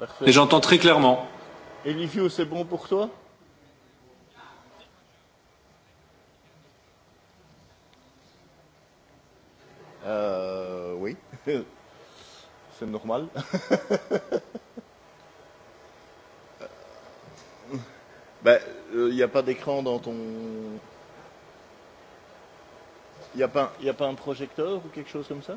Parfait. Et j'entends très clairement. Et Livio, c'est bon pour toi Euh, oui. c'est normal. Euh, ben, il euh, n'y a pas d'écran dans ton. Il n'y a, a pas un projecteur ou quelque chose comme ça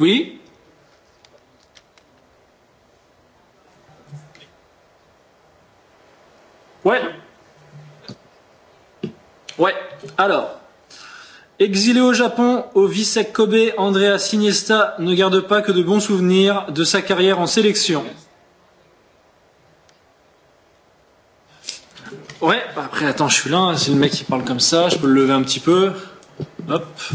Oui. oui Ouais. Ouais. Alors, exilé au Japon, au Visek Kobe, Andrea Siniesta ne garde pas que de bons souvenirs de sa carrière en sélection. Ouais, après attends, je suis là, hein, si le mec qui parle comme ça, je peux le lever un petit peu. Hop. Euh,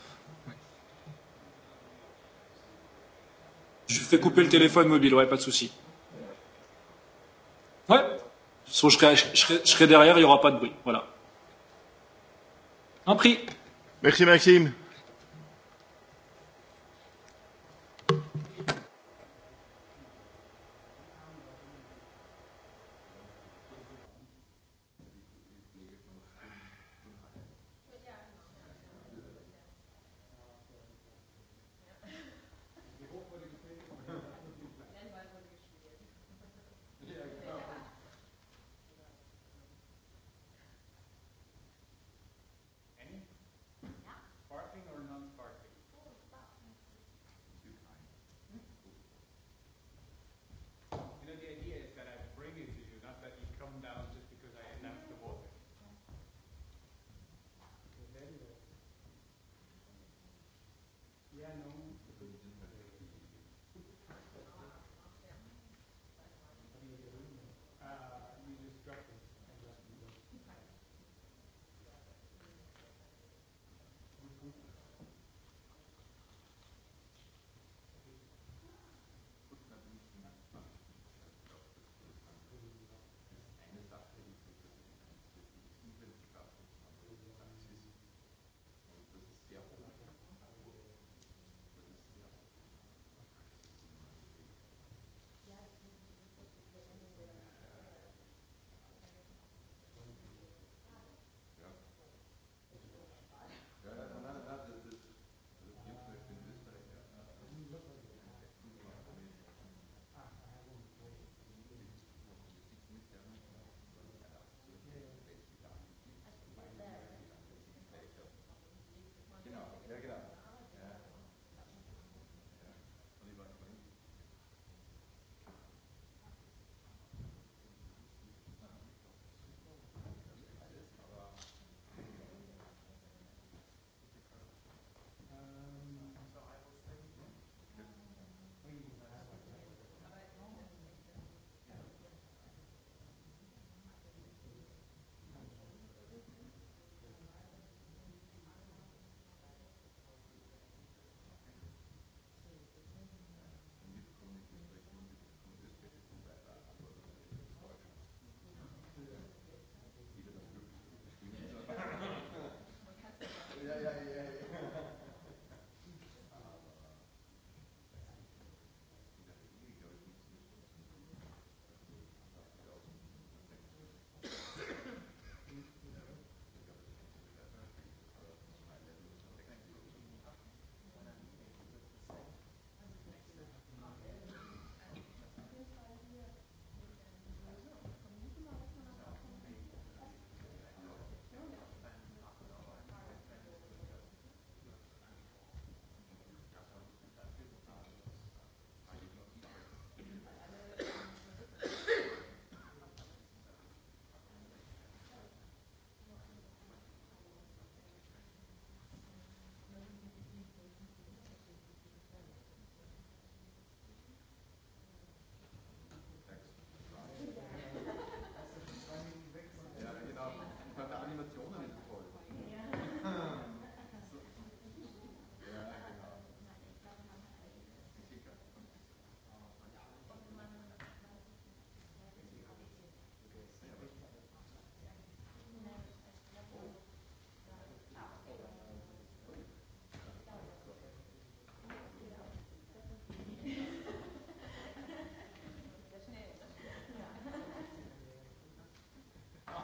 Je fais couper le téléphone mobile, ouais, pas de souci. Ouais. Sauf je serai, je, serai, je serai derrière, il n'y aura pas de bruit. Voilà. Un prix. Merci Maxime.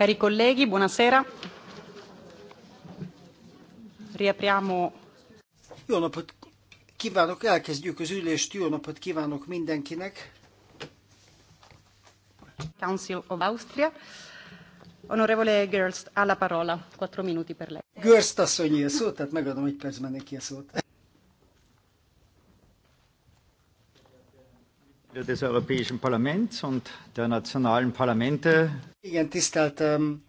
Cari colleghi, buonasera. Riapriamo. Jó napot kívánok, elkezdjük az ülést, jó napot kívánok mindenkinek. Council of Austria. Honorevole Gerst, alla parola, 4 minuti per lei. Gerst asszonyi a szót, tehát megadom egy percben neki a szót. des Europäischen Parlaments und der nationalen Parlamente. Igen, tisztelt um,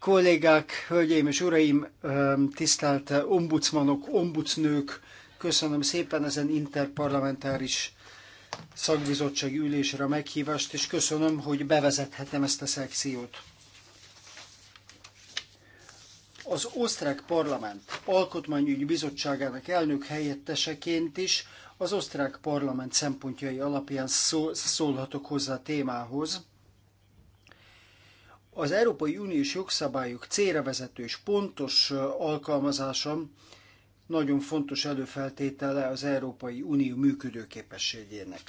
kollégák, hölgyeim és uraim, um, tisztelt uh, ombudsmanok, ombudsnők, köszönöm szépen ezen interparlamentáris szakbizottsági ülésre a meghívást, és köszönöm, hogy bevezethetem ezt a szekciót. Az osztrák parlament alkotmányügyi bizottságának elnök helyetteseként is az osztrák parlament szempontjai alapján szól, szólhatok hozzá a témához. Az Európai Uniós jogszabályok célra vezető és pontos alkalmazása nagyon fontos előfeltétele az Európai Unió működőképességének.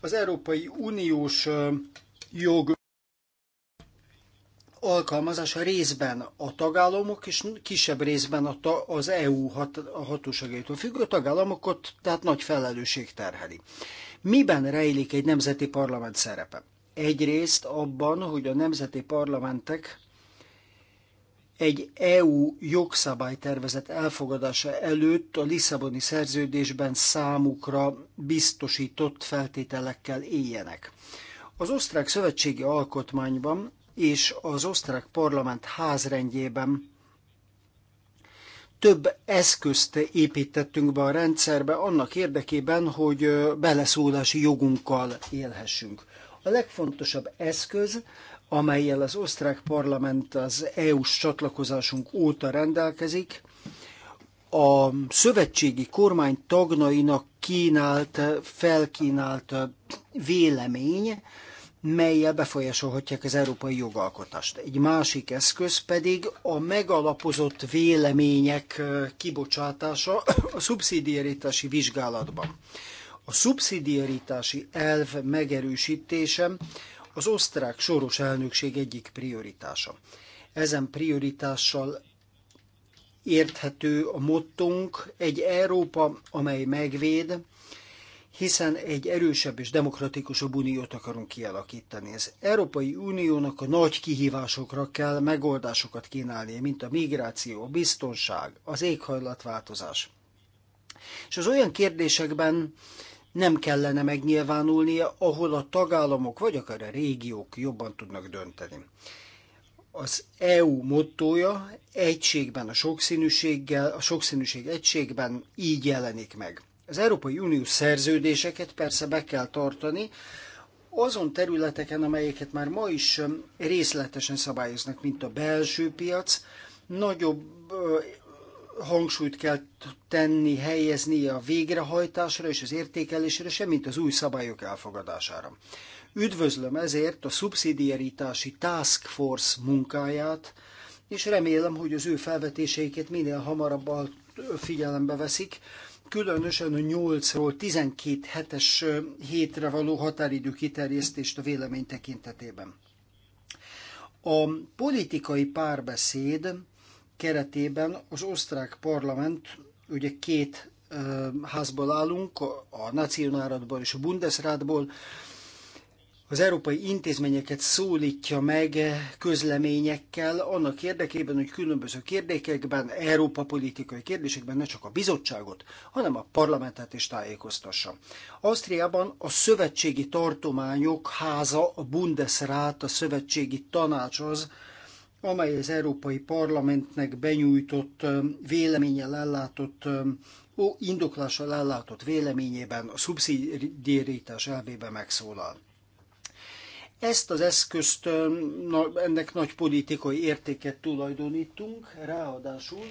Az Európai Uniós jog alkalmazása részben a tagállamok, és kisebb részben a ta, az EU hat, a hatóságaitól függő tagállamokat, tehát nagy felelősség terheli. Miben rejlik egy nemzeti parlament szerepe? Egyrészt abban, hogy a nemzeti parlamentek egy EU jogszabálytervezet elfogadása előtt a Lisszaboni szerződésben számukra biztosított feltételekkel éljenek. Az osztrák szövetségi alkotmányban és az osztrák parlament házrendjében több eszközt építettünk be a rendszerbe annak érdekében, hogy beleszólási jogunkkal élhessünk. A legfontosabb eszköz, amelyel az osztrák parlament az EU-s csatlakozásunk óta rendelkezik, a szövetségi kormány tagnainak kínált, felkínált vélemény, melyel befolyásolhatják az európai jogalkotást. Egy másik eszköz pedig a megalapozott vélemények kibocsátása a szubszidiaritási vizsgálatban. A szubszidiaritási elv megerősítése az osztrák soros elnökség egyik prioritása. Ezen prioritással érthető a mottunk egy Európa, amely megvéd, hiszen egy erősebb és demokratikusabb uniót akarunk kialakítani. Az Európai Uniónak a nagy kihívásokra kell megoldásokat kínálni, mint a migráció, a biztonság, az éghajlatváltozás. És az olyan kérdésekben nem kellene megnyilvánulnia, ahol a tagállamok vagy akár a régiók jobban tudnak dönteni. Az EU mottója egységben a sokszínűséggel, a sokszínűség egységben így jelenik meg. Az Európai Unió szerződéseket persze be kell tartani, azon területeken, amelyeket már ma is részletesen szabályoznak, mint a belső piac, nagyobb hangsúlyt kell tenni, helyezni a végrehajtásra és az értékelésre, semmint az új szabályok elfogadására. Üdvözlöm ezért a szubszidiaritási Task Force munkáját, és remélem, hogy az ő felvetéseiket minél hamarabb figyelembe veszik, különösen a 8-ról 12 hetes hétre való határidő kiterjesztést a vélemény tekintetében. A politikai párbeszéd keretében az osztrák parlament, ugye két házból állunk, a Nacionáratból és a Bundesrátból, az európai intézményeket szólítja meg közleményekkel annak érdekében, hogy különböző kérdésekben, Európa politikai kérdésekben ne csak a bizottságot, hanem a parlamentet is tájékoztassa. Ausztriában a szövetségi tartományok háza, a Bundesrat, a szövetségi tanács az, amely az Európai Parlamentnek benyújtott véleménnyel ellátott indoklással ellátott véleményében a szubszidiaritás elvében megszólal. Ezt az eszközt, ennek nagy politikai értéket tulajdonítunk, ráadásul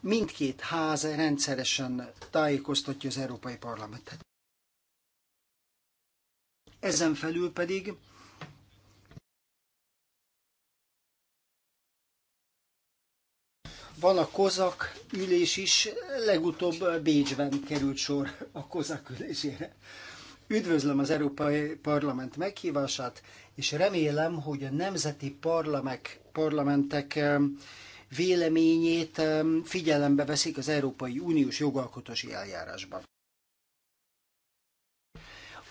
mindkét ház rendszeresen tájékoztatja az Európai Parlamentet. Ezen felül pedig van a kozak ülés is, legutóbb Bécsben került sor a kozak ülésére. Üdvözlöm az Európai Parlament meghívását, és remélem, hogy a nemzeti parlamek, parlamentek véleményét figyelembe veszik az Európai Uniós jogalkotási eljárásban.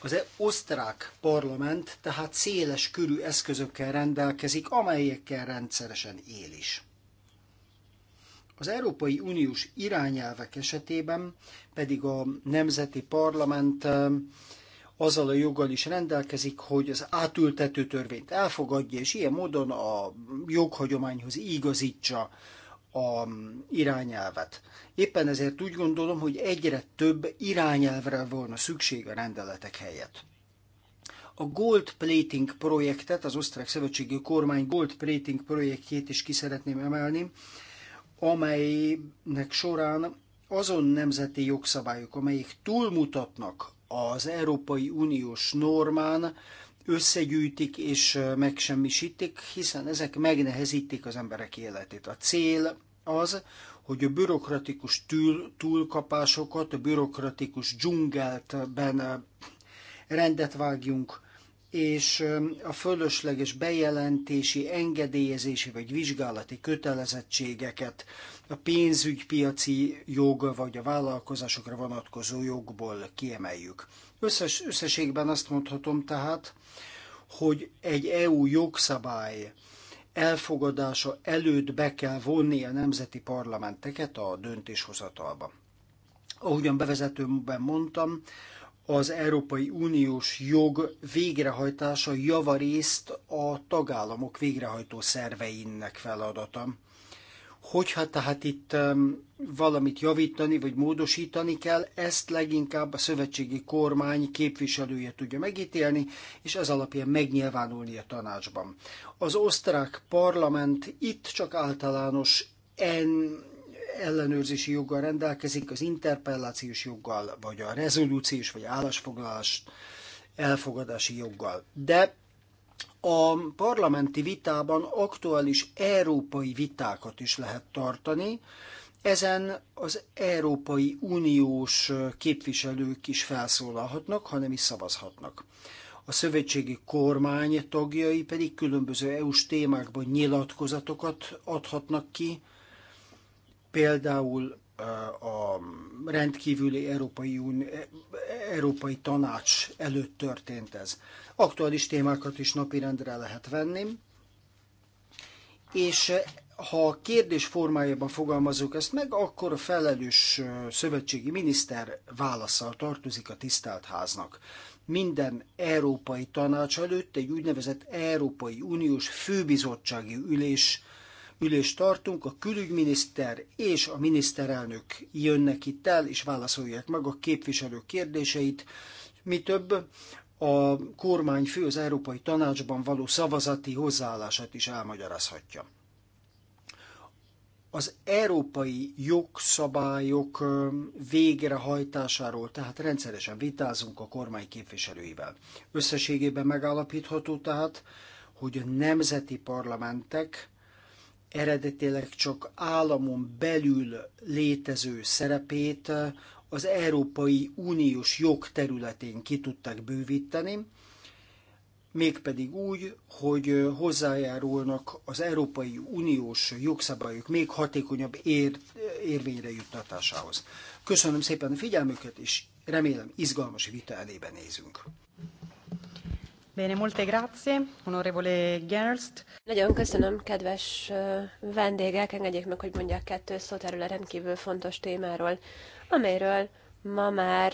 Az osztrák parlament tehát széles körű eszközökkel rendelkezik, amelyekkel rendszeresen él is. Az Európai Uniós irányelvek esetében pedig a nemzeti parlament azzal a joggal is rendelkezik, hogy az átültető törvényt elfogadja, és ilyen módon a joghagyományhoz igazítsa a irányelvet. Éppen ezért úgy gondolom, hogy egyre több irányelvre volna szükség a rendeletek helyett. A Gold Plating projektet, az osztrák szövetségi kormány Gold Plating projektjét is ki szeretném emelni, amelynek során azon nemzeti jogszabályok, amelyek túlmutatnak az Európai Uniós normán összegyűjtik és megsemmisítik, hiszen ezek megnehezítik az emberek életét. A cél az, hogy a bürokratikus túl, túlkapásokat, a bürokratikus dzsungeltben rendet vágjunk, és a fölösleges bejelentési, engedélyezési vagy vizsgálati kötelezettségeket a pénzügypiaci jog vagy a vállalkozásokra vonatkozó jogból kiemeljük. Összes, összességben azt mondhatom tehát, hogy egy EU jogszabály elfogadása előtt be kell vonni a nemzeti parlamenteket a döntéshozatalba. Ahogyan bevezetőben mondtam, az Európai Uniós jog végrehajtása javarészt a tagállamok végrehajtó szerveinek feladata. Hogyha tehát itt valamit javítani vagy módosítani kell, ezt leginkább a szövetségi kormány képviselője tudja megítélni, és ez alapján megnyilvánulni a tanácsban. Az osztrák parlament itt csak általános en ellenőrzési joggal rendelkezik, az interpellációs joggal, vagy a rezolúciós, vagy állásfoglalás elfogadási joggal. De a parlamenti vitában aktuális európai vitákat is lehet tartani, ezen az Európai Uniós képviselők is felszólalhatnak, hanem is szavazhatnak. A szövetségi kormány tagjai pedig különböző EU-s témákban nyilatkozatokat adhatnak ki, Például a rendkívüli Európai, unió Európai Tanács előtt történt ez. Aktuális témákat is napirendre lehet venni, és ha a kérdés formájában fogalmazok ezt meg, akkor a felelős szövetségi miniszter válaszsal tartozik a tisztelt háznak. Minden európai tanács előtt egy úgynevezett Európai Uniós Főbizottsági Ülés ülést tartunk, a külügyminiszter és a miniszterelnök jönnek itt el, és válaszolják meg a képviselők kérdéseit. Mi több, a kormányfő az Európai Tanácsban való szavazati hozzáállását is elmagyarázhatja. Az európai jogszabályok végrehajtásáról tehát rendszeresen vitázunk a kormány képviselőivel. Összességében megállapítható tehát, hogy a nemzeti parlamentek eredetileg csak államon belül létező szerepét az Európai Uniós jog területén ki tudták bővíteni, mégpedig úgy, hogy hozzájárulnak az Európai Uniós jogszabályok még hatékonyabb ér, érvényre juttatásához. Köszönöm szépen a figyelmüket, és remélem izgalmas vita elébe nézünk. Bene, molte grazie, onorevole Gerst. Nagyon köszönöm, kedves vendégek, engedjék meg, hogy mondjak kettő szót erről a rendkívül fontos témáról, amelyről ma már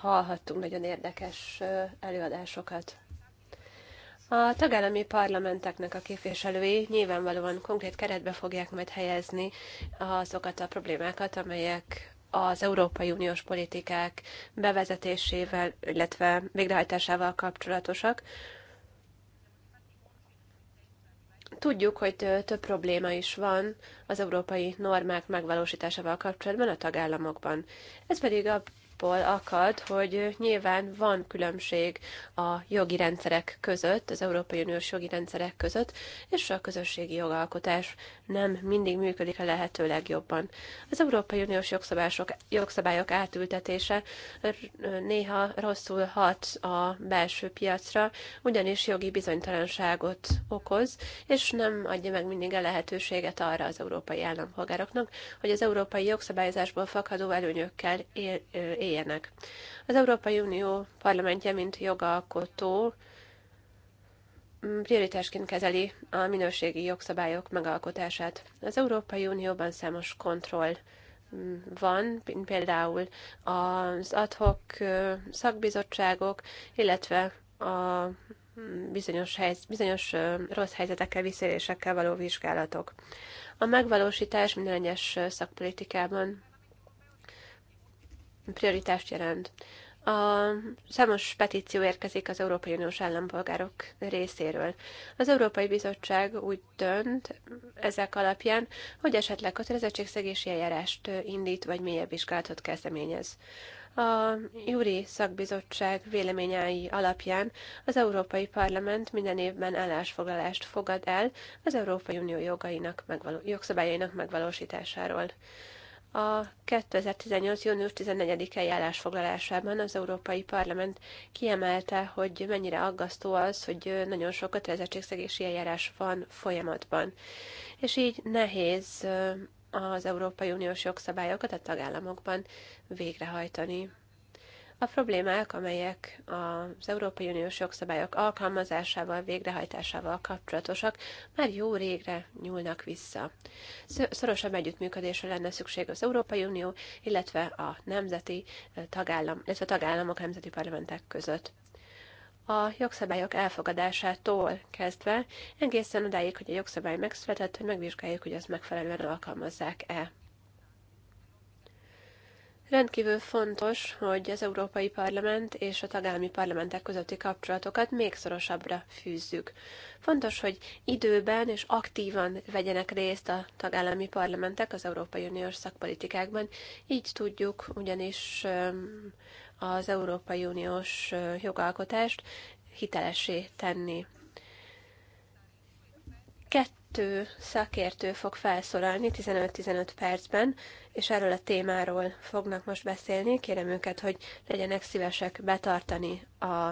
hallhattunk nagyon érdekes előadásokat. A tagállami parlamenteknek a képviselői nyilvánvalóan konkrét keretbe fogják majd helyezni azokat a problémákat, amelyek az Európai Uniós politikák bevezetésével, illetve végrehajtásával kapcsolatosak. Tudjuk, hogy több probléma is van az európai normák megvalósításával kapcsolatban a tagállamokban. Ez pedig a akad, hogy nyilván van különbség a jogi rendszerek között, az Európai Uniós jogi rendszerek között, és a közösségi jogalkotás nem mindig működik a lehető legjobban. Az Európai Uniós jogszabályok, jogszabályok átültetése néha rosszul hat a belső piacra, ugyanis jogi bizonytalanságot okoz, és nem adja meg mindig a lehetőséget arra az európai állampolgároknak, hogy az európai jogszabályozásból fakadó előnyökkel él, éljenek. Az Európai Unió parlamentje, mint jogalkotó, prioritásként kezeli a minőségi jogszabályok megalkotását. Az Európai Unióban számos kontroll mm, van, például az adhok szakbizottságok, illetve a mm, bizonyos, helyz, bizonyos rossz helyzetekkel, visszérésekkel való vizsgálatok. A megvalósítás minden egyes szakpolitikában prioritást jelent. A számos petíció érkezik az Európai Uniós állampolgárok részéről. Az Európai Bizottság úgy dönt ezek alapján, hogy esetleg kötelezettségszegési eljárást indít, vagy mélyebb vizsgálatot kezdeményez. A Júri Szakbizottság véleményei alapján az Európai Parlament minden évben állásfoglalást fogad el az Európai Unió jogainak megvaló- jogszabályainak megvalósításáról a 2018. június 14-i állásfoglalásában az Európai Parlament kiemelte, hogy mennyire aggasztó az, hogy nagyon sok kötelezettségszegési eljárás van folyamatban. És így nehéz az Európai Uniós jogszabályokat a tagállamokban végrehajtani. A problémák, amelyek az Európai Uniós jogszabályok alkalmazásával, végrehajtásával kapcsolatosak, már jó régre nyúlnak vissza. Szorosabb együttműködésre lenne szükség az Európai Unió, illetve a nemzeti tagállam, illetve a tagállamok a nemzeti parlamentek között a jogszabályok elfogadásától kezdve egészen odáig, hogy a jogszabály megszületett, hogy megvizsgáljuk, hogy azt megfelelően alkalmazzák-e. Rendkívül fontos, hogy az Európai Parlament és a tagállami parlamentek közötti kapcsolatokat még szorosabbra fűzzük. Fontos, hogy időben és aktívan vegyenek részt a tagállami parlamentek az Európai Uniós szakpolitikákban, így tudjuk ugyanis az Európai Uniós jogalkotást hitelesé tenni. Kettő kettő szakértő fog felszólalni 15-15 percben, és erről a témáról fognak most beszélni. Kérem őket, hogy legyenek szívesek betartani a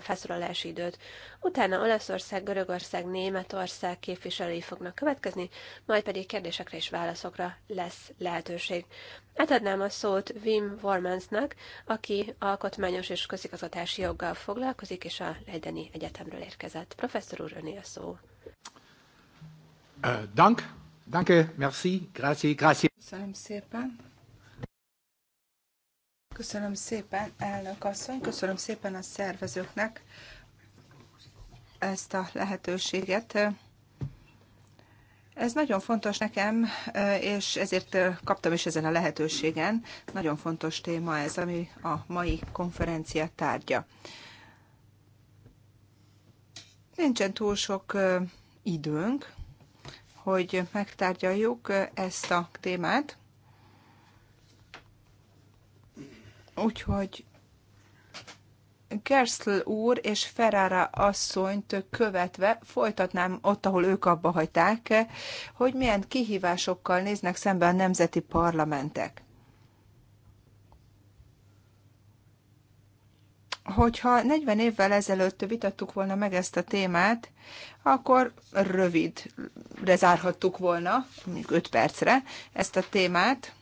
felszólalási időt. Utána Olaszország, Görögország, Németország képviselői fognak következni, majd pedig kérdésekre és válaszokra lesz lehetőség. Átadnám a szót Wim Wormansnak, aki alkotmányos és közigazgatási joggal foglalkozik, és a Leideni Egyetemről érkezett. Professzor úr, öné a szó. Euh, dank. Danke, merci, grazie, grazie. Köszönöm szépen. Köszönöm szépen, elnök asszony, köszönöm szépen a szervezőknek ezt a lehetőséget. Ez nagyon fontos nekem, és ezért kaptam is ezen a lehetőségen. Nagyon fontos téma ez, ami a mai konferencia tárgya. Nincsen túl sok időnk, hogy megtárgyaljuk ezt a témát. Úgyhogy Gerszl úr és Ferrara asszonyt követve folytatnám ott, ahol ők abba hagyták, hogy milyen kihívásokkal néznek szembe a nemzeti parlamentek. Hogyha 40 évvel ezelőtt vitattuk volna meg ezt a témát, akkor rövidre zárhattuk volna, mondjuk 5 percre ezt a témát,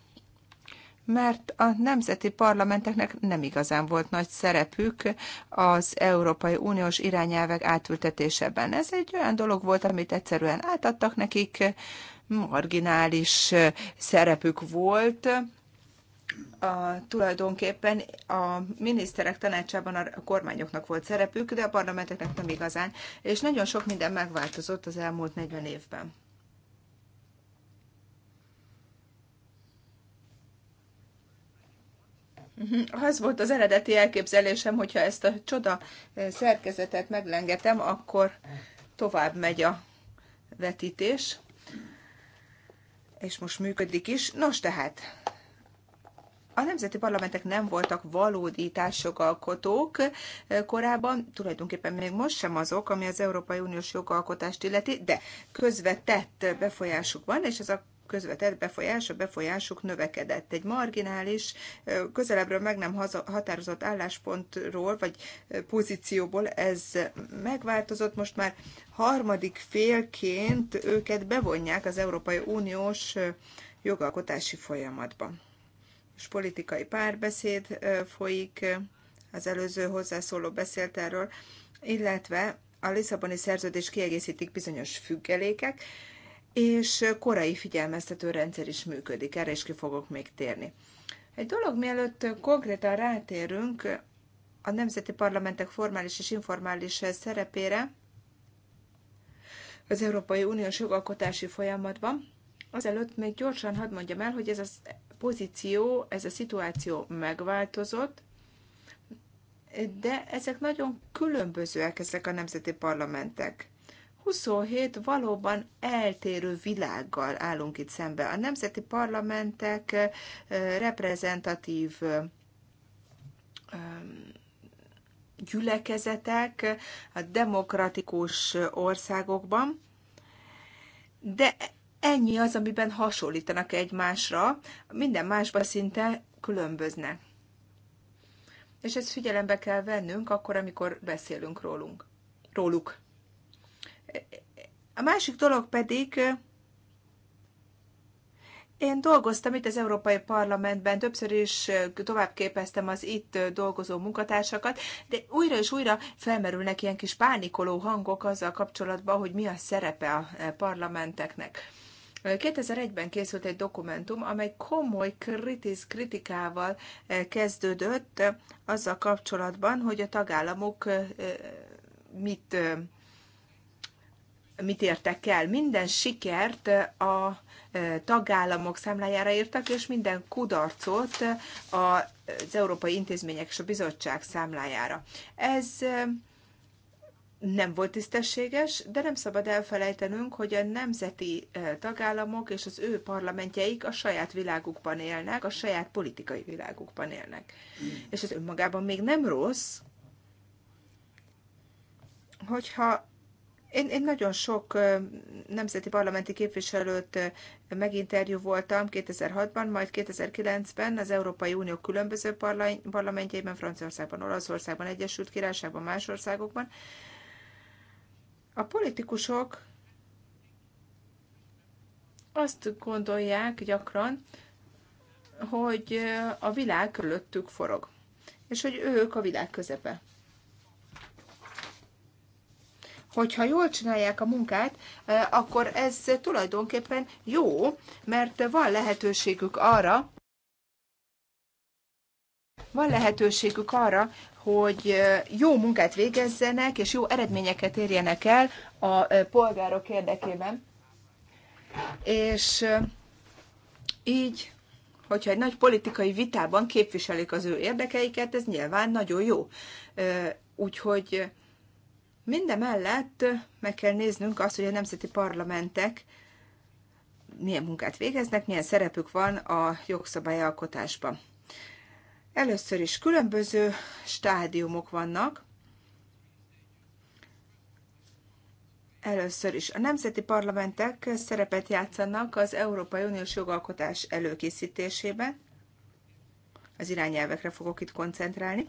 mert a nemzeti parlamenteknek nem igazán volt nagy szerepük az Európai Uniós irányelvek átültetésében. Ez egy olyan dolog volt, amit egyszerűen átadtak nekik, marginális szerepük volt, a, tulajdonképpen a miniszterek tanácsában a kormányoknak volt szerepük, de a parlamenteknek nem igazán, és nagyon sok minden megváltozott az elmúlt 40 évben. Mhm, az volt az eredeti elképzelésem, hogyha ezt a csoda eh, szerkezetet meglengetem, akkor tovább megy a vetítés, és most működik is. Nos tehát, a nemzeti parlamentek nem voltak valódi társjogalkotók korábban, tulajdonképpen még most sem azok, ami az Európai Uniós jogalkotást illeti, de közvetett befolyásuk van, és ez a közvetett befolyás, a befolyásuk növekedett. Egy marginális, közelebbről meg nem határozott álláspontról, vagy pozícióból ez megváltozott. Most már harmadik félként őket bevonják az Európai Uniós jogalkotási folyamatba és politikai párbeszéd folyik, az előző hozzászóló beszélt erről, illetve a Lisszaboni szerződés kiegészítik bizonyos függelékek, és korai figyelmeztető rendszer is működik, erre is ki fogok még térni. Egy dolog, mielőtt konkrétan rátérünk a nemzeti parlamentek formális és informális szerepére az Európai Uniós jogalkotási folyamatban, azelőtt még gyorsan hadd mondjam el, hogy ez az pozíció, ez a szituáció megváltozott, de ezek nagyon különbözőek, ezek a nemzeti parlamentek. 27 valóban eltérő világgal állunk itt szembe. A nemzeti parlamentek reprezentatív gyülekezetek a demokratikus országokban, de Ennyi az, amiben hasonlítanak egymásra, minden másban szinte különböznek. És ezt figyelembe kell vennünk akkor, amikor beszélünk rólunk, róluk. A másik dolog pedig, én dolgoztam itt az Európai Parlamentben, többször is továbbképeztem az itt dolgozó munkatársakat, de újra és újra felmerülnek ilyen kis pánikoló hangok azzal kapcsolatban, hogy mi a szerepe a parlamenteknek. 2001-ben készült egy dokumentum, amely komoly kritiz, kritikával eh, kezdődött eh, azzal kapcsolatban, hogy a tagállamok eh, mit, mit értek el. Minden sikert a tagállamok számlájára írtak, és minden kudarcot az európai intézmények és a bizottság számlájára. Ez nem volt tisztességes, de nem szabad elfelejtenünk, hogy a nemzeti eh, tagállamok és az ő parlamentjeik a saját világukban élnek, a saját politikai világukban élnek. Hmm. És ez önmagában még nem rossz, hogyha én, én nagyon sok eh, nemzeti parlamenti képviselőt eh, meginterjú voltam 2006-ban, majd 2009-ben az Európai Unió különböző parlamentjeiben, Franciaországban, Olaszországban, Egyesült Királyságban, más országokban, a politikusok azt gondolják gyakran, hogy a világ körülöttük forog, és hogy ők a világ közepe. Hogyha jól csinálják a munkát, akkor ez tulajdonképpen jó, mert van lehetőségük arra, van lehetőségük arra, hogy jó munkát végezzenek, és jó eredményeket érjenek el a polgárok érdekében. És így, hogyha egy nagy politikai vitában képviselik az ő érdekeiket, ez nyilván nagyon jó. Úgyhogy minden mellett meg kell néznünk azt, hogy a nemzeti parlamentek milyen munkát végeznek, milyen szerepük van a jogszabályalkotásban. Először is különböző stádiumok vannak. Először is a nemzeti parlamentek szerepet játszanak az Európai Uniós jogalkotás előkészítésében. Az irányelvekre fogok itt koncentrálni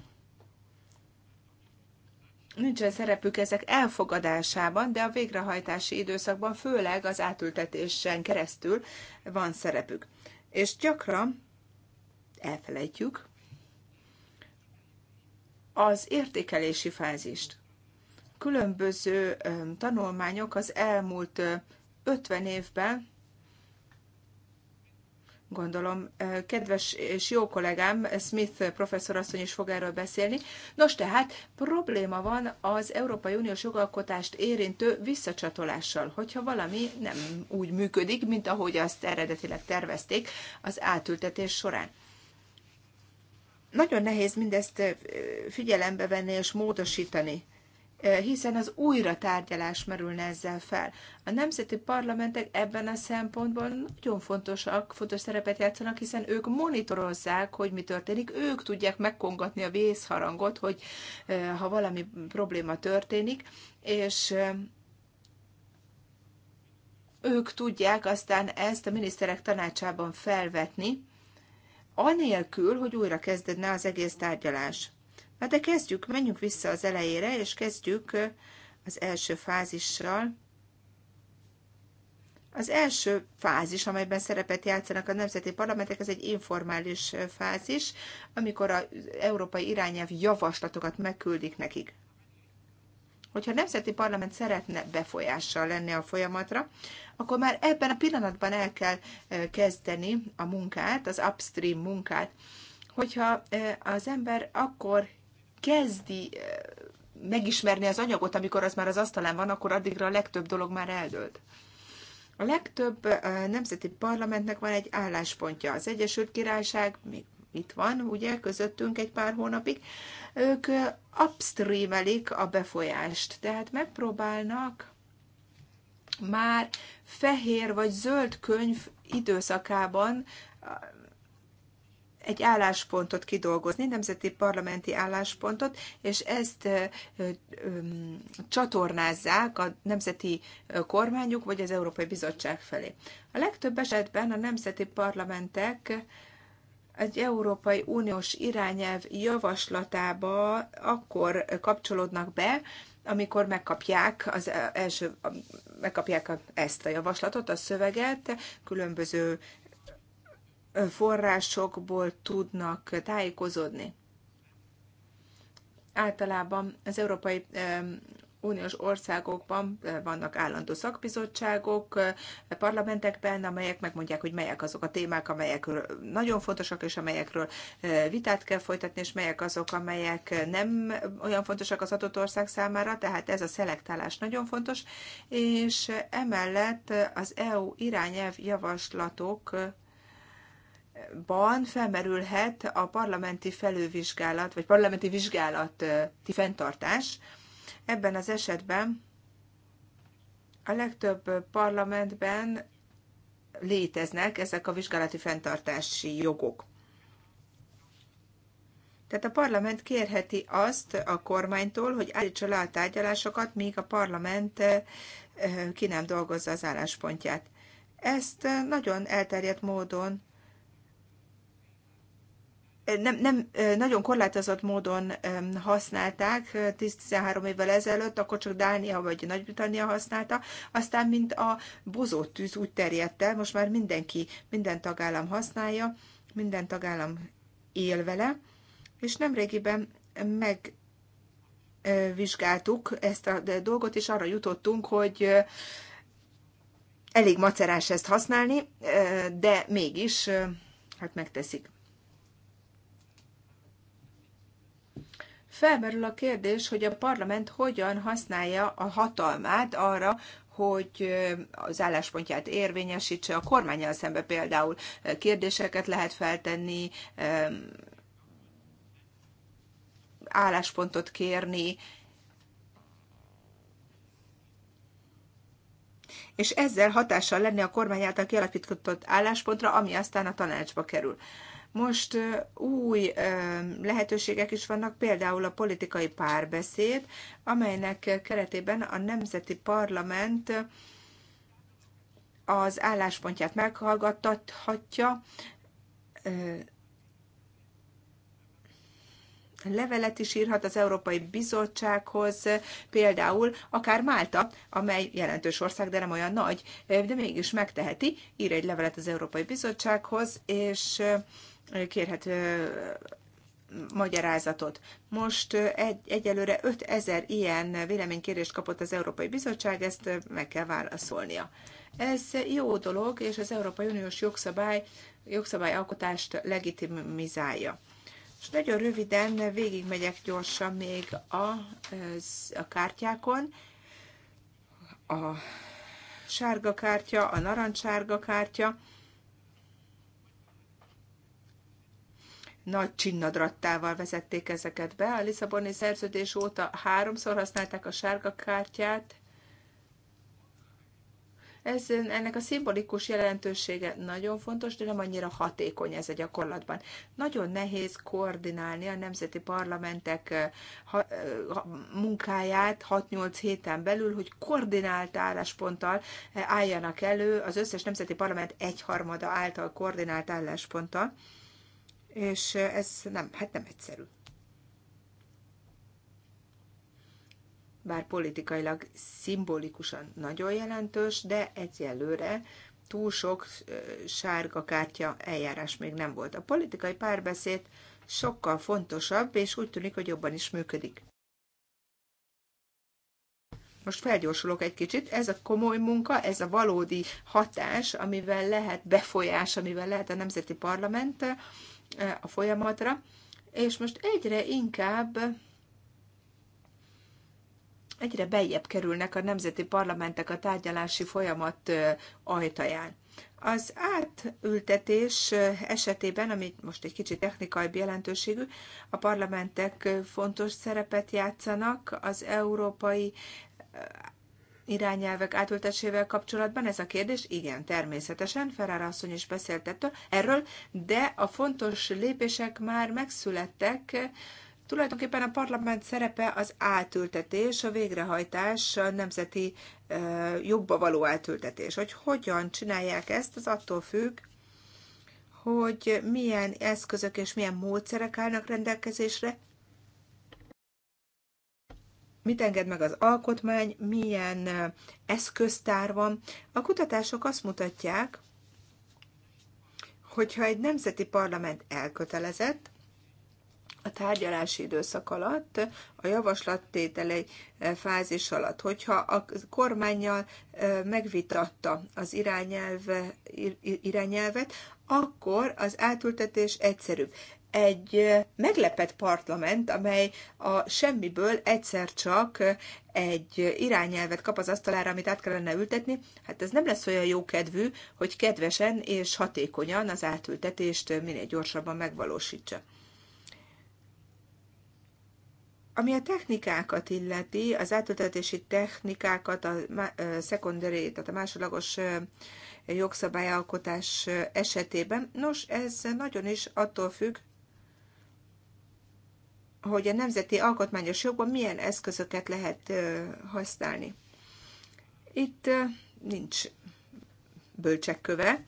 nincsen szerepük ezek elfogadásában, de a végrehajtási időszakban, főleg az átültetésen keresztül van szerepük. És gyakran elfelejtjük, az értékelési fázist. Különböző tanulmányok az elmúlt 50 évben, gondolom, kedves és jó kollégám, Smith professzor asszony is fog erről beszélni. Nos, tehát probléma van az Európai Uniós jogalkotást érintő visszacsatolással, hogyha valami nem úgy működik, mint ahogy azt eredetileg tervezték az átültetés során. Nagyon nehéz mindezt figyelembe venni és módosítani, hiszen az újra tárgyalás merülne ezzel fel. A nemzeti parlamentek ebben a szempontból nagyon fontosak, fontos szerepet játszanak, hiszen ők monitorozzák, hogy mi történik, ők tudják megkongatni a vészharangot, hogy ha valami probléma történik, és ők tudják aztán ezt a miniszterek tanácsában felvetni, anélkül, hogy újra kezdedne az egész tárgyalás. Na de kezdjük, menjünk vissza az elejére, és kezdjük az első fázissal. Az első fázis, amelyben szerepet játszanak a nemzeti parlamentek, ez egy informális fázis, amikor az európai irányelv javaslatokat megküldik nekik hogyha a Nemzeti Parlament szeretne befolyással lenni a folyamatra, akkor már ebben a pillanatban el kell kezdeni a munkát, az upstream munkát. Hogyha az ember akkor kezdi megismerni az anyagot, amikor az már az asztalán van, akkor addigra a legtöbb dolog már eldőlt. A legtöbb nemzeti parlamentnek van egy álláspontja. Az Egyesült Királyság még itt van, ugye, közöttünk egy pár hónapig, ők upstreamelik a befolyást, tehát megpróbálnak már fehér vagy zöld könyv időszakában egy álláspontot kidolgozni, nemzeti parlamenti álláspontot, és ezt ö, ö, csatornázzák a nemzeti kormányuk vagy az Európai Bizottság felé. A legtöbb esetben a nemzeti parlamentek egy Európai Uniós irányelv javaslatába akkor kapcsolódnak be, amikor megkapják, az e- első, megkapják ezt a javaslatot, a szöveget, különböző forrásokból tudnak tájékozódni. Általában az Európai uniós országokban eh, vannak állandó szakbizottságok, eh, parlamentekben, amelyek megmondják, hogy melyek azok a témák, amelyek nagyon fontosak, és amelyekről eh, vitát kell folytatni, és melyek azok, amelyek nem olyan fontosak az adott ország számára, tehát ez a szelektálás nagyon fontos, és emellett az EU irányelv javaslatok ban felmerülhet a parlamenti felővizsgálat, vagy parlamenti vizsgálati fenntartás, Ebben az esetben a legtöbb parlamentben léteznek ezek a vizsgálati fenntartási jogok. Tehát a parlament kérheti azt a kormánytól, hogy állítsa le a tárgyalásokat, míg a parlament eh, ki nem dolgozza az álláspontját. Ezt eh, nagyon elterjedt módon nem, nem nagyon korlátozott módon használták 10-13 évvel ezelőtt, akkor csak Dánia vagy Nagy-Britannia használta, aztán mint a bozott tűz úgy terjedt el, most már mindenki, minden tagállam használja, minden tagállam él vele, és nemrégiben meg vizsgáltuk ezt a dolgot, és arra jutottunk, hogy elég macerás ezt használni, de mégis hát megteszik. Felmerül a kérdés, hogy a parlament hogyan használja a hatalmát arra, hogy az álláspontját érvényesítse a kormányjal szembe például. Kérdéseket lehet feltenni, álláspontot kérni, és ezzel hatással lenni a kormány által kialakított álláspontra, ami aztán a tanácsba kerül. Most új lehetőségek is vannak, például a politikai párbeszéd, amelynek keretében a Nemzeti Parlament az álláspontját meghallgathatja, levelet is írhat az Európai Bizottsághoz, például akár Málta, amely jelentős ország, de nem olyan nagy, de mégis megteheti, ír egy levelet az Európai Bizottsághoz, és kérhet magyarázatot. Most egy, egyelőre 5000 ilyen véleménykérést kapott az Európai Bizottság, ezt meg kell válaszolnia. Ez jó dolog, és az Európai Uniós jogszabály, jogszabályalkotást legitimizálja. És nagyon röviden végigmegyek gyorsan még a, a kártyákon. A sárga kártya, a narancssárga kártya, nagy csinnadrattával vezették ezeket be. A Lisszaboni szerződés óta háromszor használták a sárga kártyát. Ez, ennek a szimbolikus jelentősége nagyon fontos, de nem annyira hatékony ez a gyakorlatban. Nagyon nehéz koordinálni a nemzeti parlamentek munkáját 6-8 héten belül, hogy koordinált állásponttal álljanak elő az összes nemzeti parlament egyharmada által koordinált állásponttal és ez nem, hát nem egyszerű. Bár politikailag, szimbolikusan nagyon jelentős, de egyelőre túl sok sárga kártya eljárás még nem volt. A politikai párbeszéd sokkal fontosabb, és úgy tűnik, hogy jobban is működik. Most felgyorsulok egy kicsit, ez a komoly munka, ez a valódi hatás, amivel lehet befolyás, amivel lehet a nemzeti parlament E, a folyamatra, és most egyre inkább egyre bejebb kerülnek a nemzeti parlamentek a tárgyalási folyamat e, ajtaján. Az átültetés e, esetében, ami most egy kicsit technikai jelentőségű, a parlamentek fontos szerepet játszanak az európai irányelvek átültetésével kapcsolatban ez a kérdés? Igen, természetesen, Ferrara asszony is beszélt erről, de a fontos lépések már megszülettek, Tulajdonképpen a parlament szerepe az átültetés, a végrehajtás, a nemzeti jobba való átültetés. Hogy hogyan csinálják ezt, az attól függ, hogy milyen eszközök és milyen módszerek állnak rendelkezésre, mit enged meg az alkotmány, milyen eszköztár van. A kutatások azt mutatják, hogyha egy nemzeti parlament elkötelezett, a tárgyalási időszak alatt, a javaslattételei fázis alatt, hogyha a kormányjal megvitatta az irányelve, irányelvet, akkor az átültetés egyszerűbb egy meglepett parlament, amely a semmiből egyszer csak egy irányelvet kap az asztalára, amit át kellene ültetni, hát ez nem lesz olyan jó kedvű, hogy kedvesen és hatékonyan az átültetést minél gyorsabban megvalósítsa. Ami a technikákat illeti, az átültetési technikákat, a secondary, tehát a másodlagos jogszabályalkotás esetében, nos, ez nagyon is attól függ, hogy a nemzeti alkotmányos jogban milyen eszközöket lehet használni. Itt nincs bölcsekköve.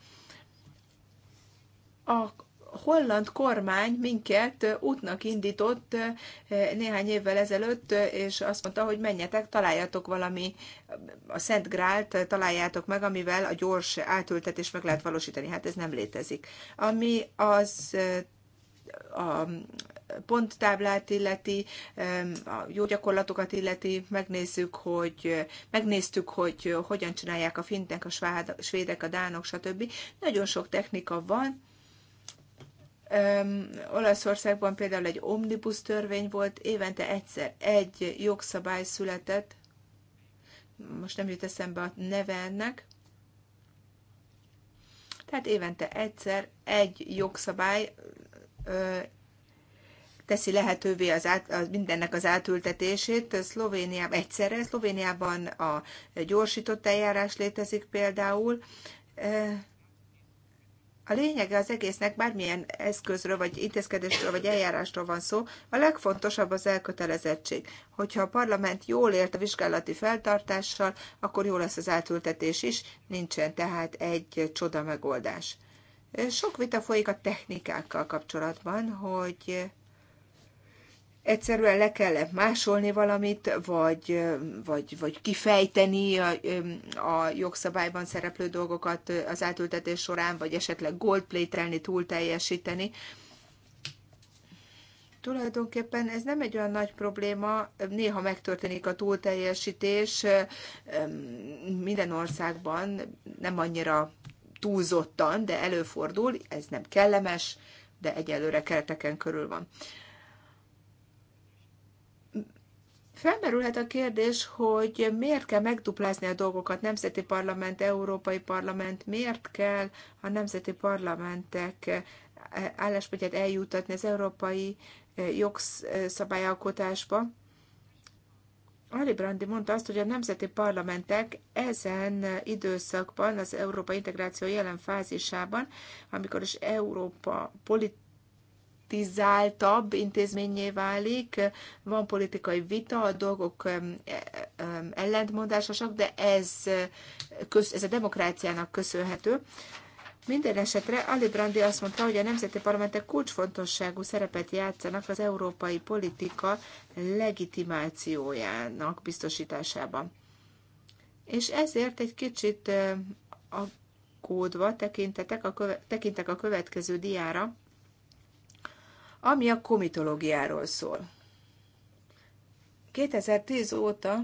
A holland kormány minket útnak indított néhány évvel ezelőtt, és azt mondta, hogy menjetek, találjátok valami, a Szent Grált találjátok meg, amivel a gyors átültetés meg lehet valósítani. Hát ez nem létezik. Ami az a ponttáblát illeti, a jó gyakorlatokat illeti, megnézzük, hogy megnéztük, hogy hogyan csinálják a fintek, a svédek, a dánok, stb. Nagyon sok technika van, Öm, Olaszországban például egy omnibus törvény volt, évente egyszer egy jogszabály született, most nem jut eszembe a neve ennek, tehát évente egyszer egy jogszabály ö, teszi lehetővé az át, az mindennek az átültetését. Szlovéniában egyszerre, Szlovéniában a gyorsított eljárás létezik például. A lényege az egésznek, bármilyen eszközről, vagy intézkedésről, vagy eljárásról van szó, a legfontosabb az elkötelezettség. Hogyha a parlament jól ért a vizsgálati feltartással, akkor jó lesz az átültetés is, nincsen tehát egy csoda megoldás. Sok vita folyik a technikákkal kapcsolatban, hogy egyszerűen le kellett másolni valamit, vagy, vagy, vagy kifejteni a, a jogszabályban szereplő dolgokat az átültetés során, vagy esetleg goldplatelni, túl teljesíteni. Tulajdonképpen ez nem egy olyan nagy probléma, néha megtörténik a túlteljesítés minden országban, nem annyira túlzottan, de előfordul, ez nem kellemes, de egyelőre kereteken körül van. Felmerülhet a kérdés, hogy miért kell megduplázni a dolgokat, Nemzeti Parlament, Európai Parlament, miért kell a Nemzeti Parlamentek álláspontját eljutatni az európai eh, jogszabályalkotásba. Ali Brandi mondta azt, hogy a nemzeti parlamentek ezen időszakban, az Európa integráció jelen fázisában, amikor is Európa politikai, politizáltabb intézményé válik, van politikai vita, a dolgok e, ellentmondásosak, de ez, ez a demokráciának köszönhető. Minden esetre Ali Brandi azt mondta, hogy a nemzeti parlamentek kulcsfontosságú szerepet játszanak az európai politika legitimációjának biztosításában. És ezért egy kicsit aggódva tekintetek a köve- tekintek a következő diára, ami a komitológiáról szól. 2010 óta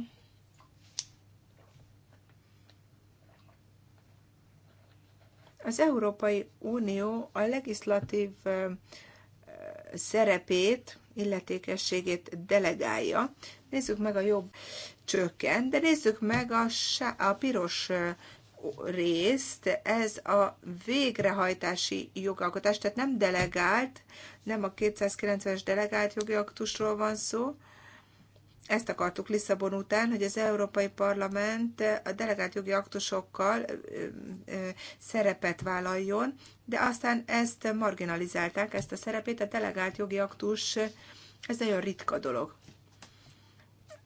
az Európai Unió a legislatív szerepét, illetékességét delegálja. Nézzük meg a jobb csökken, de nézzük meg a, a piros részt, ez a végrehajtási jogalkotás, tehát nem delegált, nem a 290-es delegált jogi aktusról van szó. Ezt akartuk Lisszabon után, hogy az Európai Parlament a delegált jogi aktusokkal szerepet vállaljon, de aztán ezt marginalizálták, ezt a szerepét, a delegált jogi aktus, ez nagyon ritka dolog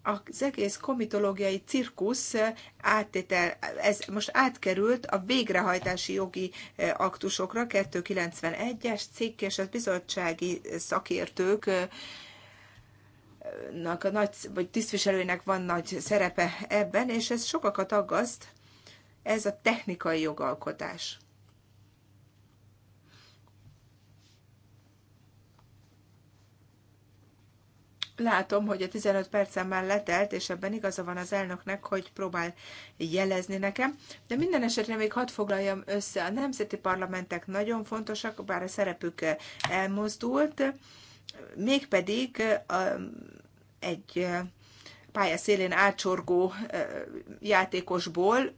az egész komitológiai cirkusz áttétel, ez most átkerült a végrehajtási jogi e, aktusokra, 291-es cikk, és a bizottsági szakértők e, a nagy, vagy tisztviselőnek van nagy szerepe ebben, és ez sokakat aggaszt, ez a technikai jogalkotás. látom, hogy a 15 percen már letelt, és ebben igaza van az elnöknek, hogy próbál jelezni nekem. De minden esetre még hadd foglaljam össze. A nemzeti parlamentek nagyon fontosak, bár a szerepük elmozdult, mégpedig egy pálya szélén átsorgó játékosból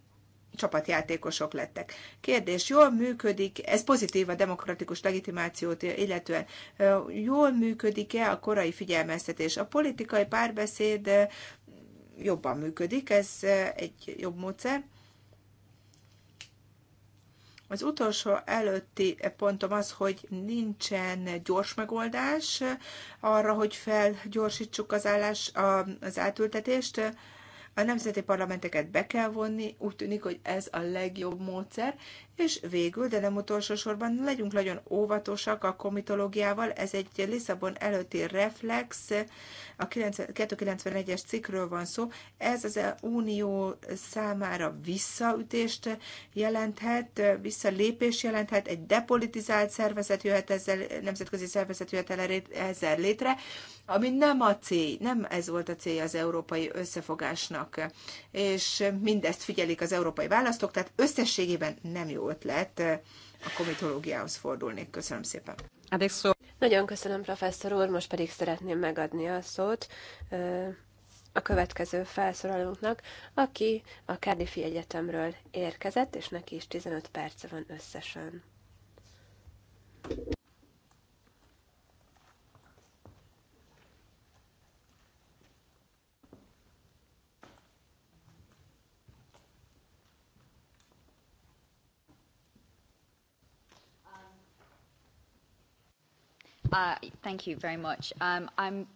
csapatjátékosok lettek. Kérdés, jól működik, ez pozitív a demokratikus legitimációt illetően, jól működik-e a korai figyelmeztetés? A politikai párbeszéd jobban működik, ez egy jobb módszer. Az utolsó előtti pontom az, hogy nincsen gyors megoldás arra, hogy felgyorsítsuk az, állás, az átültetést. A nemzeti parlamenteket be kell vonni, úgy tűnik, hogy ez a legjobb módszer, és végül, de nem utolsó sorban, legyünk nagyon óvatosak a komitológiával, ez egy Lisszabon előtti reflex, a 291-es cikkről van szó, ez az unió számára visszaütést jelenthet, visszalépés jelenthet, egy depolitizált szervezet jöhet ezzel, nemzetközi szervezet jöhet el ezzel létre, ami nem a cél, nem ez volt a célja az európai összefogásnak, és mindezt figyelik az európai választók, tehát összességében nem jó ötlet, eh, a komitológiához fordulnék. Köszönöm szépen. Adesso. Nagyon köszönöm, professzor úr, most pedig szeretném megadni a szót eh, a következő felszólalónknak, aki a Cardiffi Egyetemről érkezett, és neki is 15 perce van összesen. Uh, thank you very much. Um, I'm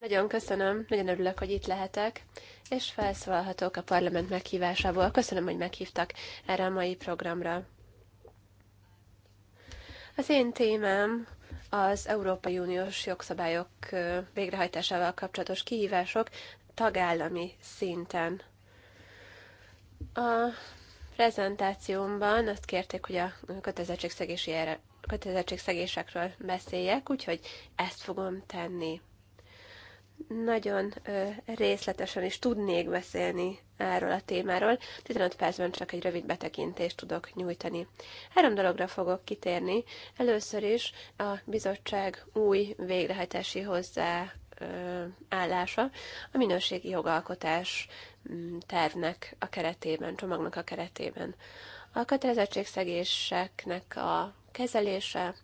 nagyon köszönöm, nagyon örülök, hogy itt lehetek, és felszólalhatok a parlament meghívásából. Köszönöm, hogy meghívtak erre a mai programra. Az én témám az Európai Uniós jogszabályok végrehajtásával kapcsolatos kihívások tagállami szinten. A prezentációmban azt kérték, hogy a kötelezettségszegési er- kötelezettségszegésekről beszéljek, úgyhogy ezt fogom tenni. Nagyon részletesen is tudnék beszélni erről a témáról, 15 percben csak egy rövid betekintést tudok nyújtani. Három dologra fogok kitérni. Először is a bizottság új végrehajtási hozzá állása a minőségi jogalkotás mm, tervnek a keretében, csomagnak a keretében. A kötelezettségszegéseknek a kezelése.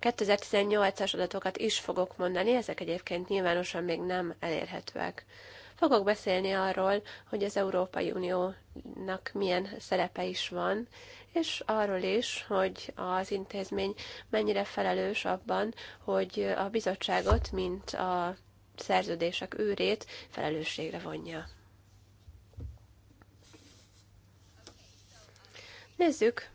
2018-as adatokat is fogok mondani, ezek egyébként nyilvánosan még nem elérhetőek. Fogok beszélni arról, hogy az Európai Uniónak milyen szerepe is van, és arról is, hogy az intézmény mennyire felelős abban, hogy a bizottságot, mint a szerződések őrét felelősségre vonja. Nézzük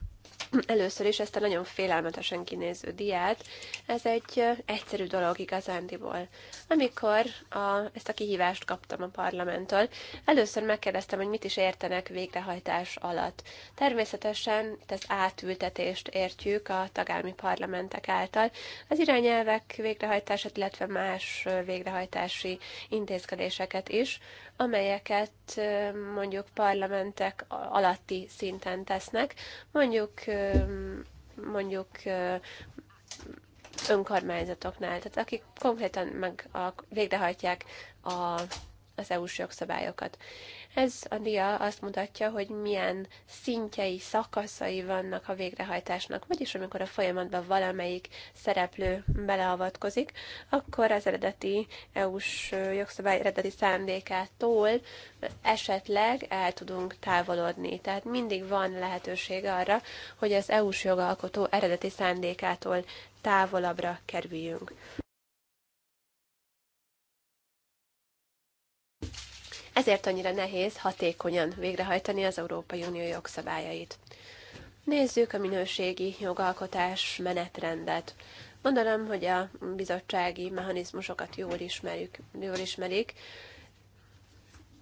Először is ezt a nagyon félelmetesen kinéző diát, ez egy egyszerű dolog igazándiból. Amikor a, ezt a kihívást kaptam a parlamenttől, először megkérdeztem, hogy mit is értenek végrehajtás alatt. Természetesen itt az átültetést értjük a tagállami parlamentek által, az irányelvek végrehajtását, illetve más végrehajtási intézkedéseket is, amelyeket mondjuk parlamentek alatti szinten tesznek, mondjuk mondjuk önkormányzatoknál, tehát akik konkrétan meg a, végrehajtják a az EU-s jogszabályokat. Ez a dia azt mutatja, hogy milyen szintjei, szakaszai vannak a végrehajtásnak, vagyis amikor a folyamatban valamelyik szereplő beleavatkozik, akkor az eredeti EU-s jogszabály eredeti szándékától esetleg el tudunk távolodni. Tehát mindig van lehetőség arra, hogy az EU-s jogalkotó eredeti szándékától távolabbra kerüljünk. Ezért annyira nehéz hatékonyan végrehajtani az Európai Unió jogszabályait. Nézzük a minőségi jogalkotás menetrendet. Mondanám, hogy a bizottsági mechanizmusokat jól, ismerjük, jól ismerik.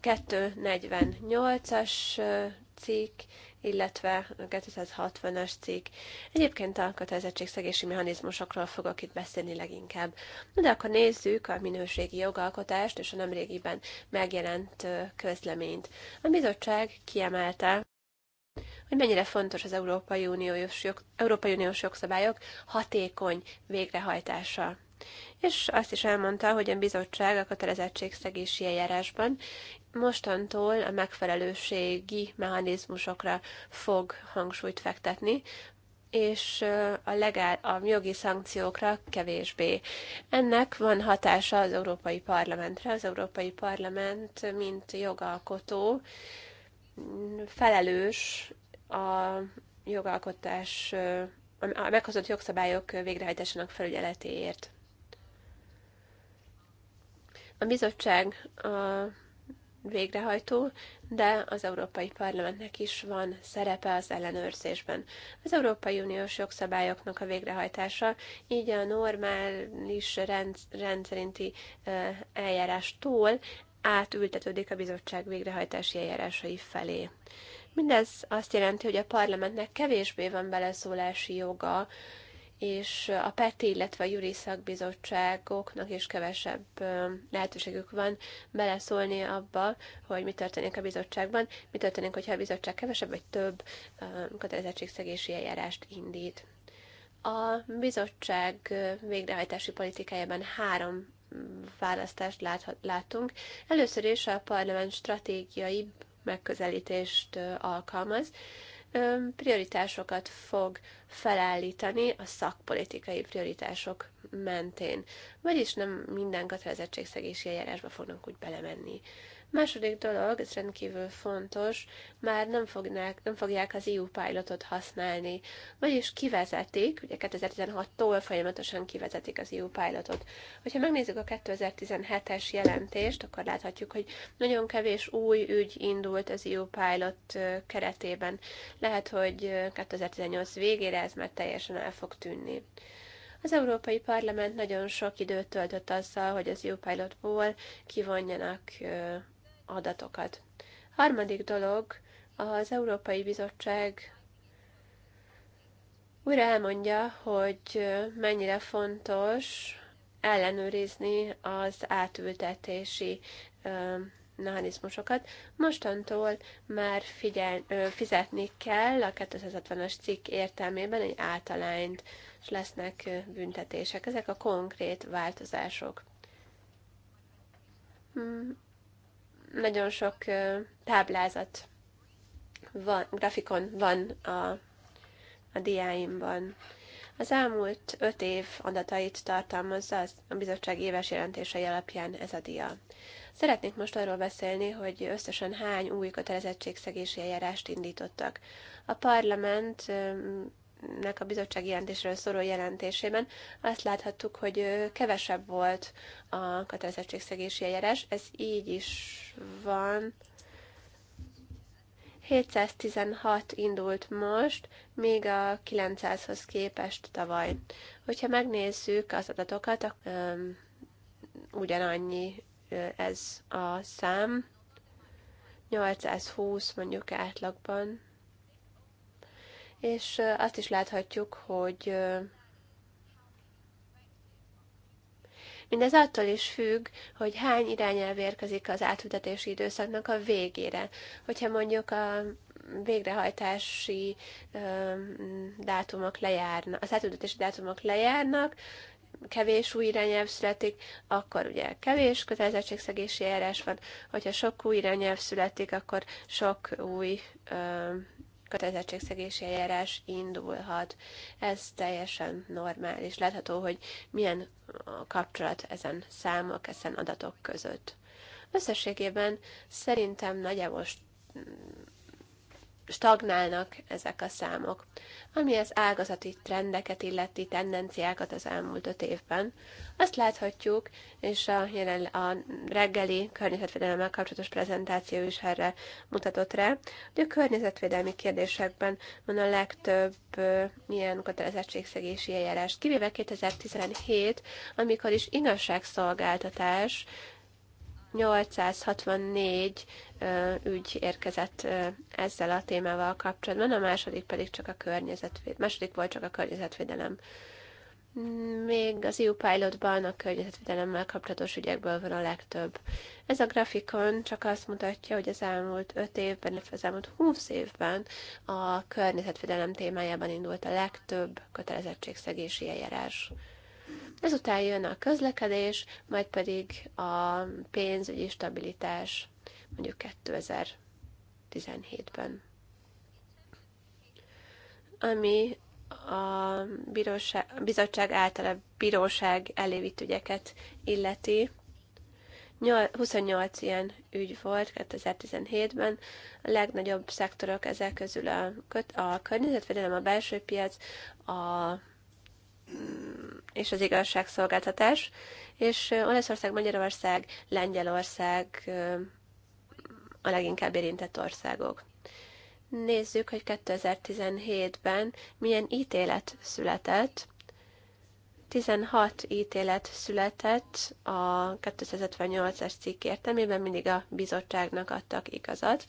248-as cikk illetve a 260-as cikk. Egyébként a kötelezettségszegési mechanizmusokról fogok itt beszélni leginkább. Na de akkor nézzük a minőségi jogalkotást és a nemrégiben megjelent közleményt. A bizottság kiemelte, hogy mennyire fontos az Európai Uniós, jog, Európai Uniós jogszabályok hatékony végrehajtása. És azt is elmondta, hogy a bizottság a kötelezettségszegési eljárásban mostantól a megfelelőségi mechanizmusokra fog hangsúlyt fektetni, és a, legál, a jogi szankciókra kevésbé. Ennek van hatása az Európai Parlamentre. Az Európai Parlament, mint jogalkotó, felelős a jogalkotás, a meghozott jogszabályok végrehajtásának felügyeletéért. A bizottság a végrehajtó, de az Európai Parlamentnek is van szerepe az ellenőrzésben. Az Európai Uniós jogszabályoknak a végrehajtása így a normális rend, rendszerinti eljárástól átültetődik a bizottság végrehajtási eljárásai felé. Mindez azt jelenti, hogy a parlamentnek kevésbé van beleszólási joga és a PETI, illetve a Juri szakbizottságoknak is kevesebb lehetőségük van beleszólni abba, hogy mi történik a bizottságban, mi történik, hogyha a bizottság kevesebb vagy több kötelezettségszegési eljárást indít. A bizottság végrehajtási politikájában három választást láthat, látunk. Először is a parlament stratégiai megközelítést alkalmaz prioritásokat fog felállítani a szakpolitikai prioritások mentén. Vagyis nem minden kötelezettségszegési eljárásba fognak úgy belemenni. Második dolog, ez rendkívül fontos, már nem, fognák, nem fogják az EU pilotot használni, vagyis kivezetik, ugye 2016-tól folyamatosan kivezetik az EU pilotot. Hogyha megnézzük a 2017-es jelentést, akkor láthatjuk, hogy nagyon kevés új ügy indult az EU pilot keretében. Lehet, hogy 2018 végére ez már teljesen el fog tűnni. Az Európai Parlament nagyon sok időt töltött azzal, hogy az EU-pilotból kivonjanak adatokat. Harmadik dolog, az Európai Bizottság újra elmondja, hogy mennyire fontos ellenőrizni az átültetési mechanizmusokat. Mostantól már figyel, ö, fizetni kell a 250-es cikk értelmében egy általányt, és lesznek büntetések. Ezek a konkrét változások. Hmm, nagyon sok táblázat van, grafikon van a, a diáimban. Az elmúlt öt év adatait tartalmazza az a bizottság éves jelentései alapján ez a dia. Szeretnék most arról beszélni, hogy összesen hány új kötelezettségszegési eljárást indítottak. A parlament nek a bizottsági jelentésről szóló jelentésében azt láthattuk, hogy kevesebb volt a kötelezettségszegési eljárás. Ez így is van. 716 indult most, még a 900-hoz képest tavaly. Hogyha megnézzük az adatokat, akkor, ugyanannyi ez a szám. 820 mondjuk átlagban és azt is láthatjuk, hogy Mindez attól is függ, hogy hány irányelv érkezik az átültetési időszaknak a végére. Hogyha mondjuk a végrehajtási dátumok lejárnak, az átültetési dátumok lejárnak, kevés új irányelv születik, akkor ugye kevés kötelezettségszegési eljárás van, hogyha sok új irányelv születik, akkor sok új kötelezettségszegési eljárás indulhat. Ez teljesen normális. Látható, hogy milyen a kapcsolat ezen számok, ezen adatok között. Összességében szerintem nagyjából stagnálnak ezek a számok. Ami az ágazati trendeket illeti tendenciákat az elmúlt öt évben, azt láthatjuk, és a, jelen, a reggeli környezetvédelemmel kapcsolatos prezentáció is erre mutatott rá, hogy a környezetvédelmi kérdésekben van a legtöbb ö, ilyen kötelezettségszegési eljárás, kivéve 2017, amikor is igazságszolgáltatás 864 ügy érkezett ezzel a témával kapcsolatban, a második pedig csak a környezetvédelem, második volt csak a környezetvédelem. Még az EU pilotban a környezetvédelemmel kapcsolatos ügyekből van a legtöbb. Ez a grafikon csak azt mutatja, hogy az elmúlt 5 évben, illetve az elmúlt 20 évben a környezetvédelem témájában indult a legtöbb kötelezettségszegési eljárás. Ezután jön a közlekedés, majd pedig a pénzügyi stabilitás mondjuk 2017-ben. Ami a bíróság, a bizottság által a bíróság elé vitt ügyeket illeti. 28 ilyen ügy volt 2017-ben. A legnagyobb szektorok ezek közül a, a környezetvédelem, a belső piac, a, és az igazságszolgáltatás, és Olaszország, Magyarország, Lengyelország a leginkább érintett országok. Nézzük, hogy 2017-ben milyen ítélet született. 16 ítélet született a 258-as cikk értelmében, mindig a bizottságnak adtak igazat.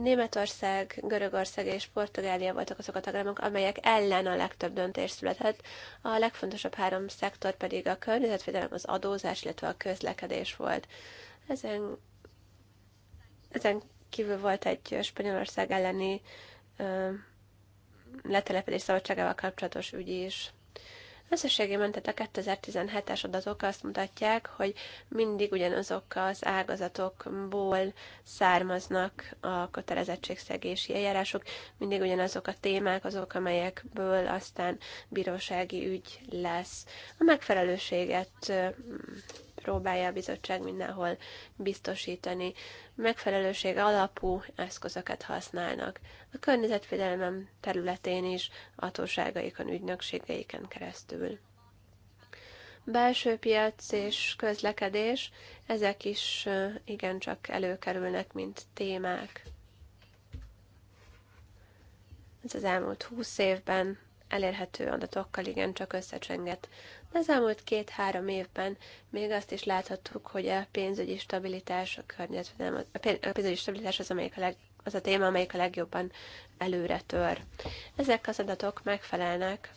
Németország, Görögország és Portugália voltak azok a tagállamok, amelyek ellen a legtöbb döntés született. A legfontosabb három szektor pedig a környezetvédelem, az adózás, illetve a közlekedés volt. Ezen ezen kívül volt egy Spanyolország elleni letelepedés szabadságával kapcsolatos ügy is. Összességében tehát a 2017-es adatok azt mutatják, hogy mindig ugyanazok az ágazatokból származnak a kötelezettségszegési eljárások, mindig ugyanazok a témák, azok, amelyekből aztán bírósági ügy lesz. A megfelelőséget próbálja a bizottság mindenhol biztosítani. Megfelelőség alapú eszközöket használnak. A környezetvédelmem területén is, hatóságaikon, ügynökségeiken keresztül. Belső piac és közlekedés, ezek is igencsak előkerülnek, mint témák. Ez az elmúlt húsz évben elérhető adatokkal igen csak összecsengett. De az elmúlt két-három évben még azt is láthattuk, hogy a pénzügyi stabilitás, a környezetvédelem, a pénzügyi stabilitás az, amelyik a leg, az a téma, amelyik a legjobban előre tör. Ezek az adatok megfelelnek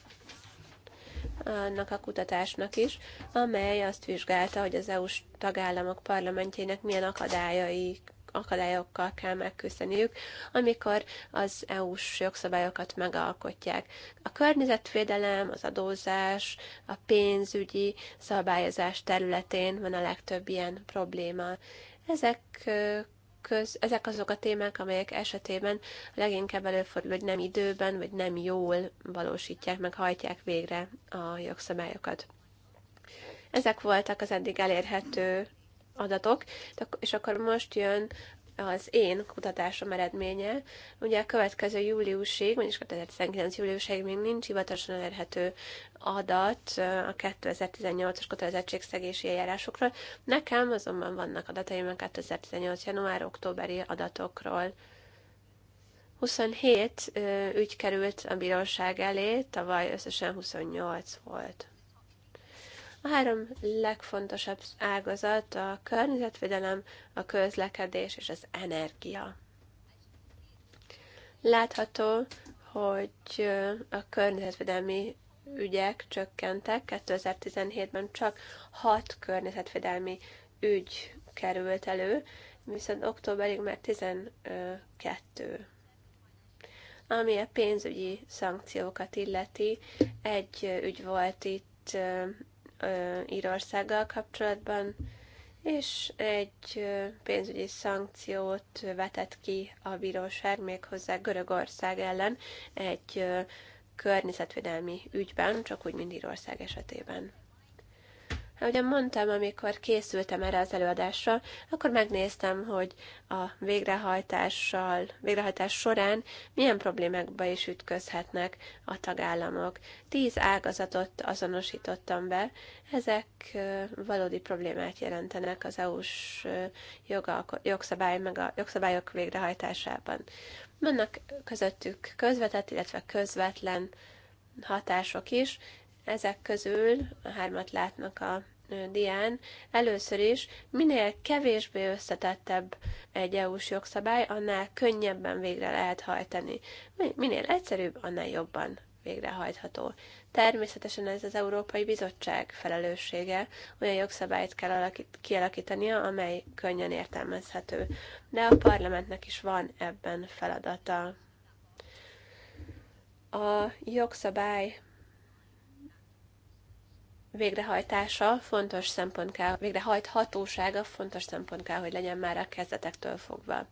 annak a kutatásnak is, amely azt vizsgálta, hogy az EU-s tagállamok parlamentjének milyen akadályai akadályokkal kell megküzdeniük, amikor az EU-s jogszabályokat megalkotják. A környezetvédelem, az adózás, a pénzügyi szabályozás területén van a legtöbb ilyen probléma. Ezek köz, ezek azok a témák, amelyek esetében leginkább előfordul, hogy nem időben, vagy nem jól valósítják meg, hajtják végre a jogszabályokat. Ezek voltak az eddig elérhető adatok, és akkor most jön az én kutatásom eredménye. Ugye a következő júliusig, vagyis 2019 júliusig még nincs hivatalosan elérhető adat a 2018-as kötelezettségszegési eljárásokról. Nekem azonban vannak adataim a 2018. január-októberi adatokról. 27 ügy került a bíróság elé, tavaly összesen 28 volt. A három legfontosabb ágazat a környezetvédelem, a közlekedés és az energia. Látható, hogy a környezetvédelmi ügyek csökkentek. 2017-ben csak hat környezetvédelmi ügy került elő, viszont októberig már 12. Ami a pénzügyi szankciókat illeti, egy ügy volt itt Írországgal kapcsolatban, és egy pénzügyi szankciót vetett ki a bíróság méghozzá Görögország ellen egy környezetvédelmi ügyben, csak úgy, mint Írország esetében. Ahogyan mondtam, amikor készültem erre az előadásra, akkor megnéztem, hogy a végrehajtással, végrehajtás során milyen problémákba is ütközhetnek a tagállamok. Tíz ágazatot azonosítottam be, ezek valódi problémát jelentenek az EU-s jogszabály, meg a jogszabályok végrehajtásában. Vannak közöttük közvetett, illetve közvetlen hatások is, ezek közül a hármat látnak a dián, először is minél kevésbé összetettebb egy EU-s jogszabály, annál könnyebben végre lehet hajtani. Minél egyszerűbb, annál jobban végrehajtható. Természetesen ez az Európai Bizottság felelőssége, olyan jogszabályt kell alakít, kialakítania, amely könnyen értelmezhető. De a parlamentnek is van ebben feladata. A jogszabály végrehajtása fontos szempont kell, végrehajthatósága fontos szempont kell, hogy legyen már a kezdetektől fogva.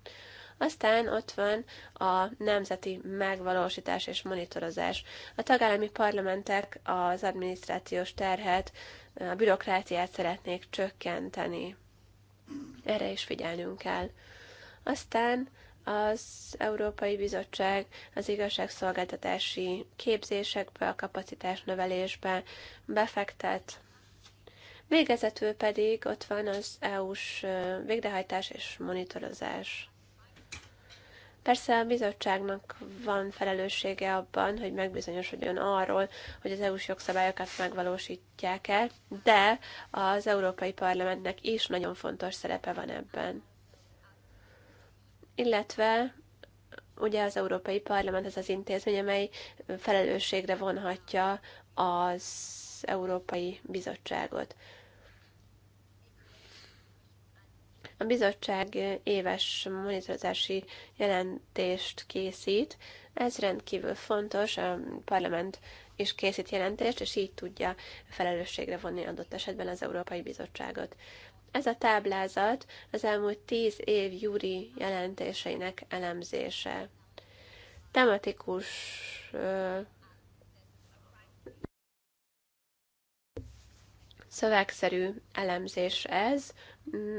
Aztán ott van a nemzeti megvalósítás és monitorozás. A tagállami parlamentek az adminisztrációs terhet, a bürokráciát szeretnék csökkenteni. Erre is figyelnünk kell. Aztán az Európai Bizottság az igazságszolgáltatási képzésekbe, a kapacitás növelésbe befektet. Végezetül pedig ott van az EU-s végrehajtás és monitorozás. Persze a bizottságnak van felelőssége abban, hogy megbizonyosodjon arról, hogy az EU-s jogszabályokat megvalósítják el, de az Európai Parlamentnek is nagyon fontos szerepe van ebben illetve ugye az Európai Parlament az az intézmény, amely felelősségre vonhatja az Európai Bizottságot. A bizottság éves monitorozási jelentést készít. Ez rendkívül fontos, a parlament is készít jelentést, és így tudja felelősségre vonni adott esetben az Európai Bizottságot. Ez a táblázat az elmúlt tíz év júri jelentéseinek elemzése. Tematikus szövegszerű elemzés ez.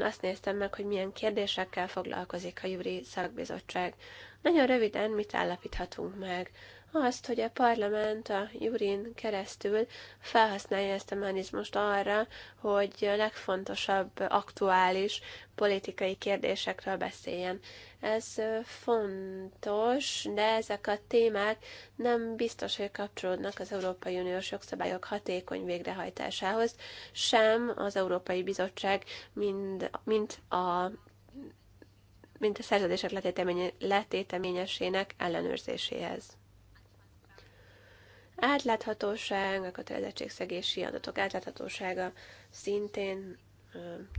Azt néztem meg, hogy milyen kérdésekkel foglalkozik a Júri Szakbizottság. Nagyon röviden mit állapíthatunk meg? azt, hogy a parlament a Jurin keresztül felhasználja ezt a mechanizmust arra, hogy a legfontosabb aktuális politikai kérdésekről beszéljen. Ez fontos, de ezek a témák nem biztos, hogy kapcsolódnak az Európai Uniós jogszabályok hatékony végrehajtásához, sem az Európai Bizottság, mind, mint a mint a szerződések letéteményesének ellenőrzéséhez. Átláthatóság, a kötelezettségszegési adatok átláthatósága szintén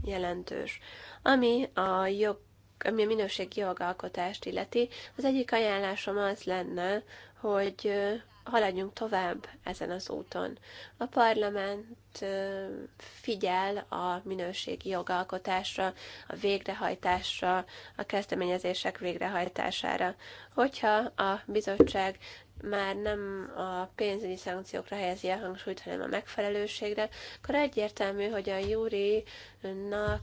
jelentős. Ami a jog ami a minőségi jogalkotást illeti, az egyik ajánlásom az lenne, hogy haladjunk tovább ezen az úton. A parlament figyel a minőségi jogalkotásra, a végrehajtásra, a kezdeményezések végrehajtására. Hogyha a bizottság már nem a pénzügyi szankciókra helyezi a hangsúlyt, hanem a megfelelőségre, akkor egyértelmű, hogy a júrinak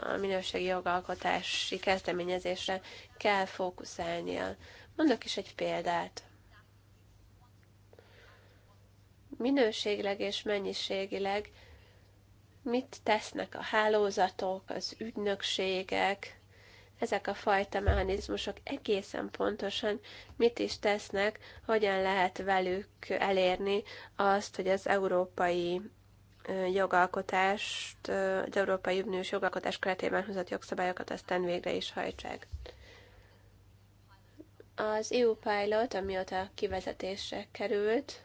a minőségi jogalkotási kezdeményezésre kell fókuszálnia. Mondok is egy példát. minőségileg és mennyiségileg mit tesznek a hálózatok, az ügynökségek, ezek a fajta mechanizmusok egészen pontosan mit is tesznek, hogyan lehet velük elérni azt, hogy az európai jogalkotást, az Európai Uniós jogalkotás keretében hozott jogszabályokat aztán végre is hajtsák. Az EU Pilot, amióta kivezetésre került,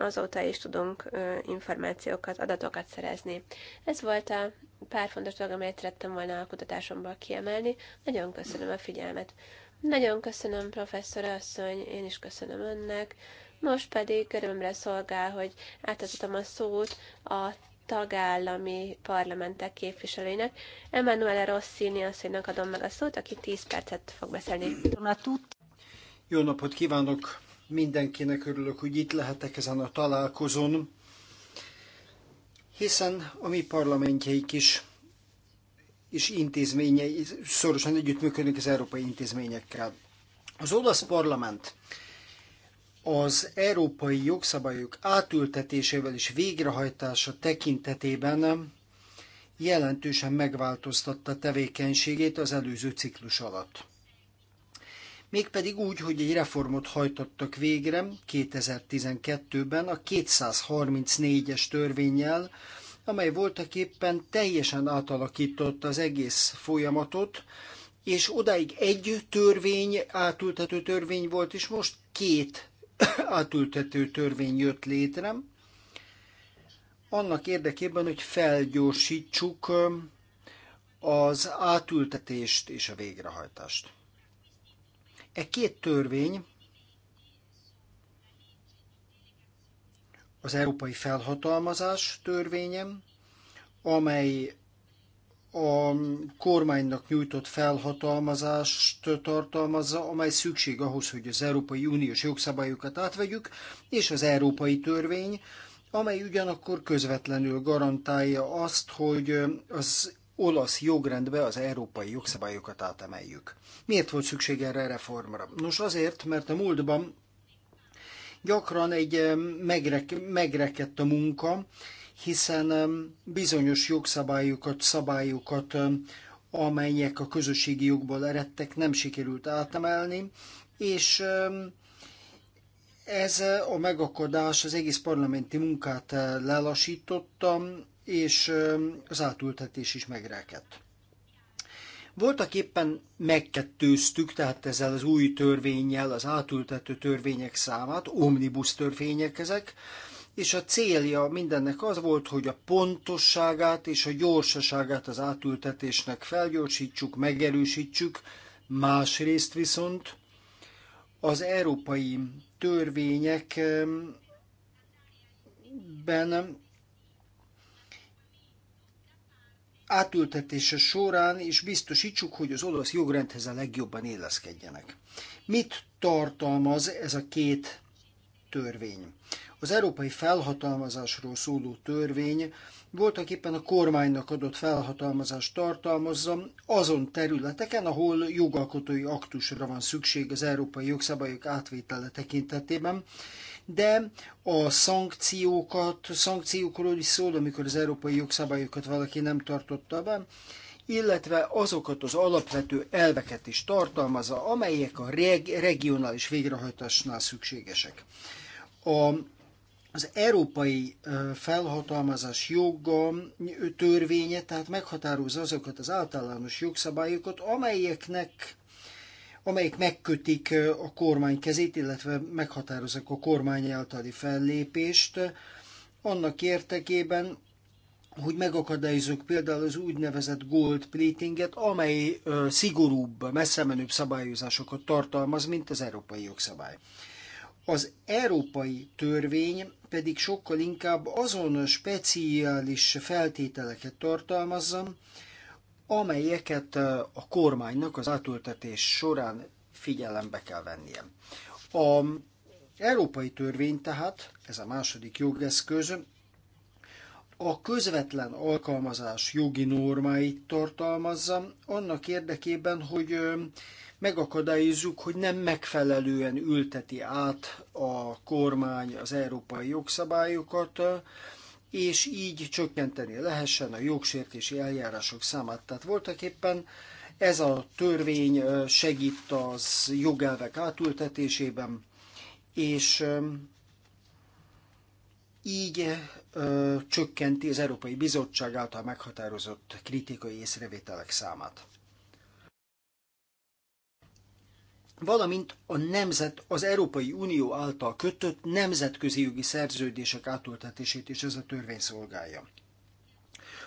azóta is tudunk információkat, adatokat szerezni. Ez volt a pár fontos dolog, amelyet szerettem volna a kutatásomból kiemelni. Nagyon köszönöm a figyelmet. Nagyon köszönöm, professzor asszony, én is köszönöm önnek. Most pedig örömre szolgál, hogy átadhatom a szót a tagállami parlamentek képviselőinek. Emanuele Rossini asszonynak adom meg a szót, aki 10 percet fog beszélni. Jó napot kívánok! Mindenkinek örülök, hogy itt lehetek ezen a találkozón, hiszen a mi parlamentjeik is és intézményei szorosan együttműködnek az európai intézményekkel. Az olasz parlament az európai jogszabályok átültetésével és végrehajtása tekintetében jelentősen megváltoztatta tevékenységét az előző ciklus alatt mégpedig úgy, hogy egy reformot hajtottak végre 2012-ben a 234-es törvényjel, amely voltak éppen teljesen átalakította az egész folyamatot, és odáig egy törvény, átültető törvény volt, és most két átültető törvény jött létre, annak érdekében, hogy felgyorsítsuk az átültetést és a végrehajtást. E két törvény az Európai Felhatalmazás törvényem, amely a kormánynak nyújtott felhatalmazást tartalmazza, amely szükség ahhoz, hogy az Európai Uniós jogszabályokat átvegyük, és az Európai Törvény, amely ugyanakkor közvetlenül garantálja azt, hogy az olasz jogrendbe az európai jogszabályokat átemeljük. Miért volt szükség erre a reformra? Nos, azért, mert a múltban gyakran egy megrek, megrekedt a munka, hiszen bizonyos jogszabályokat, szabályokat, amelyek a közösségi jogból eredtek, nem sikerült átemelni, és ez a megakadás az egész parlamenti munkát eh, lelassította, és az átültetés is megrekedt. Voltak éppen megkettőztük, tehát ezzel az új törvényjel az átültető törvények számát, omnibus törvények ezek, és a célja mindennek az volt, hogy a pontosságát és a gyorsaságát az átültetésnek felgyorsítsuk, megerősítsük, másrészt viszont az európai törvényekben átültetése során is biztosítsuk, hogy az olasz jogrendhez a legjobban illeszkedjenek. Mit tartalmaz ez a két törvény? Az európai felhatalmazásról szóló törvény voltak éppen a kormánynak adott felhatalmazást tartalmazza azon területeken, ahol jogalkotói aktusra van szükség az európai jogszabályok átvétele tekintetében, de a szankciókat, szankciókról is szól, amikor az európai jogszabályokat valaki nem tartotta be, illetve azokat az alapvető elveket is tartalmazza, amelyek a reg- regionális végrehajtásnál szükségesek. A az európai felhatalmazás joga törvénye, tehát meghatározza azokat az általános jogszabályokat, amelyeknek amelyek megkötik a kormány kezét, illetve meghatározzák a kormány általi fellépést, annak értekében, hogy megakadályozzuk például az úgynevezett gold plétinget, amely szigorúbb, messze menőbb szabályozásokat tartalmaz, mint az európai jogszabály. Az európai törvény pedig sokkal inkább azon speciális feltételeket tartalmazza, amelyeket a kormánynak az átültetés során figyelembe kell vennie. A európai törvény tehát, ez a második jogeszköz, a közvetlen alkalmazás jogi normáit tartalmazza, annak érdekében, hogy megakadályozzuk, hogy nem megfelelően ülteti át a kormány az európai jogszabályokat, és így csökkenteni lehessen a jogsértési eljárások számát. Tehát voltak éppen ez a törvény segít az jogelvek átültetésében, és így ö, csökkenti az Európai Bizottság által meghatározott kritikai észrevételek számát. valamint a nemzet, az Európai Unió által kötött nemzetközi jogi szerződések átültetését is ez a törvény szolgálja.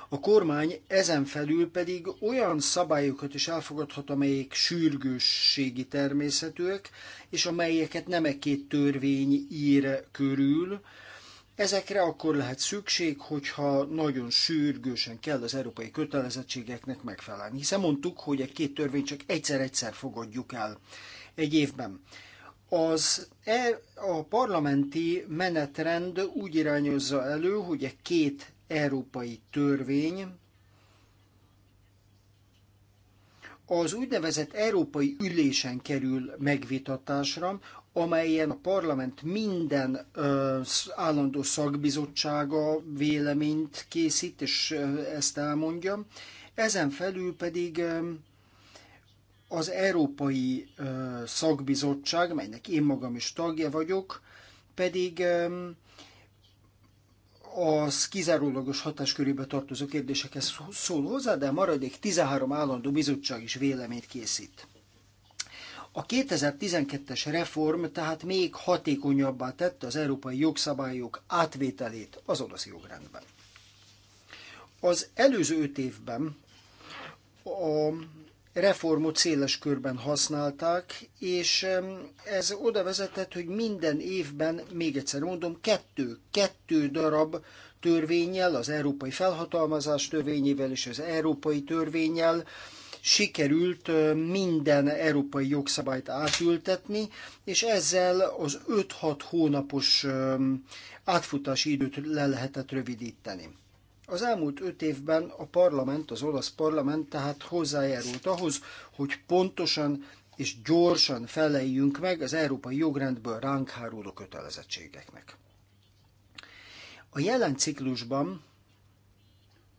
A kormány ezen felül pedig olyan szabályokat is elfogadhat, amelyek sürgősségi természetűek, és amelyeket nem egy két törvény ír körül. Ezekre akkor lehet szükség, hogyha nagyon sürgősen kell az európai kötelezettségeknek megfelelni. Hiszen mondtuk, hogy egy két törvényt csak egyszer-egyszer fogadjuk el egy évben. Az e, a parlamenti menetrend úgy irányozza elő, hogy a két európai törvény, az úgynevezett Európai Ülésen kerül megvitatásra, amelyen a parlament minden ö, állandó szakbizottsága véleményt készít, és ö, ezt elmondja. Ezen felül pedig ö, az Európai Szakbizottság, melynek én magam is tagja vagyok, pedig az kizárólagos hatáskörébe tartozó kérdésekhez szól hozzá, de a maradék 13 állandó bizottság is véleményt készít. A 2012-es reform tehát még hatékonyabbá tette az európai jogszabályok átvételét az olasz jogrendben. Az előző öt évben a reformot széles körben használták, és ez oda vezetett, hogy minden évben, még egyszer mondom, kettő, kettő darab törvényel, az Európai Felhatalmazás törvényével és az Európai Törvényel sikerült minden európai jogszabályt átültetni, és ezzel az 5-6 hónapos átfutási időt le lehetett rövidíteni. Az elmúlt öt évben a parlament, az olasz parlament tehát hozzájárult ahhoz, hogy pontosan és gyorsan feleljünk meg az európai jogrendből ránk háruló kötelezettségeknek. A jelen ciklusban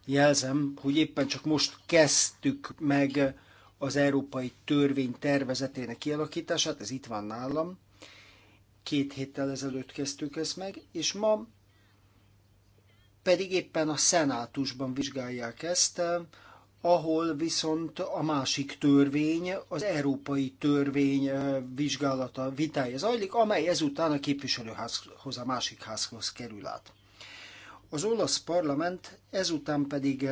jelzem, hogy éppen csak most kezdtük meg az európai törvény tervezetének kialakítását, ez itt van nálam, két héttel ezelőtt kezdtük ezt meg, és ma pedig éppen a szenátusban vizsgálják ezt, ahol viszont a másik törvény, az európai törvény vizsgálata, vitája zajlik, amely ezután a képviselőházhoz, a másik házhoz kerül át. Az olasz parlament ezután pedig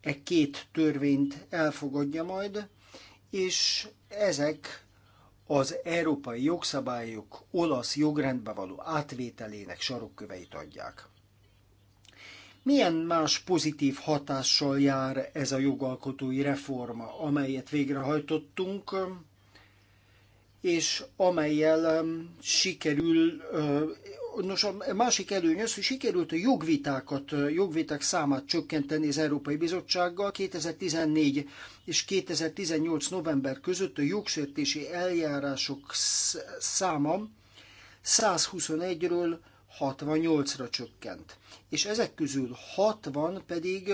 e két törvényt elfogadja majd, és ezek az európai jogszabályok olasz jogrendbe való átvételének sarokköveit adják. Milyen más pozitív hatással jár ez a jogalkotói reforma, amelyet végrehajtottunk, és amelyel sikerül, nos, a másik előny az, hogy sikerült a jogvitákat, jogviták számát csökkenteni az Európai Bizottsággal 2014 és 2018 november között a jogsértési eljárások száma 121-ről 68-ra csökkent. És ezek közül 60 pedig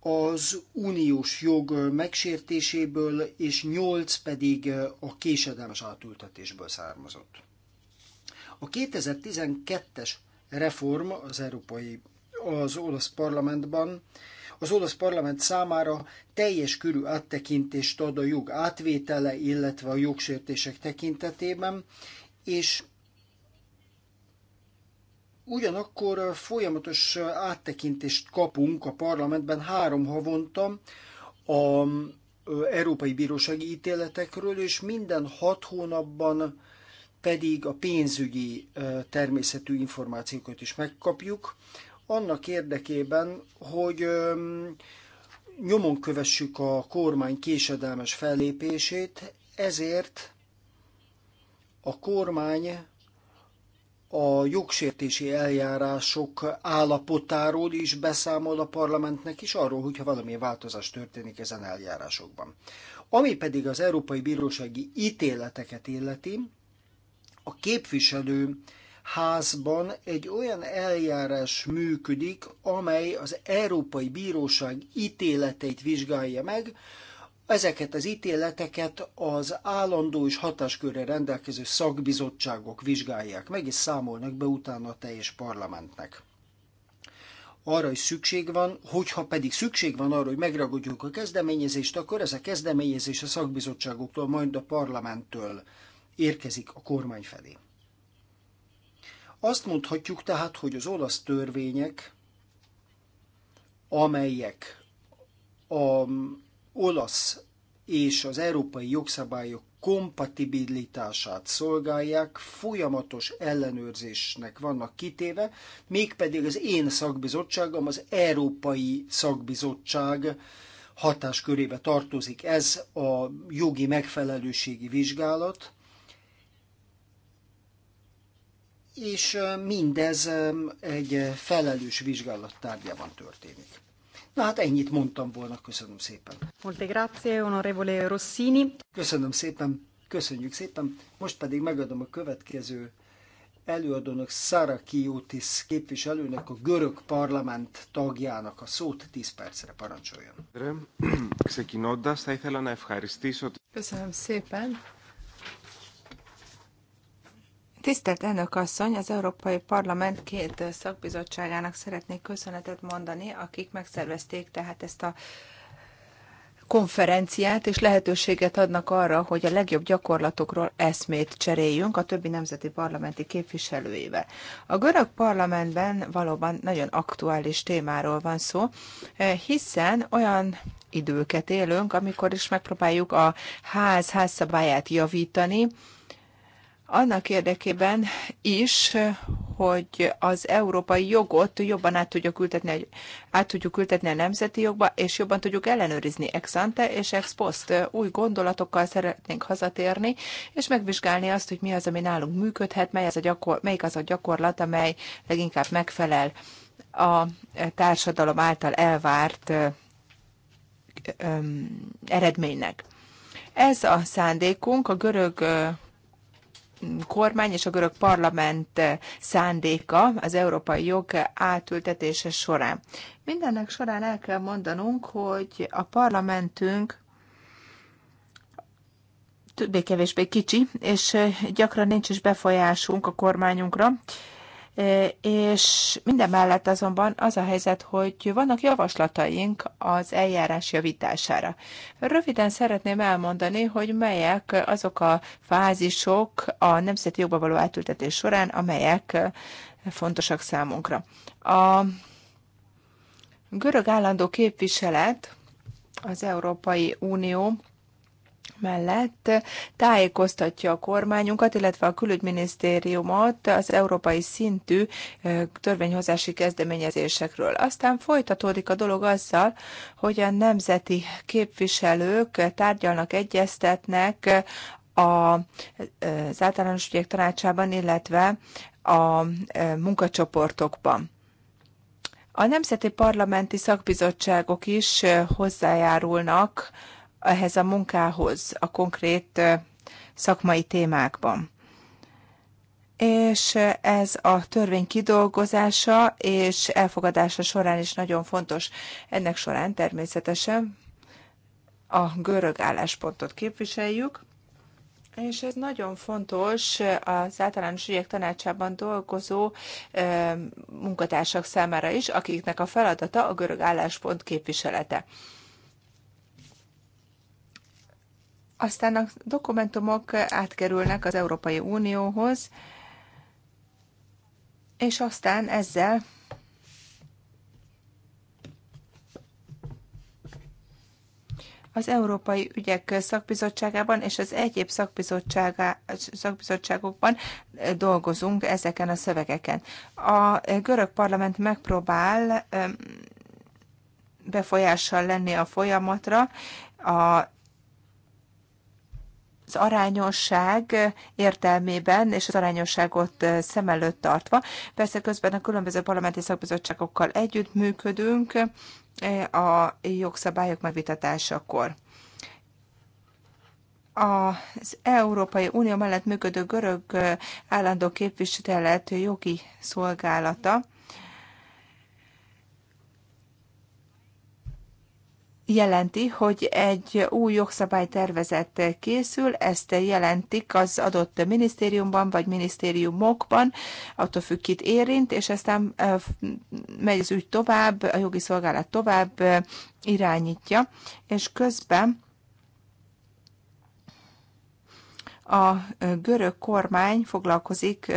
az uniós jog megsértéséből, és 8 pedig a késedelmes átültetésből származott. A 2012-es reform az európai az olasz parlamentben, az olasz parlament számára teljes körű áttekintést ad a jog átvétele, illetve a jogsértések tekintetében, és Ugyanakkor folyamatos áttekintést kapunk a parlamentben három havonta a Európai Bírósági ítéletekről, és minden hat hónapban pedig a pénzügyi természetű információkat is megkapjuk, annak érdekében, hogy nyomon kövessük a kormány késedelmes fellépését, ezért a kormány a jogsértési eljárások állapotáról is beszámol a parlamentnek, is arról, hogyha valamilyen változás történik ezen eljárásokban. Ami pedig az Európai Bírósági ítéleteket illeti, a képviselő házban egy olyan eljárás működik, amely az Európai Bíróság ítéleteit vizsgálja meg, Ezeket az ítéleteket az állandó és hatáskörre rendelkező szakbizottságok vizsgálják meg, és számolnak be utána a teljes parlamentnek. Arra is szükség van, hogyha pedig szükség van arra, hogy megragadjuk a kezdeményezést, akkor ez a kezdeményezés a szakbizottságoktól, majd a parlamenttől érkezik a kormány felé. Azt mondhatjuk tehát, hogy az olasz törvények, amelyek a olasz és az európai jogszabályok kompatibilitását szolgálják, folyamatos ellenőrzésnek vannak kitéve, mégpedig az én szakbizottságom, az Európai Szakbizottság hatáskörébe tartozik ez a jogi megfelelőségi vizsgálat, és mindez egy felelős vizsgálat tárgyában történik. Na hát ennyit mondtam volna, köszönöm szépen. Molte grazie, onorevole Rossini. Köszönöm szépen, köszönjük szépen. Most pedig megadom a következő előadónak, Szára Kiutis képviselőnek, a görög parlament tagjának a szót 10 percre parancsoljon. Köszönöm szépen. Tisztelt elnök asszony, az Európai Parlament két szakbizottságának szeretnék köszönetet mondani, akik megszervezték tehát ezt a konferenciát, és lehetőséget adnak arra, hogy a legjobb gyakorlatokról eszmét cseréljünk a többi nemzeti parlamenti képviselőivel. A görög parlamentben valóban nagyon aktuális témáról van szó, hiszen olyan időket élünk, amikor is megpróbáljuk a ház házszabályát javítani, annak érdekében is, hogy az európai jogot jobban át tudjuk ültetni, át tudjuk ültetni a nemzeti jogba, és jobban tudjuk ellenőrizni ex ante és ex post. Új gondolatokkal szeretnénk hazatérni, és megvizsgálni azt, hogy mi az, ami nálunk működhet, mely az a gyakor, melyik az a gyakorlat, amely leginkább megfelel a társadalom által elvárt eredménynek. Ez a szándékunk a görög kormány és a görög parlament szándéka az európai jog átültetése során. Mindennek során el kell mondanunk, hogy a parlamentünk többé-kevésbé kicsi, és gyakran nincs is befolyásunk a kormányunkra, és minden mellett azonban az a helyzet, hogy vannak javaslataink az eljárás javítására. Röviden szeretném elmondani, hogy melyek azok a fázisok a nemzeti jogba való átültetés során, amelyek fontosak számunkra. A görög állandó képviselet az Európai Unió mellett tájékoztatja a kormányunkat, illetve a külügyminisztériumot az európai szintű törvényhozási kezdeményezésekről. Aztán folytatódik a dolog azzal, hogy a nemzeti képviselők tárgyalnak, egyeztetnek a, az általános ügyek tanácsában, illetve a munkacsoportokban. A nemzeti parlamenti szakbizottságok is hozzájárulnak ehhez a munkához a konkrét szakmai témákban. És ez a törvény kidolgozása és elfogadása során is nagyon fontos. Ennek során természetesen a görög álláspontot képviseljük, és ez nagyon fontos az általános ügyek tanácsában dolgozó munkatársak számára is, akiknek a feladata a görög álláspont képviselete. Aztán a dokumentumok átkerülnek az Európai Unióhoz, és aztán ezzel az Európai Ügyek Szakbizottságában és az egyéb szakbizottságokban dolgozunk ezeken a szövegeken. A görög parlament megpróbál befolyással lenni a folyamatra, a az arányosság értelmében és az arányosságot szem előtt tartva. Persze közben a különböző parlamenti szakbizottságokkal együtt működünk a jogszabályok megvitatásakor. Az Európai Unió mellett működő görög állandó képviselet jogi szolgálata jelenti, hogy egy új jogszabálytervezet készül, ezt jelentik az adott minisztériumban vagy minisztériumokban, attól függ, kit érint, és aztán megy az ügy tovább, a jogi szolgálat tovább irányítja, és közben a görög kormány foglalkozik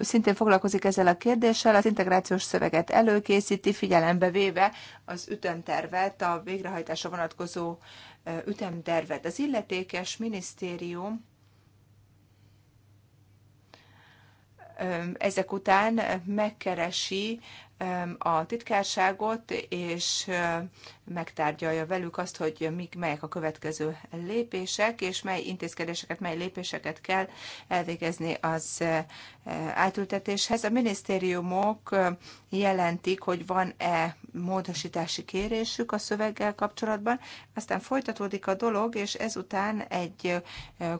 szintén foglalkozik ezzel a kérdéssel, az integrációs szöveget előkészíti, figyelembe véve az ütemtervet, a végrehajtásra vonatkozó ütemtervet. Az illetékes minisztérium ezek után megkeresi a titkárságot, és megtárgyalja velük azt, hogy mik, melyek a következő lépések, és mely intézkedéseket, mely lépéseket kell elvégezni az átültetéshez. A minisztériumok jelentik, hogy van-e módosítási kérésük a szöveggel kapcsolatban, aztán folytatódik a dolog, és ezután egy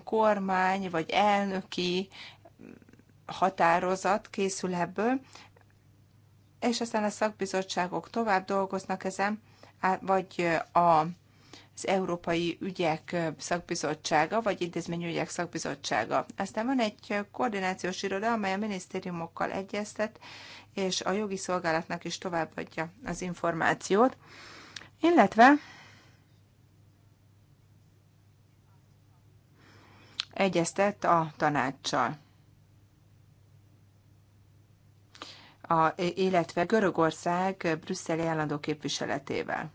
kormány vagy elnöki határozat készül ebből, és aztán a szakbizottságok tovább dolgoznak ezen, vagy a az Európai Ügyek Szakbizottsága, vagy Intézményügyek Szakbizottsága. Aztán van egy koordinációs iroda, amely a minisztériumokkal egyeztet, és a jogi szolgálatnak is továbbadja az információt, illetve egyeztet a tanácssal. a, illetve Görögország brüsszeli állandó képviseletével.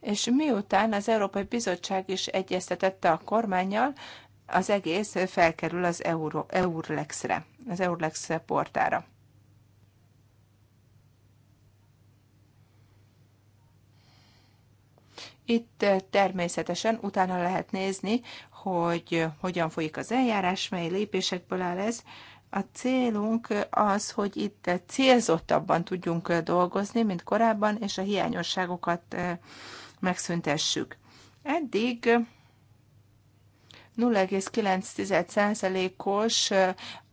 És miután az Európai Bizottság is egyeztetette a kormányjal, az egész felkerül az Euro, az Eurlex portára. Itt természetesen utána lehet nézni, hogy hogyan folyik az eljárás, mely lépésekből áll ez. A célunk az, hogy itt célzottabban tudjunk dolgozni, mint korábban, és a hiányosságokat megszüntessük. Eddig 0,9%-os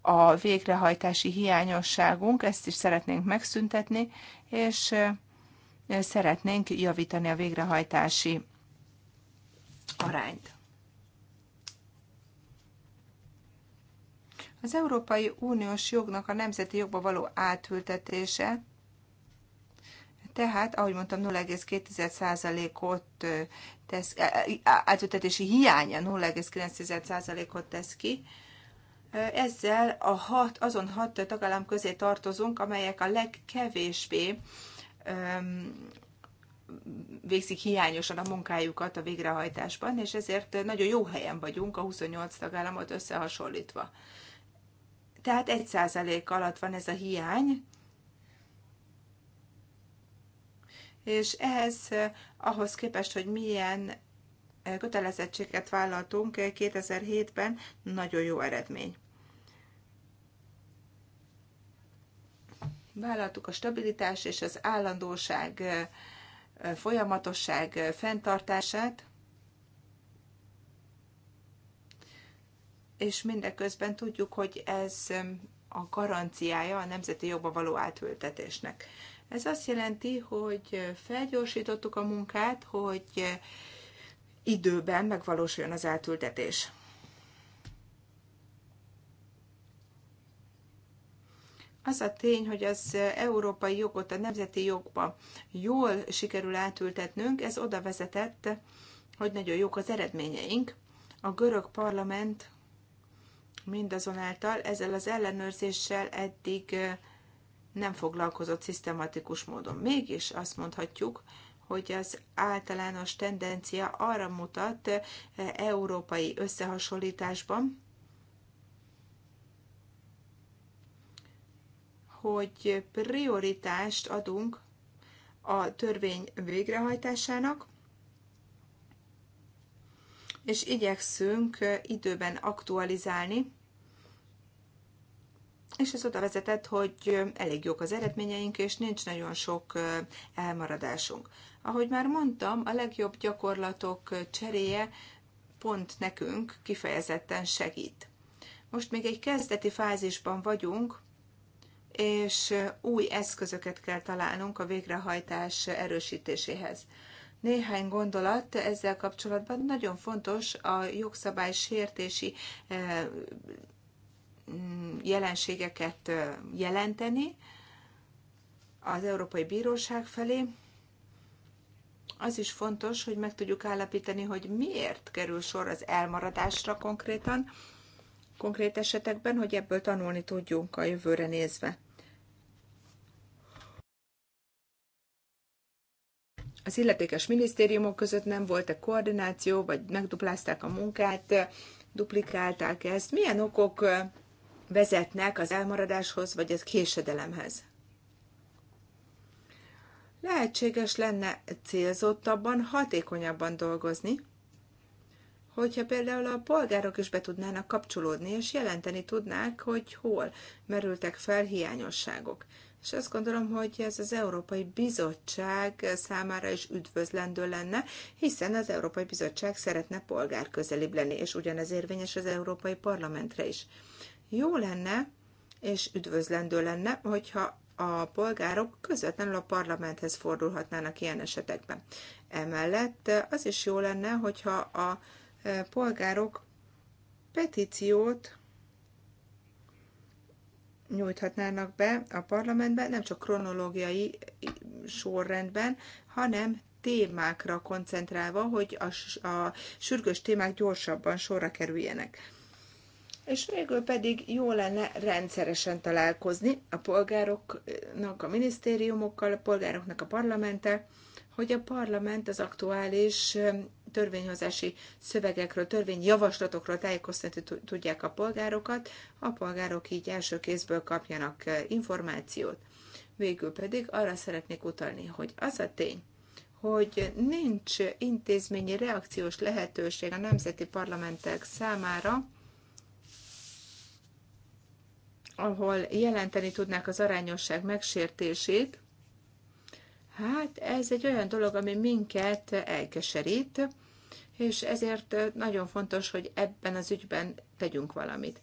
a végrehajtási hiányosságunk, ezt is szeretnénk megszüntetni, és szeretnénk javítani a végrehajtási arányt. Az Európai Uniós jognak a nemzeti jogba való átültetése, tehát, ahogy mondtam, 0,2%-ot tesz, e, e, átültetési hiánya 0,9%-ot tesz ki. Ezzel a hat, azon hat tagállam közé tartozunk, amelyek a legkevésbé végzik hiányosan a munkájukat a végrehajtásban, és ezért nagyon jó helyen vagyunk a 28 tagállamot összehasonlítva. Tehát 1% alatt van ez a hiány, és ehhez eh, ahhoz képest, hogy milyen eh, kötelezettséget vállaltunk 2007-ben, eh, nagyon jó eredmény. vállaltuk a stabilitás és az állandóság, folyamatosság fenntartását, és mindeközben tudjuk, hogy ez a garanciája a nemzeti jogba való átültetésnek. Ez azt jelenti, hogy felgyorsítottuk a munkát, hogy időben megvalósuljon az átültetés. az a tény, hogy az európai jogot a nemzeti jogba jól sikerül átültetnünk, ez oda vezetett, hogy nagyon jók az eredményeink. A görög parlament mindazonáltal ezzel az ellenőrzéssel eddig nem foglalkozott szisztematikus módon. Mégis azt mondhatjuk, hogy az általános tendencia arra mutat európai összehasonlításban, hogy prioritást adunk a törvény végrehajtásának, és igyekszünk időben aktualizálni, és ez oda vezetett, hogy elég jók az eredményeink, és nincs nagyon sok elmaradásunk. Ahogy már mondtam, a legjobb gyakorlatok cseréje pont nekünk kifejezetten segít. Most még egy kezdeti fázisban vagyunk, és új eszközöket kell találnunk a végrehajtás erősítéséhez. Néhány gondolat ezzel kapcsolatban nagyon fontos a jogszabály sértési jelenségeket jelenteni az Európai Bíróság felé. Az is fontos, hogy meg tudjuk állapítani, hogy miért kerül sor az elmaradásra konkrétan, konkrét esetekben, hogy ebből tanulni tudjunk a jövőre nézve. Az illetékes minisztériumok között nem volt-e koordináció, vagy megduplázták a munkát, duplikálták ezt. Milyen okok vezetnek az elmaradáshoz, vagy az késedelemhez? Lehetséges lenne célzottabban, hatékonyabban dolgozni, hogyha például a polgárok is be tudnának kapcsolódni, és jelenteni tudnák, hogy hol merültek fel hiányosságok. És azt gondolom, hogy ez az Európai Bizottság számára is üdvözlendő lenne, hiszen az Európai Bizottság szeretne polgárközelibb lenni, és ugyanez érvényes az Európai Parlamentre is. Jó lenne, és üdvözlendő lenne, hogyha a polgárok közvetlenül a parlamenthez fordulhatnának ilyen esetekben. Emellett az is jó lenne, hogyha a polgárok petíciót nyújthatnának be a parlamentbe, nem csak kronológiai sorrendben, hanem témákra koncentrálva, hogy a, a sürgős témák gyorsabban sorra kerüljenek. És végül pedig jó lenne rendszeresen találkozni a polgároknak, a minisztériumokkal, a polgároknak a parlamente hogy a parlament az aktuális törvényhozási szövegekről, törvényjavaslatokról tájékoztatni tudják a polgárokat, a polgárok így első kézből kapjanak információt. Végül pedig arra szeretnék utalni, hogy az a tény, hogy nincs intézményi reakciós lehetőség a nemzeti parlamentek számára, ahol jelenteni tudnák az arányosság megsértését, Hát ez egy olyan dolog, ami minket elkeserít, és ezért nagyon fontos, hogy ebben az ügyben tegyünk valamit.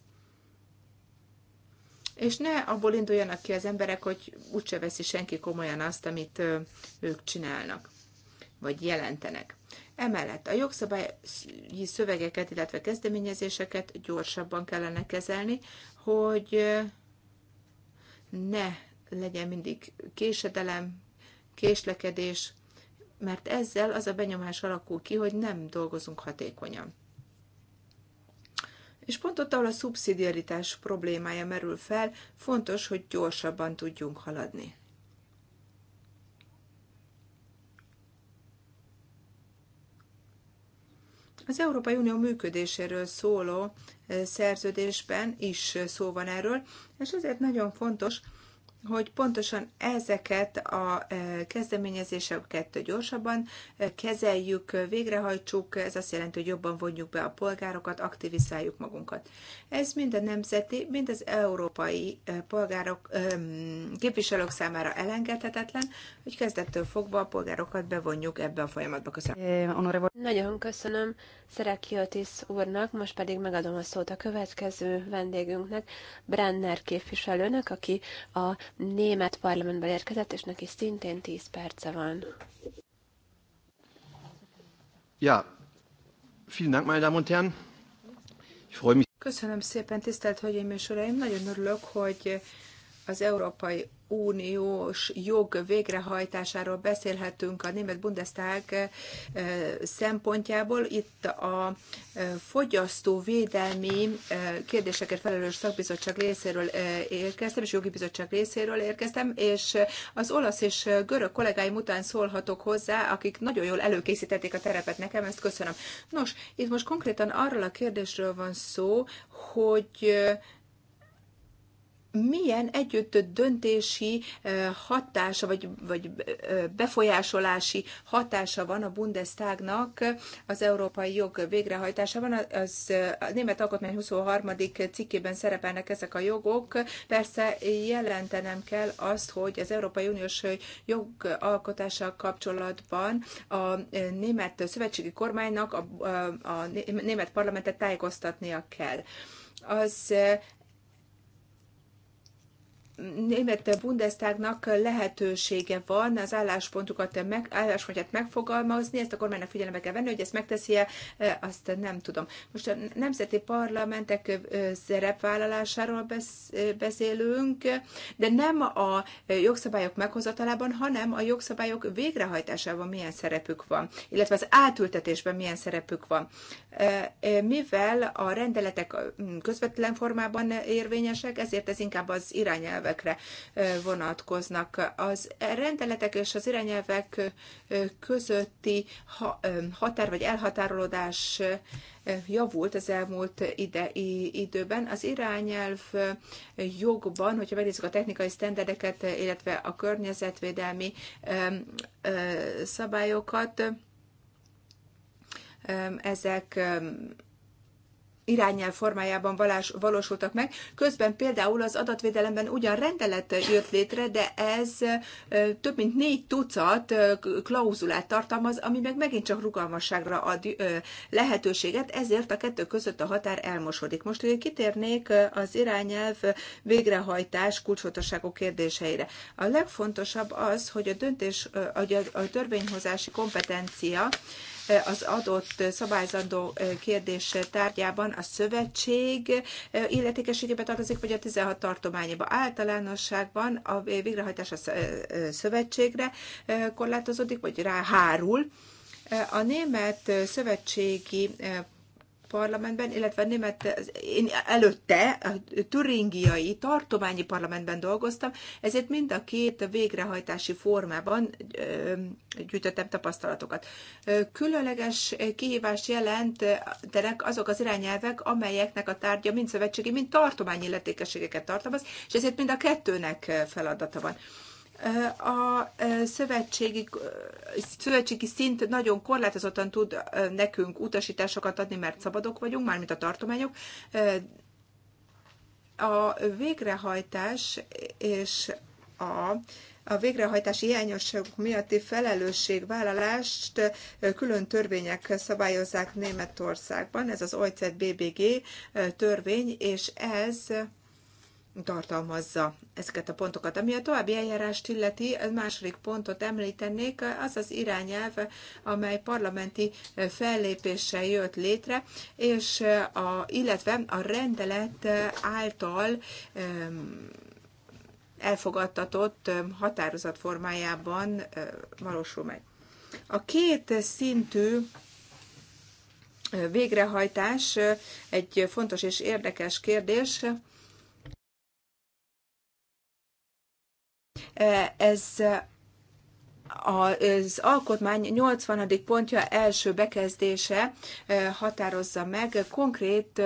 És ne abból induljanak ki az emberek, hogy úgyse veszi senki komolyan azt, amit ők csinálnak, vagy jelentenek. Emellett a jogszabályi szövegeket, illetve kezdeményezéseket gyorsabban kellene kezelni, hogy ne legyen mindig késedelem, késlekedés, mert ezzel az a benyomás alakul ki, hogy nem dolgozunk hatékonyan. És pont ott, ahol a szubszidiaritás problémája merül fel, fontos, hogy gyorsabban tudjunk haladni. Az Európai Unió működéséről szóló eh, szerződésben is eh, szó van erről, és ezért nagyon fontos, hogy pontosan ezeket a e, kezdeményezéseket gyorsabban e, kezeljük, e, végrehajtsuk, ez azt jelenti, hogy jobban vonjuk be a polgárokat, aktivizáljuk magunkat. Ez mind a nemzeti, mind az európai polgárok, képviselők számára elengedhetetlen, hogy kezdettől fogva a polgárokat bevonjuk ebbe a folyamatba. Köszönöm. Nagyon köszönöm Szerekiotis úrnak, most pedig megadom a szót a következő vendégünknek, Brenner képviselőnek, aki a német parlamentbe érkezett, és neki szintén 10 perce van. Ja, vielen Dank, meine Damen und Herren. Ich freue mich. Köszönöm szépen, tisztelt Hölgyeim és Uraim! Nagyon örülök, hogy az Európai Uniós jog végrehajtásáról beszélhetünk a német Bundestag szempontjából. Itt a fogyasztóvédelmi kérdéseket felelős szakbizottság részéről érkeztem, és jogi bizottság részéről érkeztem, és az olasz és görög kollégáim után szólhatok hozzá, akik nagyon jól előkészítették a terepet nekem, ezt köszönöm. Nos, itt most konkrétan arról a kérdésről van szó, hogy milyen együtt döntési hatása, vagy, vagy befolyásolási hatása van a Bundestagnak az európai jog végrehajtásában. Az, a Német Alkotmány 23. cikkében szerepelnek ezek a jogok. Persze jelentenem kell azt, hogy az Európai Uniós jogalkotása kapcsolatban a német szövetségi kormánynak a, a, a német parlamentet tájékoztatnia kell az német Bundestagnak lehetősége van az álláspontokat meg, álláspontját megfogalmazni, ezt a kormánynak figyelembe kell venni, hogy ezt megteszi-e, azt nem tudom. Most a nemzeti parlamentek szerepvállalásáról beszélünk, de nem a jogszabályok meghozatalában, hanem a jogszabályok végrehajtásában milyen szerepük van, illetve az átültetésben milyen szerepük van. Mivel a rendeletek közvetlen formában érvényesek, ezért ez inkább az irányelv irányelvekre vonatkoznak. Az rendeletek és az irányelvek közötti határ vagy elhatárolódás javult az elmúlt ide, időben. Az irányelv jogban, hogyha megnézzük a technikai sztenderdeket, illetve a környezetvédelmi szabályokat, ezek irányel formájában valás, valósultak meg. Közben például az adatvédelemben ugyan rendelet jött létre, de ez több mint négy tucat klauzulát tartalmaz, ami meg megint csak rugalmasságra ad lehetőséget, ezért a kettő között a határ elmosodik. Most kitérnék az irányelv végrehajtás kulcsfontosságú kérdéseire. A legfontosabb az, hogy a döntés, a törvényhozási kompetencia az adott szabályzandó kérdés tárgyában a szövetség illetékességébe tartozik, vagy a 16 tartományába. Általánosságban a végrehajtás a szövetségre korlátozódik, vagy ráhárul. A német szövetségi parlamentben, illetve német, én előtte a türingiai tartományi parlamentben dolgoztam, ezért mind a két végrehajtási formában gyűjtöttem tapasztalatokat. Különleges kihívást jelentenek azok az irányelvek, amelyeknek a tárgya mind szövetségi, mind tartományi illetékességeket tartalmaz, és ezért mind a kettőnek feladata van a szövetségi, szövetségi szint nagyon korlátozottan tud nekünk utasításokat adni, mert szabadok vagyunk, mármint a tartományok. A végrehajtás és a a végrehajtási hiányosságok miatti felelősségvállalást külön törvények szabályozzák Németországban. Ez az OECD BBG törvény, és ez tartalmazza ezeket a pontokat. Ami a további eljárást illeti, a második pontot említenék, az az irányelv, amely parlamenti fellépéssel jött létre, és a, illetve a rendelet által elfogadtatott határozat formájában valósul meg. A két szintű végrehajtás egy fontos és érdekes kérdés, Ez az alkotmány 80. pontja első bekezdése határozza meg, konkrét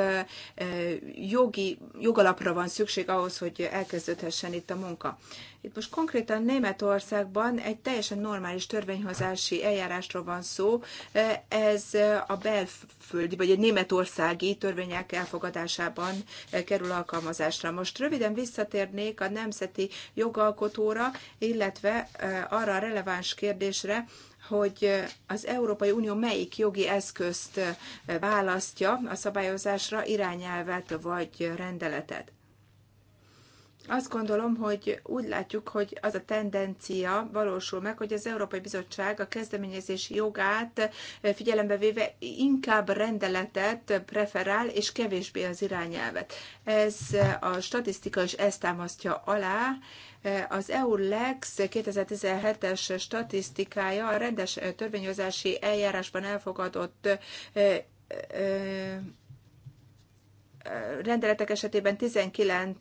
jogi, jogalapra van szükség ahhoz, hogy elkezdődhessen itt a munka. Itt most konkrétan Németországban egy teljesen normális törvényhozási eljárásról van szó. Ez a belföldi, vagy a németországi törvények elfogadásában kerül alkalmazásra. Most röviden visszatérnék a nemzeti jogalkotóra, illetve arra a releváns kérdésre, hogy az Európai Unió melyik jogi eszközt választja a szabályozásra, irányelvet vagy rendeletet azt gondolom, hogy úgy látjuk, hogy az a tendencia valósul meg, hogy az Európai Bizottság a kezdeményezési jogát eh, figyelembe véve inkább rendeletet preferál, és kevésbé az irányelvet. Ez eh, a statisztika is ezt támasztja alá, eh, az EURLEX 2017-es statisztikája a rendes törvényozási eljárásban elfogadott rendeletek esetében 19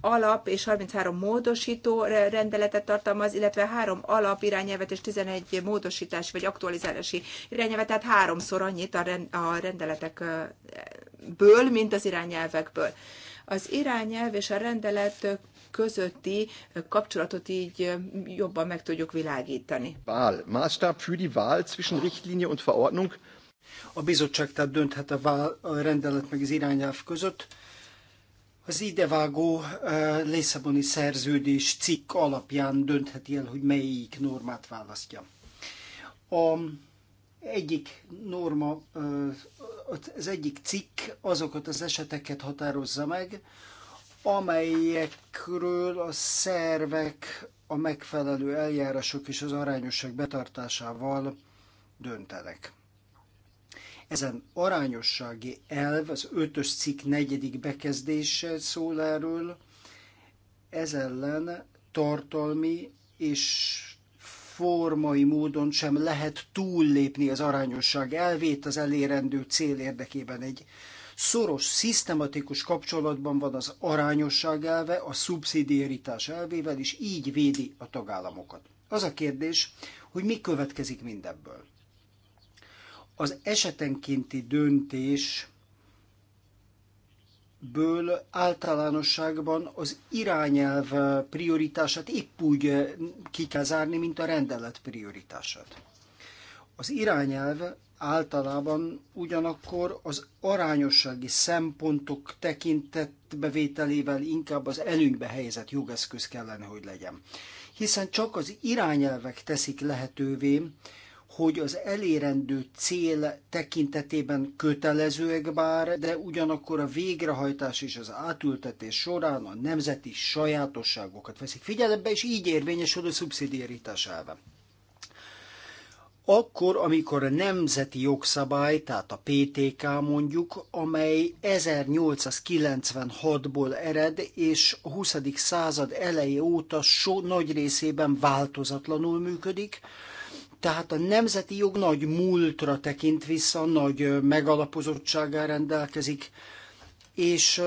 alap és 33 módosító rendeletet tartalmaz, illetve 3 alap irányelvet és 11 módosítás vagy aktualizálási irányelvet, tehát háromszor annyit a rendeletekből, mint az irányelvekből. Az irányelv és a rendelet közötti kapcsolatot így jobban meg tudjuk világítani. Wahl. Maßstab für die Wahl zwischen Richtlinie und Verordnung a bizottság tehát dönthet a, rendelet meg az irányelv között. Az idevágó eh, Lészaboni szerződés cikk alapján döntheti el, hogy melyik normát választja. A egyik norma, eh, az egyik cikk azokat az eseteket határozza meg, amelyekről a szervek a megfelelő eljárások és az arányosság betartásával döntenek. Ezen arányossági elv az ötös cikk negyedik bekezdése szól erről, ez ellen tartalmi és formai módon sem lehet túllépni az arányosság elvét az elérendő cél érdekében. Egy szoros, szisztematikus kapcsolatban van az arányosság elve a szubszidiaritás elvével, és így védi a tagállamokat. Az a kérdés, hogy mi következik mindebből. Az esetenkénti döntés ből általánosságban az irányelv prioritását épp úgy eh, ki kell zárni, mint a rendelet prioritását. Az irányelv általában ugyanakkor az arányossági szempontok tekintetbevételével inkább az előnybe helyezett jogeszköz kellene, hogy legyen. Hiszen csak az irányelvek teszik lehetővé, hogy az elérendő cél tekintetében kötelezőek bár, de ugyanakkor a végrehajtás és az átültetés során a nemzeti sajátosságokat veszik figyelembe, és így érvényesül a szubszidiaritás elve. Akkor, amikor a nemzeti jogszabály, tehát a PTK mondjuk, amely 1896-ból ered, és a 20. század eleje óta so nagy részében változatlanul működik, tehát a nemzeti jog nagy múltra tekint vissza, nagy megalapozottsággal rendelkezik, és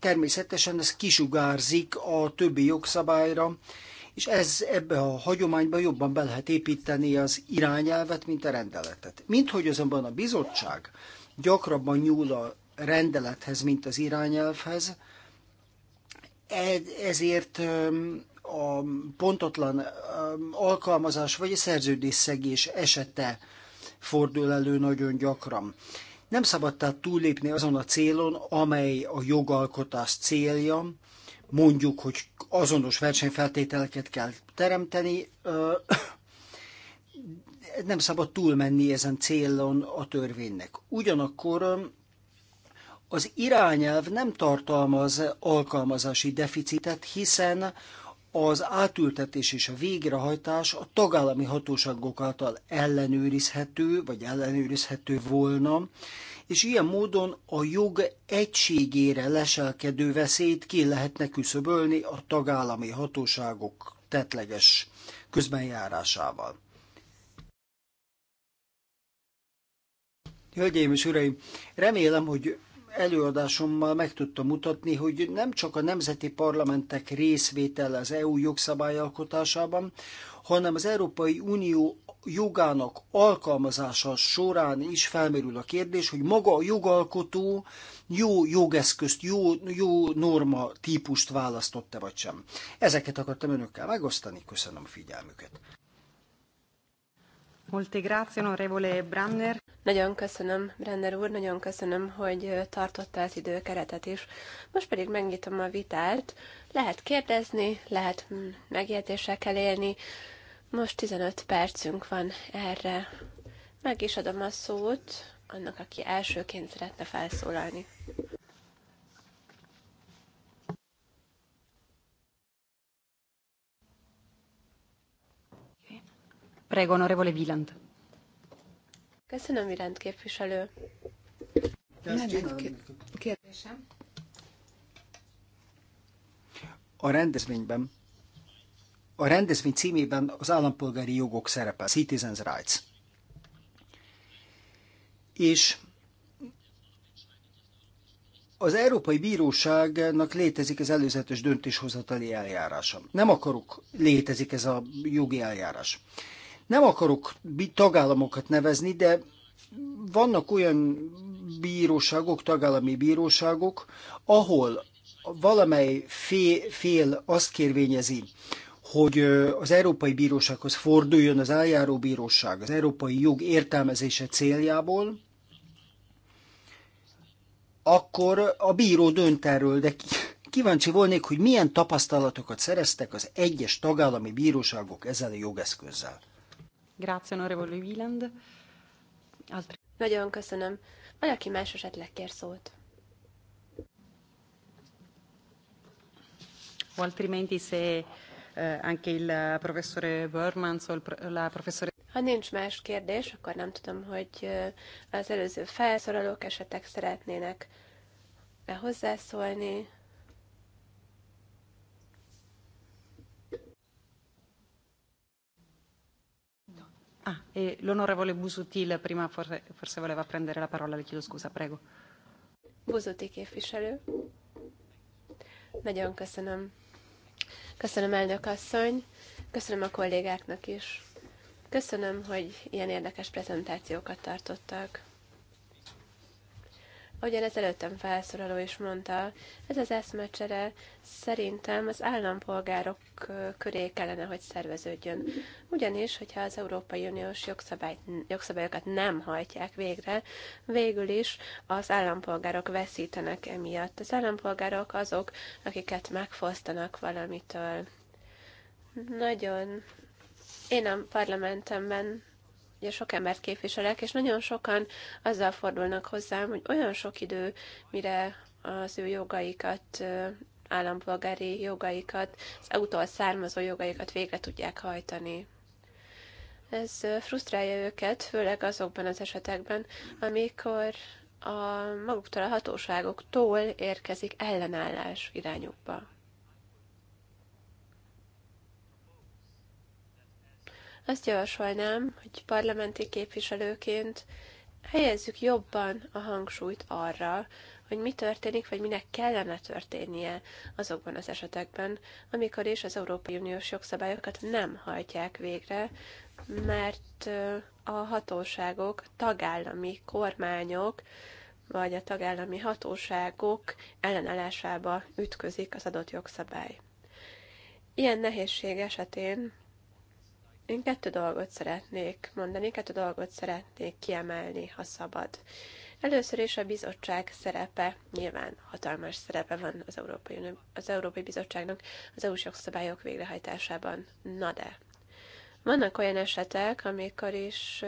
természetesen ez kisugárzik a többi jogszabályra, és ez ebbe a hagyományba jobban be lehet építeni az irányelvet, mint a rendeletet. Mint hogy azonban a bizottság gyakrabban nyúl a rendelethez, mint az irányelvhez, e- ezért a pontotlan um, alkalmazás vagy a szerződésszegés esete fordul elő nagyon gyakran. Nem szabad tehát túllépni azon a célon, amely a jogalkotás célja, mondjuk, hogy azonos versenyfeltételeket kell teremteni, nem szabad túlmenni ezen célon a törvénynek. Ugyanakkor um, az irányelv nem tartalmaz alkalmazási deficitet, hiszen az átültetés és a végrehajtás a tagállami hatóságok által ellenőrizhető, vagy ellenőrizhető volna, és ilyen módon a jog egységére leselkedő veszélyt ki lehetne küszöbölni a tagállami hatóságok tetleges közbenjárásával. Hölgyeim és uraim, remélem, hogy előadásommal meg tudtam mutatni, hogy nem csak a nemzeti parlamentek részvétele az EU jogszabályalkotásában, hanem az Európai Unió jogának alkalmazása során is felmerül a kérdés, hogy maga a jogalkotó jó jogeszközt, jó, jó norma típust választotta vagy sem. Ezeket akartam önökkel megosztani, köszönöm a figyelmüket. Nagyon köszönöm, Brenner úr, nagyon köszönöm, hogy tartotta az időkeretet is. Most pedig megnyitom a vitát. Lehet kérdezni, lehet mm, megjegyzésekkel élni. Most 15 percünk van erre. Meg is adom a szót annak, aki elsőként szeretne felszólalni. Köszönöm, Irend képviselő. Kérdésem. A rendezvényben, a rendezvény címében az állampolgári jogok szerepel, Citizens Rights. És az Európai Bíróságnak létezik az előzetes döntéshozatali eljárása. Nem akarok, létezik ez a jogi eljárás. Nem akarok tagállamokat nevezni, de vannak olyan bíróságok, tagállami bíróságok, ahol valamely fél, fél azt kérvényezi, hogy az Európai Bírósághoz forduljon az eljáró bíróság az európai jog értelmezése céljából, akkor a bíró dönt erről, de kíváncsi volnék, hogy milyen tapasztalatokat szereztek az egyes tagállami bíróságok ezzel a jogeszközzel. Grazie, onorevole Wieland. Altri... Nagyon köszönöm. Van, aki más esetleg kér szót. O altrimenti se eh, anche il eh, professore Bermans o la professore... Ha nincs más kérdés, akkor nem tudom, hogy eh, az előző felszorolók esetek szeretnének -e hozzászólni. Ah, e l'onorevole képviselő. Nagyon köszönöm. Köszönöm elnök asszony, köszönöm a kollégáknak is. Köszönöm, hogy ilyen érdekes prezentációkat tartottak. Ahogyan az előttem felszólaló is mondta, ez az eszmecsere szerintem az állampolgárok köré kellene, hogy szerveződjön. Ugyanis, hogyha az Európai Uniós jogszabály, jogszabályokat nem hajtják végre, végül is az állampolgárok veszítenek emiatt. Az állampolgárok azok, akiket megfosztanak valamitől. Nagyon én a parlamentemben ugye sok embert képviselek, és nagyon sokan azzal fordulnak hozzám, hogy olyan sok idő, mire az ő jogaikat, állampolgári jogaikat, az eu származó jogaikat végre tudják hajtani. Ez frusztrálja őket, főleg azokban az esetekben, amikor a maguktól, a hatóságoktól érkezik ellenállás irányukba. Azt javasolnám, hogy parlamenti képviselőként helyezzük jobban a hangsúlyt arra, hogy mi történik, vagy minek kellene történnie azokban az esetekben, amikor is az Európai Uniós jogszabályokat nem hajtják végre, mert a hatóságok, tagállami kormányok, vagy a tagállami hatóságok ellenállásába ütközik az adott jogszabály. Ilyen nehézség esetén én kettő dolgot szeretnék mondani, kettő dolgot szeretnék kiemelni, ha szabad. Először is a bizottság szerepe, nyilván hatalmas szerepe van az Európai, az Európai Bizottságnak az EU-s jogszabályok végrehajtásában. Na de, vannak olyan esetek, amikor is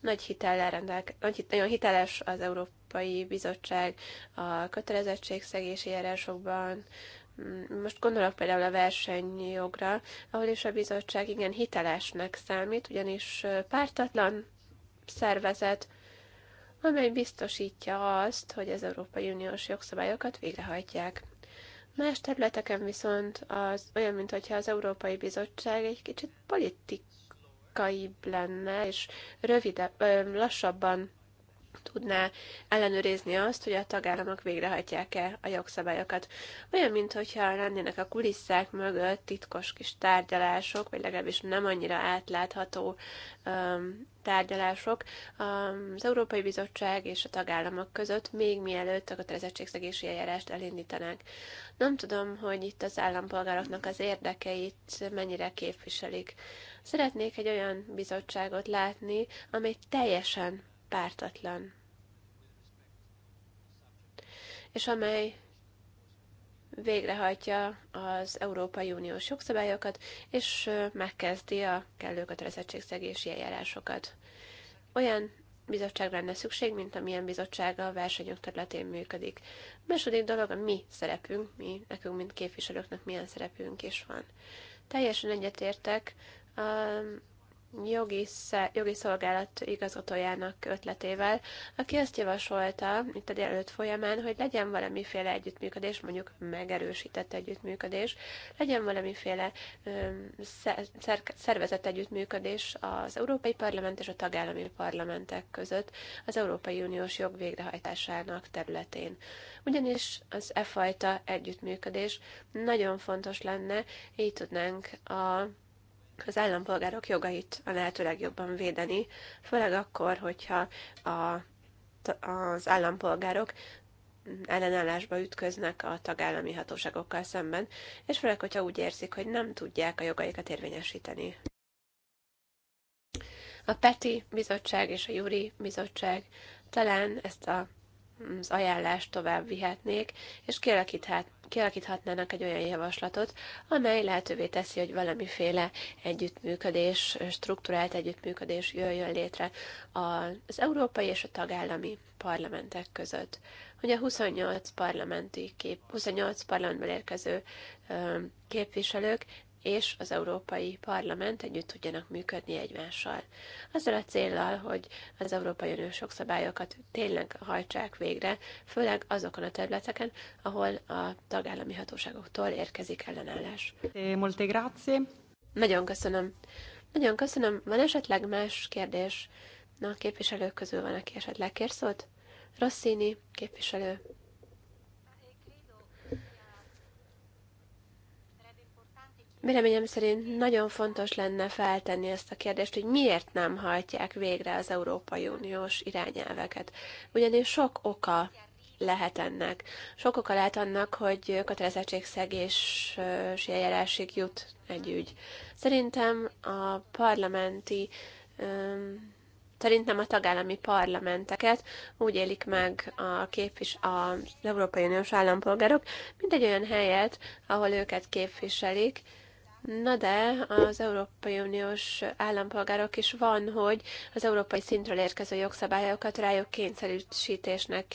nagy hitellel rendelke, nagy, nagyon hiteles az Európai Bizottság a kötelezettségszegési járásokban, most gondolok például a versenyjogra, ahol is a bizottság igen hitelesnek számít, ugyanis pártatlan szervezet, amely biztosítja azt, hogy az Európai Uniós jogszabályokat végrehajtják. Más területeken viszont az olyan, mintha az Európai Bizottság egy kicsit politikaibb lenne, és rövidebb, lassabban tudná ellenőrizni azt, hogy a tagállamok végrehajtják-e a jogszabályokat. Olyan, mintha lennének a kulisszák mögött titkos kis tárgyalások, vagy legalábbis nem annyira átlátható um, tárgyalások az Európai Bizottság és a tagállamok között, még mielőtt a kötelezettségszegési eljárást elindítanák. Nem tudom, hogy itt az állampolgároknak az érdekeit mennyire képviselik. Szeretnék egy olyan bizottságot látni, amely teljesen pártatlan, és amely végrehajtja az Európai Uniós jogszabályokat, és megkezdi a kellő kötelezettségszegési eljárásokat. Olyan bizottságra lenne szükség, mint amilyen bizottsága a versenyok területén működik. A második dolog a mi szerepünk, mi, nekünk, mint képviselőknek milyen szerepünk is van. Teljesen egyetértek jogi, jogi szolgálat igazgatójának ötletével, aki azt javasolta itt a délelőtt folyamán, hogy legyen valamiféle együttműködés, mondjuk megerősített együttműködés, legyen valamiféle szervezett együttműködés az Európai Parlament és a tagállami parlamentek között az Európai Uniós jog végrehajtásának területén. Ugyanis az e fajta együttműködés nagyon fontos lenne, így tudnánk a az állampolgárok jogait a lehető legjobban védeni, főleg akkor, hogyha a, az állampolgárok ellenállásba ütköznek a tagállami hatóságokkal szemben, és főleg, hogyha úgy érzik, hogy nem tudják a jogaikat érvényesíteni. A PETI bizottság és a Júri bizottság talán ezt a az ajánlást tovább vihetnék, és kialakíthat, kialakíthatnának egy olyan javaslatot, amely lehetővé teszi, hogy valamiféle együttműködés, struktúrált együttműködés jöjjön létre az európai és a tagállami parlamentek között. Hogy a 28 parlamenti kép, 28 parlamentből érkező képviselők és az Európai Parlament együtt tudjanak működni egymással. Azzal a céllal, hogy az Európai Uniós jogszabályokat tényleg hajtsák végre, főleg azokon a területeken, ahol a tagállami hatóságoktól érkezik ellenállás. Eh, molte grazie. Nagyon köszönöm. Nagyon köszönöm. Van esetleg más kérdés? Na, a képviselők közül van, aki esetleg kér szót? Rosszini, képviselő. Véleményem szerint nagyon fontos lenne feltenni ezt a kérdést, hogy miért nem hajtják végre az Európai Uniós irányelveket. Ugyanis sok oka lehet ennek. Sok oka lehet annak, hogy kötelezettségszegési eljárásig jut egy ügy. Szerintem a parlamenti Szerintem a tagállami parlamenteket úgy élik meg a képvis, az Európai Uniós állampolgárok, mint egy olyan helyet, ahol őket képviselik, Na de az Európai Uniós állampolgárok is van, hogy az európai szintről érkező jogszabályokat rájuk kényszerűsítésnek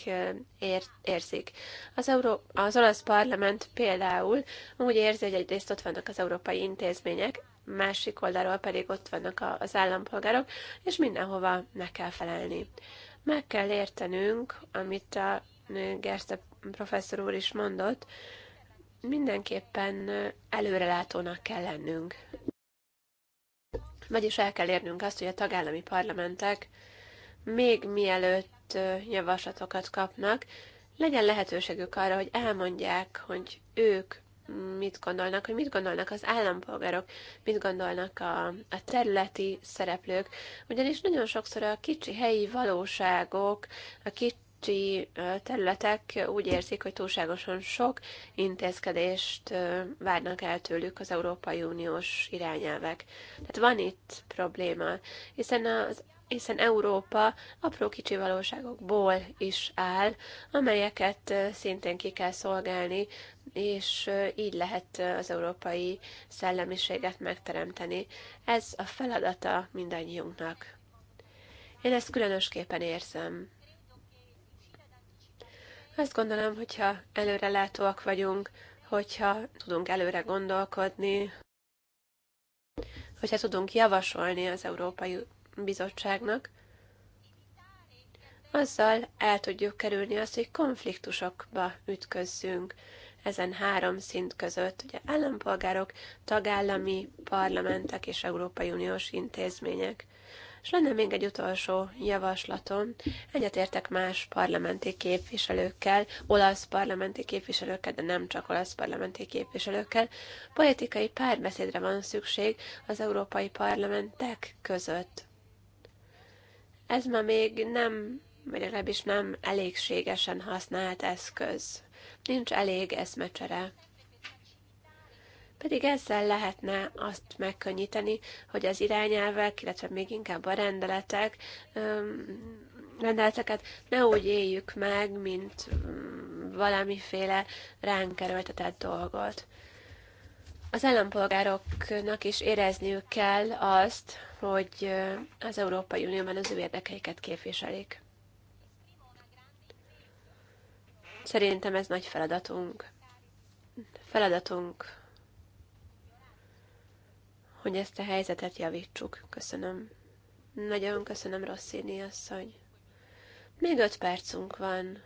ér- érzik. Az, Euró- az olasz parlament például úgy érzi, hogy egyrészt ott vannak az európai intézmények, másik oldalról pedig ott vannak az állampolgárok, és mindenhova meg kell felelni. Meg kell értenünk, amit a Gerste professzor úr is mondott, mindenképpen előrelátónak kell lennünk. Vagyis el kell érnünk azt, hogy a tagállami parlamentek még mielőtt javaslatokat kapnak, legyen lehetőségük arra, hogy elmondják, hogy ők mit gondolnak, hogy mit gondolnak az állampolgárok, mit gondolnak a, a területi szereplők, ugyanis nagyon sokszor a kicsi helyi valóságok, a kicsi budapesti területek úgy érzik, hogy túlságosan sok intézkedést várnak el tőlük az Európai Uniós irányelvek. Tehát van itt probléma, hiszen az hiszen Európa apró kicsi valóságokból is áll, amelyeket szintén ki kell szolgálni, és így lehet az európai szellemiséget megteremteni. Ez a feladata mindannyiunknak. Én ezt különösképpen érzem. Azt gondolom, hogyha előrelátóak vagyunk, hogyha tudunk előre gondolkodni, hogyha tudunk javasolni az Európai Bizottságnak, azzal el tudjuk kerülni azt, hogy konfliktusokba ütközzünk ezen három szint között, ugye állampolgárok, tagállami parlamentek és Európai Uniós intézmények. És lenne még egy utolsó javaslatom. Egyetértek más parlamenti képviselőkkel, olasz parlamenti képviselőkkel, de nem csak olasz parlamenti képviselőkkel. Politikai párbeszédre van szükség az európai parlamentek között. Ez ma még nem, vagy legalábbis nem elégségesen használt eszköz. Nincs elég eszmecsere pedig ezzel lehetne azt megkönnyíteni, hogy az irányelvek, illetve még inkább a rendeletek, rendeleteket ne úgy éljük meg, mint valamiféle ránk erőltetett dolgot. Az állampolgároknak is érezniük kell azt, hogy az Európai Unióban az ő érdekeiket képviselik. Szerintem ez nagy feladatunk. Feladatunk hogy ezt a helyzetet javítsuk. Köszönöm. Nagyon köszönöm, Rosszini asszony. Még öt percünk van.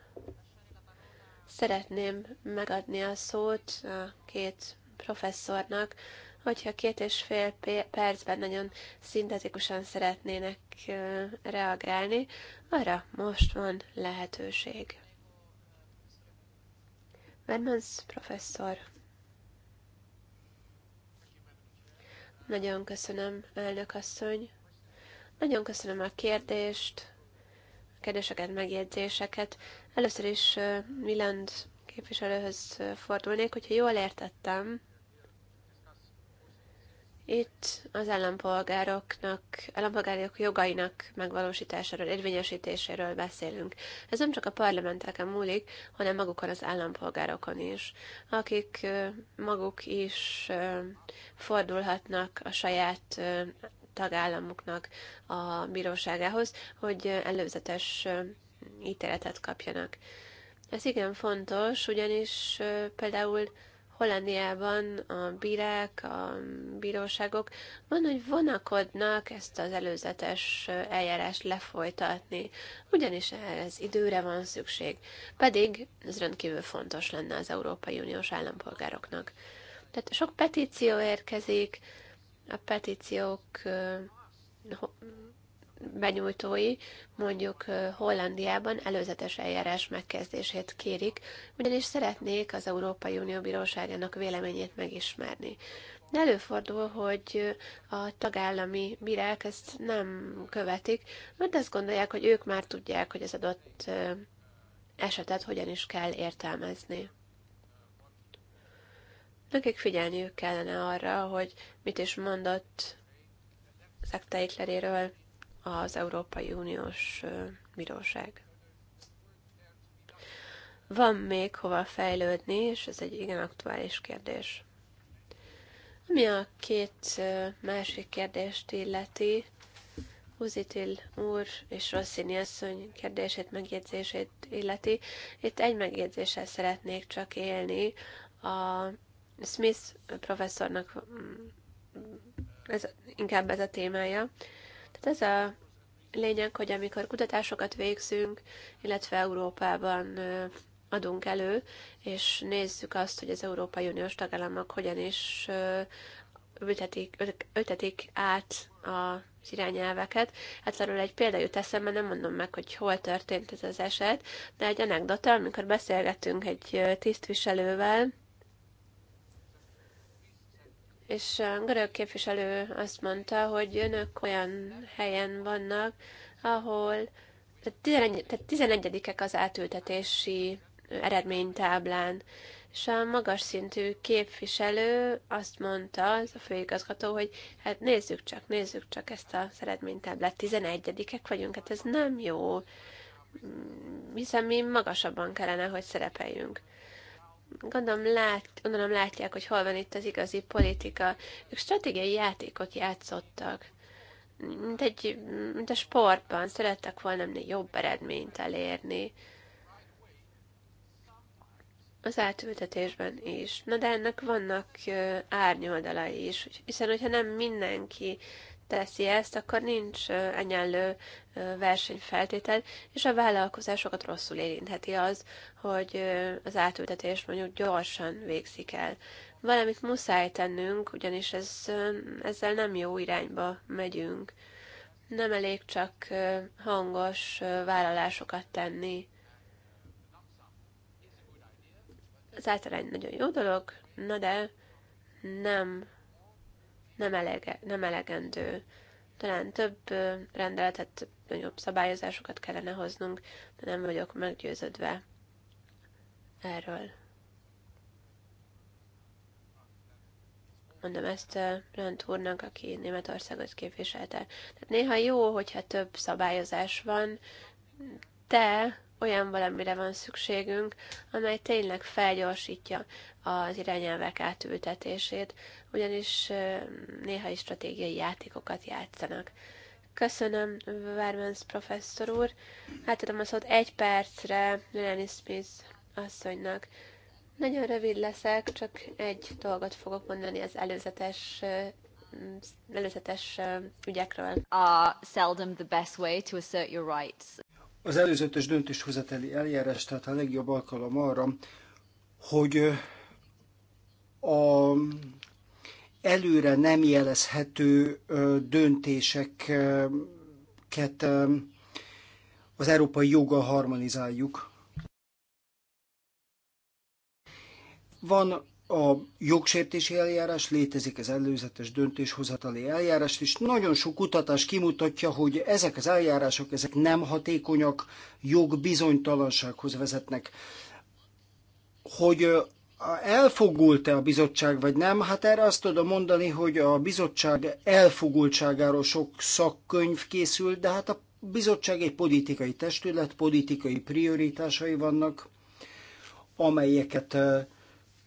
Szeretném megadni a szót a két professzornak, hogyha két és fél percben nagyon szintetikusan szeretnének reagálni, arra most van lehetőség. Vermans professzor. Nagyon köszönöm, elnök asszony. Nagyon köszönöm a kérdést, a kérdéseket, megjegyzéseket. Először is eh, Miland képviselőhöz eh, fordulnék, hogyha jól értettem, itt az állampolgároknak, állampolgárok jogainak megvalósításáról, érvényesítéséről beszélünk. Ez nem csak a parlamenteken múlik, hanem magukon az állampolgárokon is, akik maguk is fordulhatnak a saját tagállamuknak a bíróságához, hogy előzetes ítéletet kapjanak. Ez igen fontos, ugyanis például Hollandiában a bírák, a bíróságok van, hogy vonakodnak ezt az előzetes eljárást lefolytatni, ugyanis ez időre van szükség, pedig ez rendkívül fontos lenne az Európai Uniós állampolgároknak. Tehát sok petíció érkezik, a petíciók benyújtói mondjuk Hollandiában előzetes eljárás megkezdését kérik, ugyanis szeretnék az Európai Unió Bíróságának véleményét megismerni. De előfordul, hogy a tagállami bírák ezt nem követik, mert azt gondolják, hogy ők már tudják, hogy az adott esetet hogyan is kell értelmezni. Nekik figyelniük kellene arra, hogy mit is mondott Szekteikleréről az Európai Uniós Bíróság. Van még hova fejlődni, és ez egy igen aktuális kérdés. Ami a két másik kérdést illeti, Huzitil úr és Rosszini asszony kérdését, megjegyzését illeti, itt egy megjegyzéssel szeretnék csak élni. A Smith professzornak mm, ez, inkább ez a témája. Tehát ez a lényeg, hogy amikor kutatásokat végzünk, illetve Európában adunk elő, és nézzük azt, hogy az Európai Uniós tagállamok hogyan is ültetik, ültetik át az irányelveket. Hát arról egy példa jut eszembe, nem mondom meg, hogy hol történt ez az eset, de egy anekdota, amikor beszélgettünk egy tisztviselővel, és a görög képviselő azt mondta, hogy önök olyan helyen vannak, ahol tehát 11-ek az átültetési eredménytáblán, és a magas szintű képviselő azt mondta, az a főigazgató, hogy hát nézzük csak, nézzük csak ezt az eredménytáblát, 11-ek vagyunk, hát ez nem jó, mm, hiszen mi magasabban kellene, hogy szerepeljünk gondolom, lát, gondolom látják, hogy hol van itt az igazi politika. Ők stratégiai játékot játszottak. Mint, egy, mint a sportban, szerettek volna minél jobb eredményt elérni. Az átültetésben is. Na de ennek vannak árnyoldalai is, hiszen hogyha nem mindenki teszi ezt, akkor nincs egyenlő versenyfeltétel, és a vállalkozásokat rosszul érintheti az, hogy az átültetés mondjuk gyorsan végzik el. Valamit muszáj tennünk, ugyanis ez, ezzel nem jó irányba megyünk. Nem elég csak hangos vállalásokat tenni. Az általány nagyon jó dolog, na de nem nem, elege, nem elegendő. Talán több rendeletet, nagyobb szabályozásokat kellene hoznunk, de nem vagyok meggyőződve erről. mondom ezt Brandt úrnak, aki Németországot képviselte. Tehát néha jó, hogyha több szabályozás van, de olyan valamire van szükségünk, amely tényleg felgyorsítja az irányelvek átültetését, ugyanis néha is stratégiai játékokat játszanak. Köszönöm, Vermans professzor úr. Átadom a szót egy percre Lenny Smith asszonynak. Nagyon rövid leszek, csak egy dolgot fogok mondani az előzetes előzetes ügyekről. Are uh, seldom the best way to assert your rights az előzetes döntéshozateli eljárás, tehát a legjobb alkalom arra, hogy a előre nem jelezhető döntéseket az európai joggal harmonizáljuk. Van a jogsértési eljárás, létezik az előzetes döntéshozatali eljárás, és nagyon sok kutatás kimutatja, hogy ezek az eljárások ezek nem hatékonyak, jogbizonytalansághoz vezetnek. Hogy elfogult-e a bizottság, vagy nem? Hát erre azt tudom mondani, hogy a bizottság elfogultságáról sok szakkönyv készült, de hát a bizottság egy politikai testület, politikai prioritásai vannak, amelyeket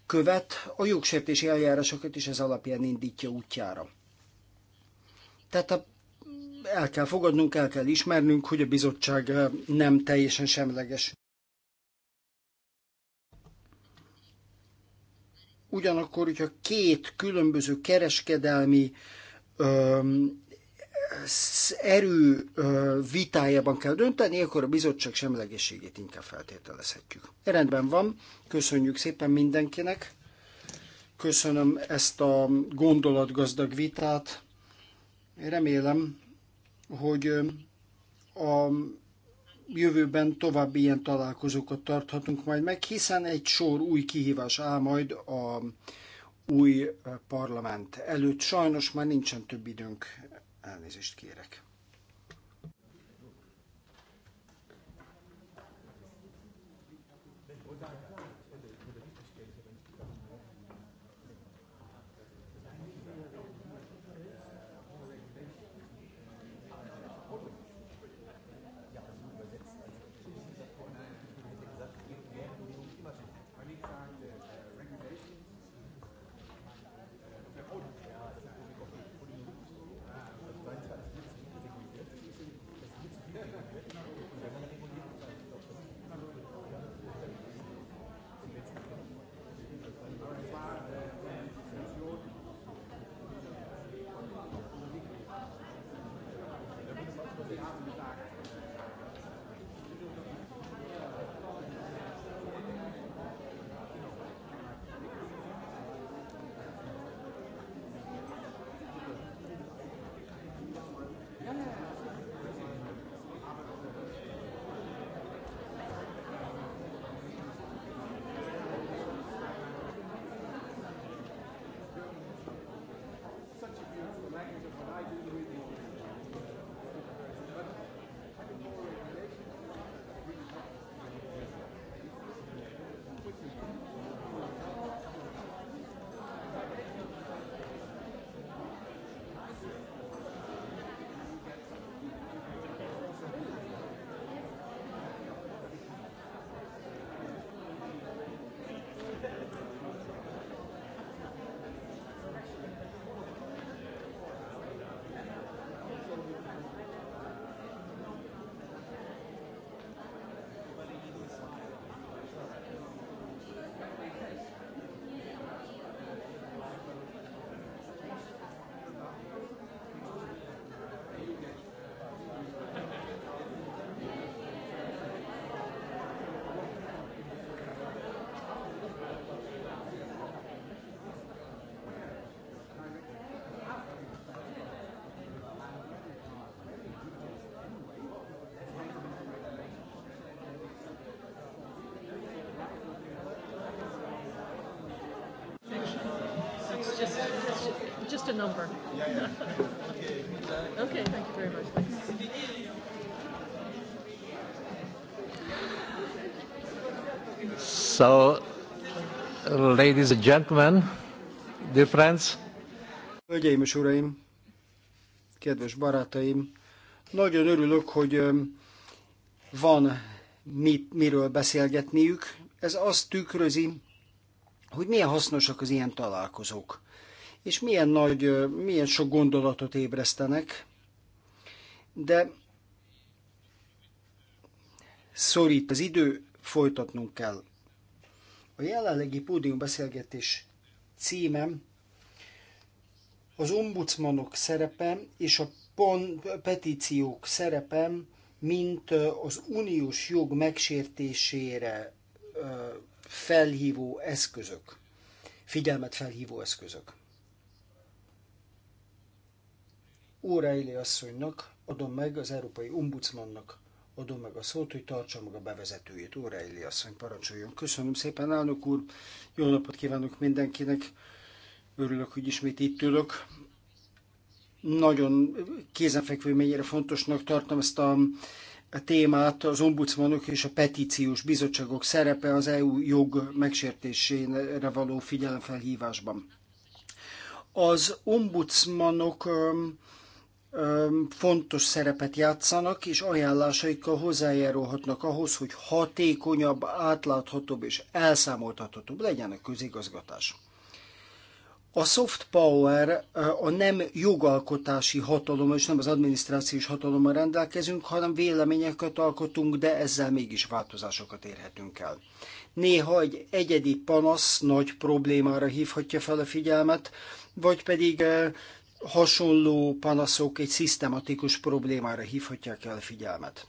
követ, a jogsértési eljárásokat is ez alapján indítja útjára. Tehát a, el kell fogadnunk, el kell ismernünk, hogy a bizottság eh, nem teljesen semleges. Ugyanakkor, hogyha két különböző kereskedelmi erő vitájában kell dönteni, akkor a bizottság semlegességét inkább feltételezhetjük. Rendben van, köszönjük szépen mindenkinek, köszönöm ezt a gondolatgazdag vitát. Én remélem, hogy a jövőben további ilyen találkozókat tarthatunk majd meg, hiszen egy sor új kihívás áll majd a új parlament előtt. Sajnos már nincsen több időnk Elnézést kérek. Just a number. Yeah, okay, okay, thank you very much. Thanks. So, ladies and gentlemen, dear friends. Hölgyeim és uraim, kedves barátaim, nagyon örülök, hogy van mit, miről beszélgetniük. Ez azt tükrözi, hogy milyen hasznosak az ilyen találkozók és milyen nagy, milyen sok gondolatot ébresztenek, de szorít az idő, folytatnunk kell. A jelenlegi pódiumbeszélgetés címem az ombudsmanok szerepe és a pon petíciók szerepe, mint az uniós jog megsértésére felhívó eszközök, figyelmet felhívó eszközök. Óráili asszonynak adom meg, az Európai Ombudsmannak adom meg a szót, hogy tartsa meg a bevezetőjét. Óráili asszony, parancsoljon. Köszönöm szépen, elnök úr. Jó napot kívánok mindenkinek. Örülök, hogy ismét itt ülök. Nagyon kézenfekvő, mennyire fontosnak tartom ezt a a témát, az ombudsmanok és a petíciós bizottságok szerepe az EU jog megsértésére való figyelemfelhívásban. Az ombudsmanok fontos szerepet játszanak, és ajánlásaikkal hozzájárulhatnak ahhoz, hogy hatékonyabb, átláthatóbb és elszámoltathatóbb legyen a közigazgatás. A soft power a nem jogalkotási hatalom, és nem az adminisztrációs hatalommal rendelkezünk, hanem véleményeket alkotunk, de ezzel mégis változásokat érhetünk el. Néha egy egyedi panasz nagy problémára hívhatja fel a figyelmet, vagy pedig hasonló panaszok egy szisztematikus problémára hívhatják el figyelmet.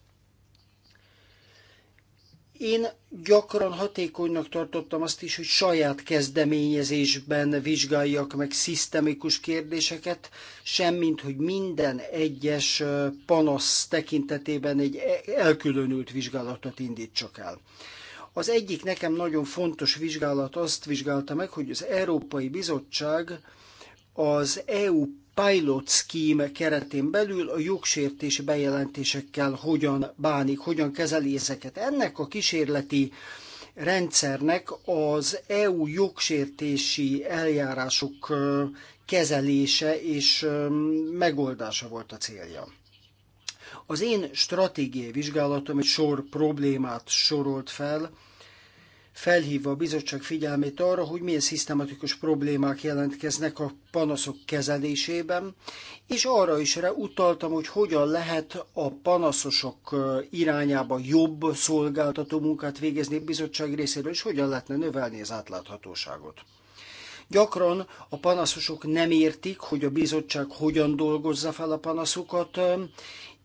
Én gyakran hatékonynak tartottam azt is, hogy saját kezdeményezésben vizsgáljak meg szisztemikus kérdéseket, semmint, hogy minden egyes panasz tekintetében egy e- elkülönült vizsgálatot indítsak el. Az egyik nekem nagyon fontos vizsgálat azt vizsgálta meg, hogy az Európai Bizottság az EU pilot scheme keretén belül a jogsértés bejelentésekkel hogyan bánik, hogyan kezeli ezeket. Ennek a kísérleti rendszernek az EU jogsértési eljárások kezelése és megoldása volt a célja. Az én stratégiai vizsgálatom egy sor problémát sorolt fel, felhívva a bizottság figyelmét arra, hogy milyen szisztematikus problémák jelentkeznek a panaszok kezelésében, és arra is utaltam, hogy hogyan lehet a panaszosok irányába jobb szolgáltató munkát végezni a bizottság részéről, és hogyan lehetne növelni az átláthatóságot. Gyakran a panaszosok nem értik, hogy a bizottság hogyan dolgozza fel a panaszukat,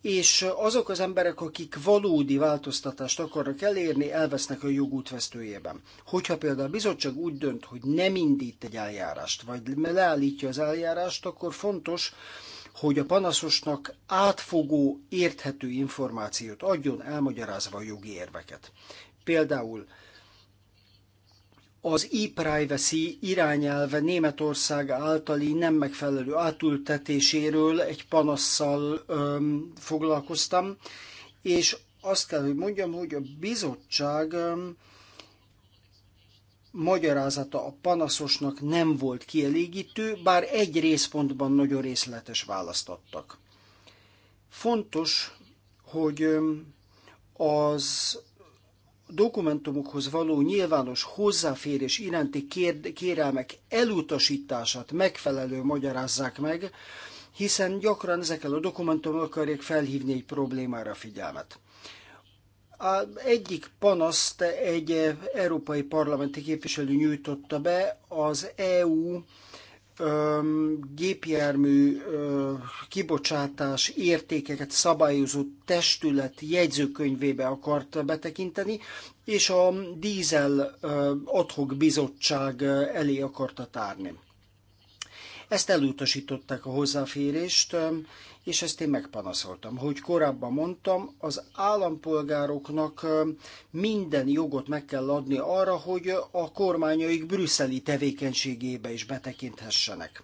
és azok az emberek, akik valódi változtatást akarnak elérni, elvesznek a jog útvesztőjében. Hogyha például a bizottság úgy dönt, hogy nem indít egy eljárást, vagy leállítja az eljárást, akkor fontos, hogy a panaszosnak átfogó, érthető információt adjon, elmagyarázva a jogi érveket. Például az e-privacy irányelve Németország általi nem megfelelő átültetéséről egy panasszal öm, foglalkoztam, és azt kell, hogy mondjam, hogy a bizottság öm, magyarázata a panaszosnak nem volt kielégítő, bár egy részpontban nagyon részletes választ adtak. Fontos, hogy öm, az dokumentumokhoz való nyilvános hozzáférés iránti kér- kérelmek elutasítását megfelelő magyarázzák meg, hiszen gyakran ezekkel a dokumentumokkal akarják felhívni egy problémára figyelmet. A egyik panaszt egy európai parlamenti képviselő nyújtotta be az EU gépjármű kibocsátás értékeket szabályozó testület jegyzőkönyvébe akart betekinteni, és a dízel adhok bizottság elé akarta tárni. Ezt elutasították a hozzáférést, és ezt én megpanaszoltam. Hogy korábban mondtam, az állampolgároknak minden jogot meg kell adni arra, hogy a kormányaik brüsszeli tevékenységébe is betekinthessenek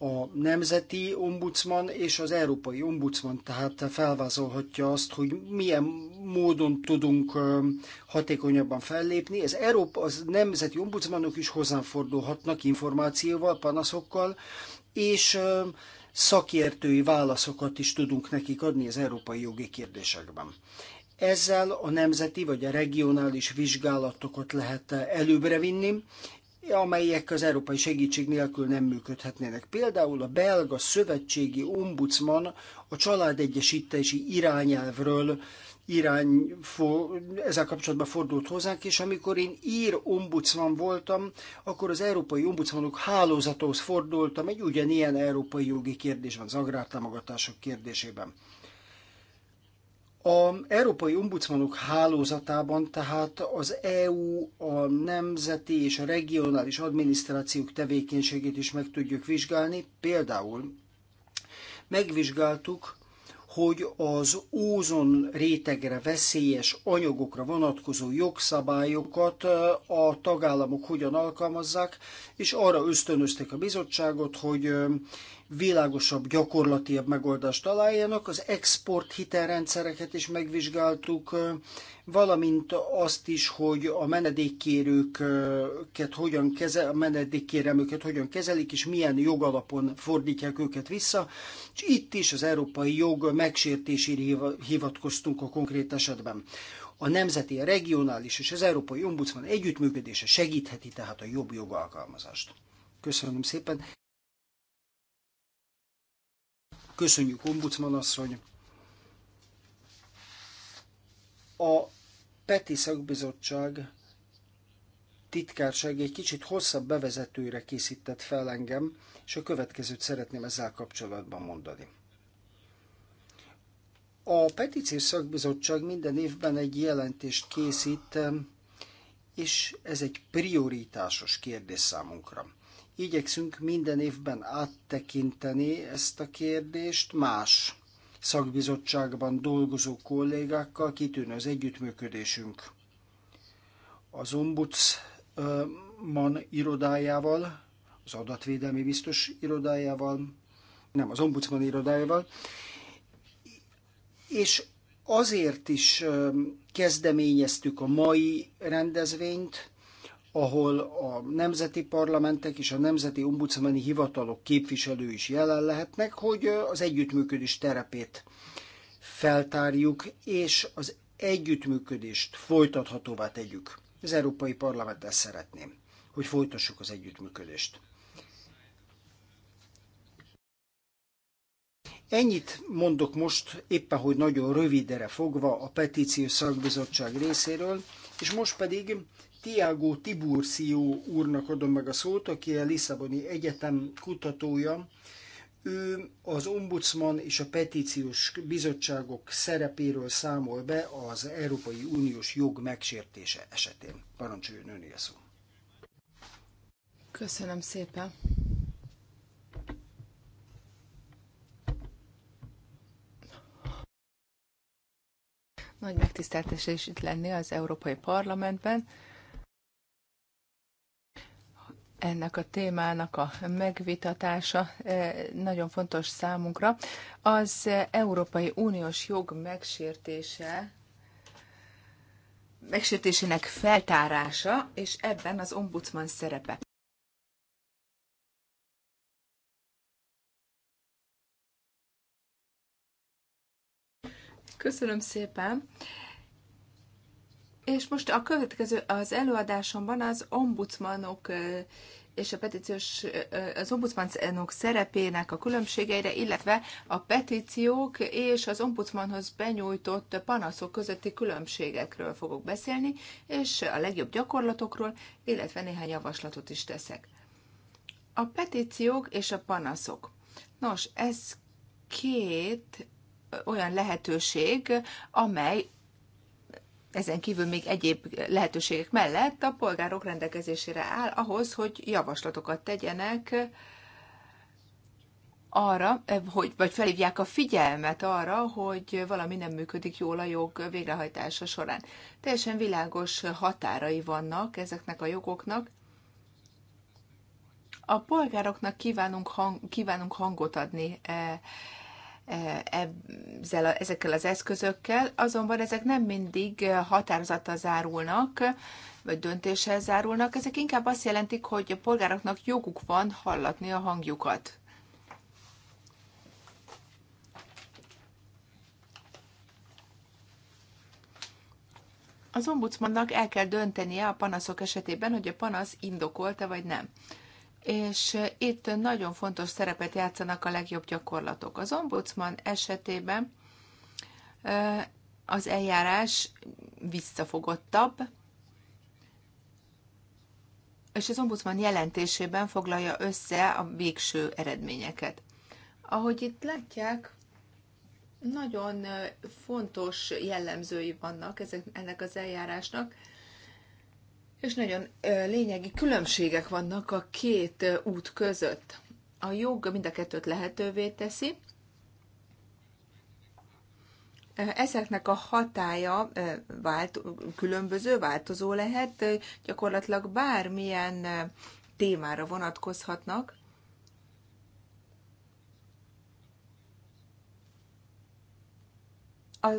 a nemzeti ombudsman és az európai ombudsman, tehát felvázolhatja azt, hogy milyen módon tudunk hatékonyabban fellépni. Az, Európa, az nemzeti ombudsmanok is hozzánk fordulhatnak információval, panaszokkal, és szakértői válaszokat is tudunk nekik adni az európai jogi kérdésekben. Ezzel a nemzeti vagy a regionális vizsgálatokat lehet előbbre vinni, amelyek az európai segítség nélkül nem működhetnének. Például a belga szövetségi ombudsman a családegyesítési irányelvről irány ezzel kapcsolatban fordult hozzánk, és amikor én ír ombudsman voltam, akkor az Európai Ombudsmanok hálózathoz fordultam egy ugyanilyen európai jogi kérdésben, az agrártámogatások kérdésében. A Európai Ombudsmanok hálózatában tehát az EU, a nemzeti és a regionális adminisztrációk tevékenységét is meg tudjuk vizsgálni. Például megvizsgáltuk hogy az ózon rétegre veszélyes anyagokra vonatkozó jogszabályokat a tagállamok hogyan alkalmazzák, és arra ösztönözték a bizottságot, hogy világosabb, gyakorlatiabb megoldást találjanak. Az export hitelrendszereket is megvizsgáltuk, valamint azt is, hogy a menedékkérőket hogyan kezel, a hogyan kezelik, és milyen jogalapon fordítják őket vissza. És itt is az európai jog megsértésére hivatkoztunk a konkrét esetben. A nemzeti, a regionális és az európai ombudsman együttműködése segítheti tehát a jobb jogalkalmazást. Köszönöm szépen. Köszönjük, ombudsman asszony! A Peti Szakbizottság titkárság egy kicsit hosszabb bevezetőre készített fel engem, és a következőt szeretném ezzel kapcsolatban mondani. A Petíciós Szakbizottság minden évben egy jelentést készít, és ez egy prioritásos kérdés számunkra. Igyekszünk minden évben áttekinteni ezt a kérdést más szakbizottságban dolgozó kollégákkal, kitűnő az együttműködésünk. Az ombudsman irodájával, az adatvédelmi biztos irodájával, nem, az ombudsman irodájával, és azért is kezdeményeztük a mai rendezvényt, ahol a nemzeti parlamentek és a nemzeti ombudsmani hivatalok képviselői is jelen lehetnek, hogy az együttműködés terepét feltárjuk, és az együttműködést folytathatóvá tegyük. Az Európai Parlament ezt szeretném, hogy folytassuk az együttműködést. Ennyit mondok most, éppen hogy nagyon rövidre fogva a petíciós szakbizottság részéről, és most pedig Tiago Tiburcio úrnak adom meg a szót, aki a Lisszaboni Egyetem kutatója. Ő az ombudsman és a petíciós bizottságok szerepéről számol be az Európai Uniós jog megsértése esetén. Parancsoljon ön a szó. Köszönöm szépen. Nagy megtiszteltetés itt lenni az Európai Parlamentben ennek a témának a megvitatása eh, nagyon fontos számunkra. Az Európai Uniós jog megsértése megsértésének feltárása, és ebben az ombudsman szerepe. Köszönöm szépen! És most a következő, az előadásomban az ombudsmanok és a petíciós, az ombudsmanok szerepének a különbségeire, illetve a petíciók és az ombudsmanhoz benyújtott panaszok közötti különbségekről fogok beszélni, és a legjobb gyakorlatokról, illetve néhány javaslatot is teszek. A petíciók és a panaszok. Nos, ez két olyan lehetőség, amely ezen kívül még egyéb lehetőségek mellett a polgárok rendelkezésére áll ahhoz, hogy javaslatokat tegyenek arra, hogy, vagy felhívják a figyelmet arra, hogy valami nem működik jól a jog végrehajtása során. Teljesen világos határai vannak ezeknek a jogoknak. A polgároknak kívánunk, hang, kívánunk hangot adni e, E, ezzel a, ezekkel az eszközökkel, azonban ezek nem mindig határozata zárulnak, vagy döntéssel zárulnak, ezek inkább azt jelentik, hogy a polgároknak joguk van hallatni a hangjukat. Az ombudsmannak el kell döntenie a panaszok esetében, hogy a panasz indokolta vagy nem és itt nagyon fontos szerepet játszanak a legjobb gyakorlatok. Az ombudsman esetében az eljárás visszafogottabb, és az ombudsman jelentésében foglalja össze a végső eredményeket. Ahogy itt látják, nagyon fontos jellemzői vannak ezek, ennek az eljárásnak és nagyon lényegi különbségek vannak a két út között. A jog mind a kettőt lehetővé teszi, Ezeknek a hatája vált, különböző, változó lehet, gyakorlatilag bármilyen témára vonatkozhatnak, a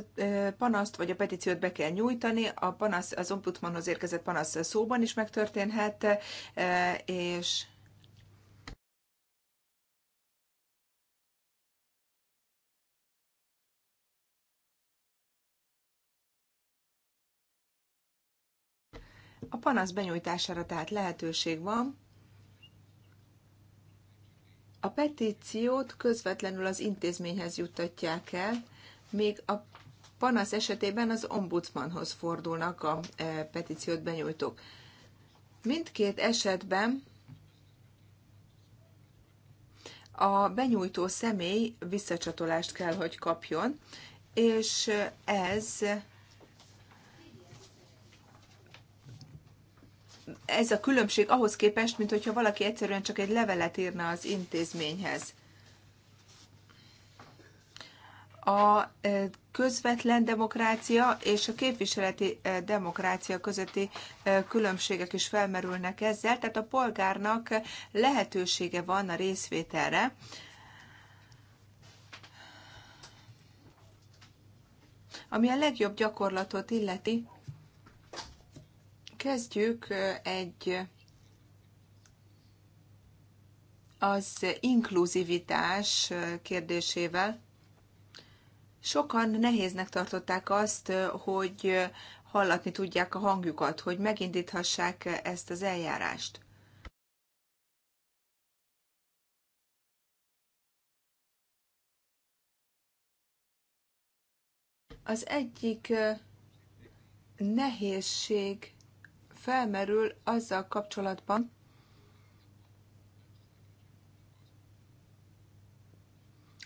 panaszt vagy a petíciót be kell nyújtani, a panasz, az ombudsmanhoz érkezett panasz szóban is megtörténhet, és A panasz benyújtására tehát lehetőség van. A petíciót közvetlenül az intézményhez juttatják el, még a panasz esetében az ombudsmanhoz fordulnak a e, petíciót benyújtók. Mindkét esetben a benyújtó személy visszacsatolást kell, hogy kapjon, és ez ez a különbség ahhoz képest, mint hogyha valaki egyszerűen csak egy levelet írna az intézményhez. a közvetlen demokrácia és a képviseleti demokrácia közötti különbségek is felmerülnek ezzel, tehát a polgárnak lehetősége van a részvételre. Ami a legjobb gyakorlatot illeti, kezdjük egy az inkluzivitás kérdésével. Sokan nehéznek tartották azt, hogy hallatni tudják a hangjukat, hogy megindíthassák ezt az eljárást. Az egyik nehézség felmerül azzal kapcsolatban,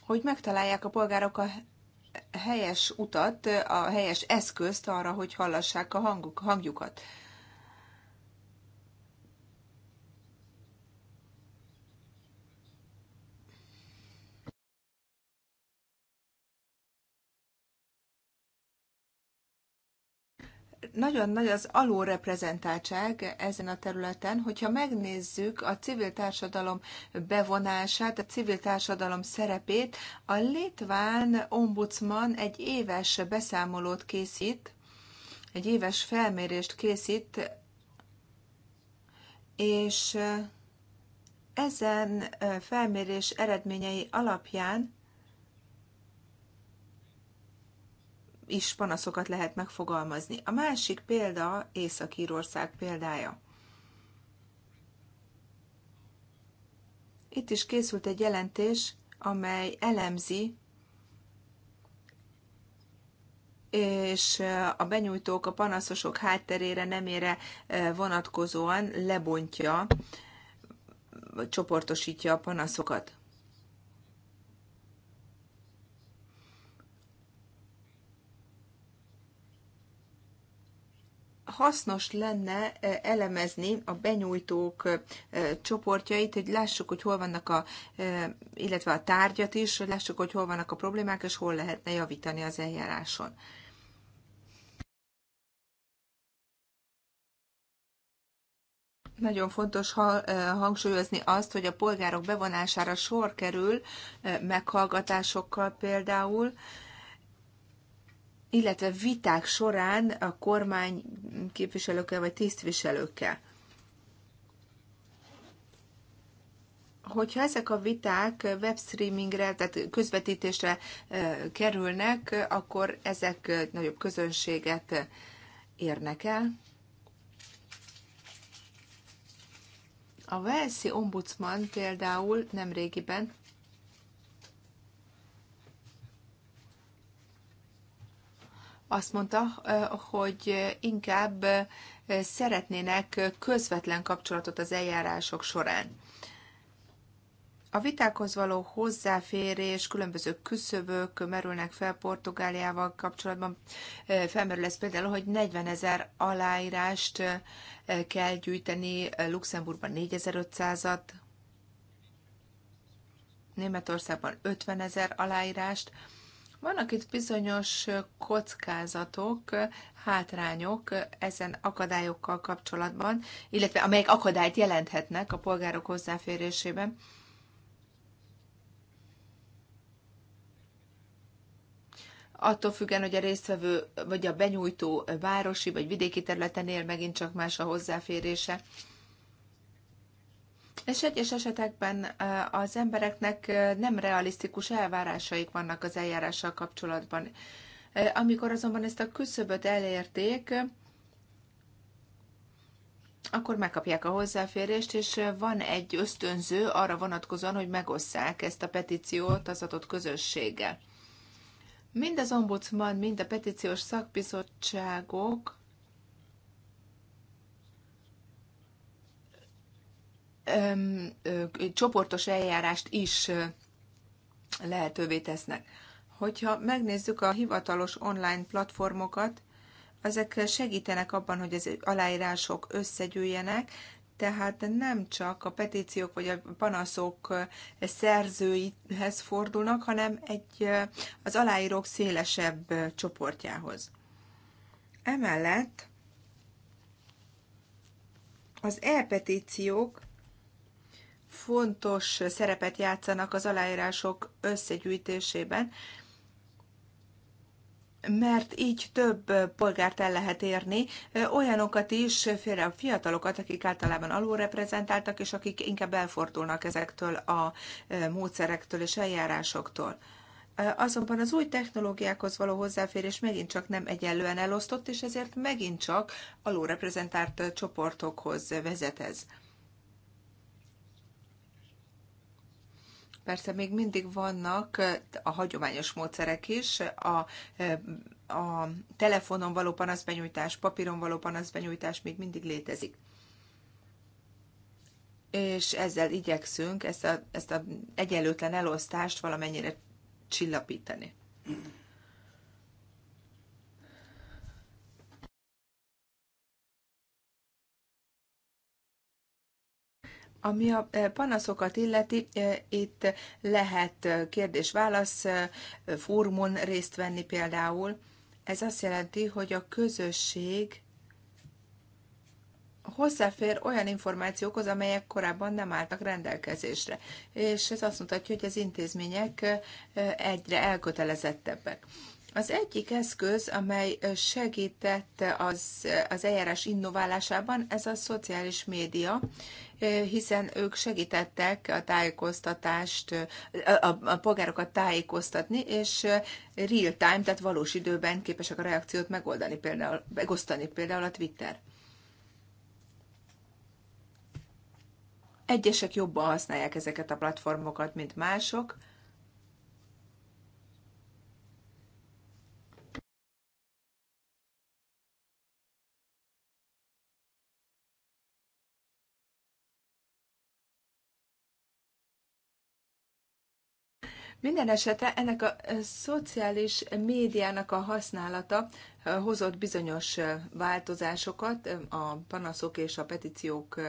hogy megtalálják a polgárok a helyes utat, a helyes eszközt arra, hogy hallassák a hanguk, hangjukat. nagyon nagy az alulreprezentáltság ezen a területen, hogyha megnézzük a civil társadalom bevonását, a civil társadalom szerepét, a Litván ombudsman egy éves beszámolót készít, egy éves felmérést készít, és ezen felmérés eredményei alapján is panaszokat lehet megfogalmazni. A másik példa Észak-Írország példája. Itt is készült egy jelentés, amely elemzi és a benyújtók, a panaszosok hátterére, ére eh, vonatkozóan lebontja, csoportosítja a panaszokat. hasznos lenne eh, elemezni a benyújtók eh, csoportjait, hogy lássuk, hogy hol vannak a, eh, illetve a tárgyat is, lássuk, hogy hol vannak a problémák, és hol lehetne javítani az eljáráson. Nagyon fontos hangsúlyozni azt, hogy a polgárok bevonására sor kerül meghallgatásokkal például, illetve viták során a kormány képviselőkkel vagy tisztviselőkkel. Hogyha ezek a viták webstreamingre, tehát közvetítésre kerülnek, akkor ezek nagyobb közönséget érnek el. A Velszi ombudsman például nemrégiben azt mondta, hogy inkább szeretnének közvetlen kapcsolatot az eljárások során. A vitákhoz való hozzáférés, különböző küszöbök merülnek fel Portugáliával kapcsolatban. Felmerül ez például, hogy 40 ezer aláírást kell gyűjteni, Luxemburgban 4500-at, Németországban 50 ezer aláírást. Vannak itt bizonyos kockázatok, hátrányok ezen akadályokkal kapcsolatban, illetve amelyek akadályt jelenthetnek a polgárok hozzáférésében. attól függen, hogy a résztvevő vagy a benyújtó városi vagy vidéki területen él, megint csak más a hozzáférése. És egyes esetekben az embereknek nem realisztikus elvárásaik vannak az eljárással kapcsolatban. Amikor azonban ezt a küszöböt elérték, akkor megkapják a hozzáférést, és van egy ösztönző arra vonatkozóan, hogy megosszák ezt a petíciót az adott közösséggel. Mind az ombudsman, mind a petíciós szakbizottságok csoportos eljárást is lehetővé tesznek. Hogyha megnézzük a hivatalos online platformokat, ezek segítenek abban, hogy az aláírások összegyűjjenek, tehát nem csak a petíciók vagy a panaszok szerzőihez fordulnak, hanem egy, az aláírók szélesebb csoportjához. Emellett az e-petíciók fontos szerepet játszanak az aláírások összegyűjtésében, mert így több polgárt el lehet érni, olyanokat is, félre a fiatalokat, akik általában alulreprezentáltak, és akik inkább elfordulnak ezektől a módszerektől és eljárásoktól. Azonban az új technológiákhoz való hozzáférés megint csak nem egyenlően elosztott, és ezért megint csak alulreprezentált csoportokhoz vezet ez. Persze még mindig vannak a hagyományos módszerek is, a, a telefonon való panaszbenyújtás, papíron való panaszbenyújtás még mindig létezik. És ezzel igyekszünk ezt a, ezt a egyenlőtlen elosztást valamennyire csillapítani. Ami a eh, panaszokat illeti, eh, itt lehet eh, kérdés-válasz formon részt venni például. Ez azt jelenti, hogy a közösség hozzáfér olyan információkhoz, amelyek korábban nem álltak rendelkezésre. És ez azt mutatja, hogy az intézmények egyre elkötelezettebbek. Az egyik eszköz, amely segített az, az eljárás innoválásában, ez a szociális média, hiszen ők segítettek a tájékoztatást, a, a polgárokat tájékoztatni, és real time, tehát valós időben képesek a reakciót megoldani, például, megosztani például a Twitter. Egyesek jobban használják ezeket a platformokat, mint mások, Minden esetre ennek a szociális médiának a használata hozott bizonyos változásokat a panaszok és a petíciók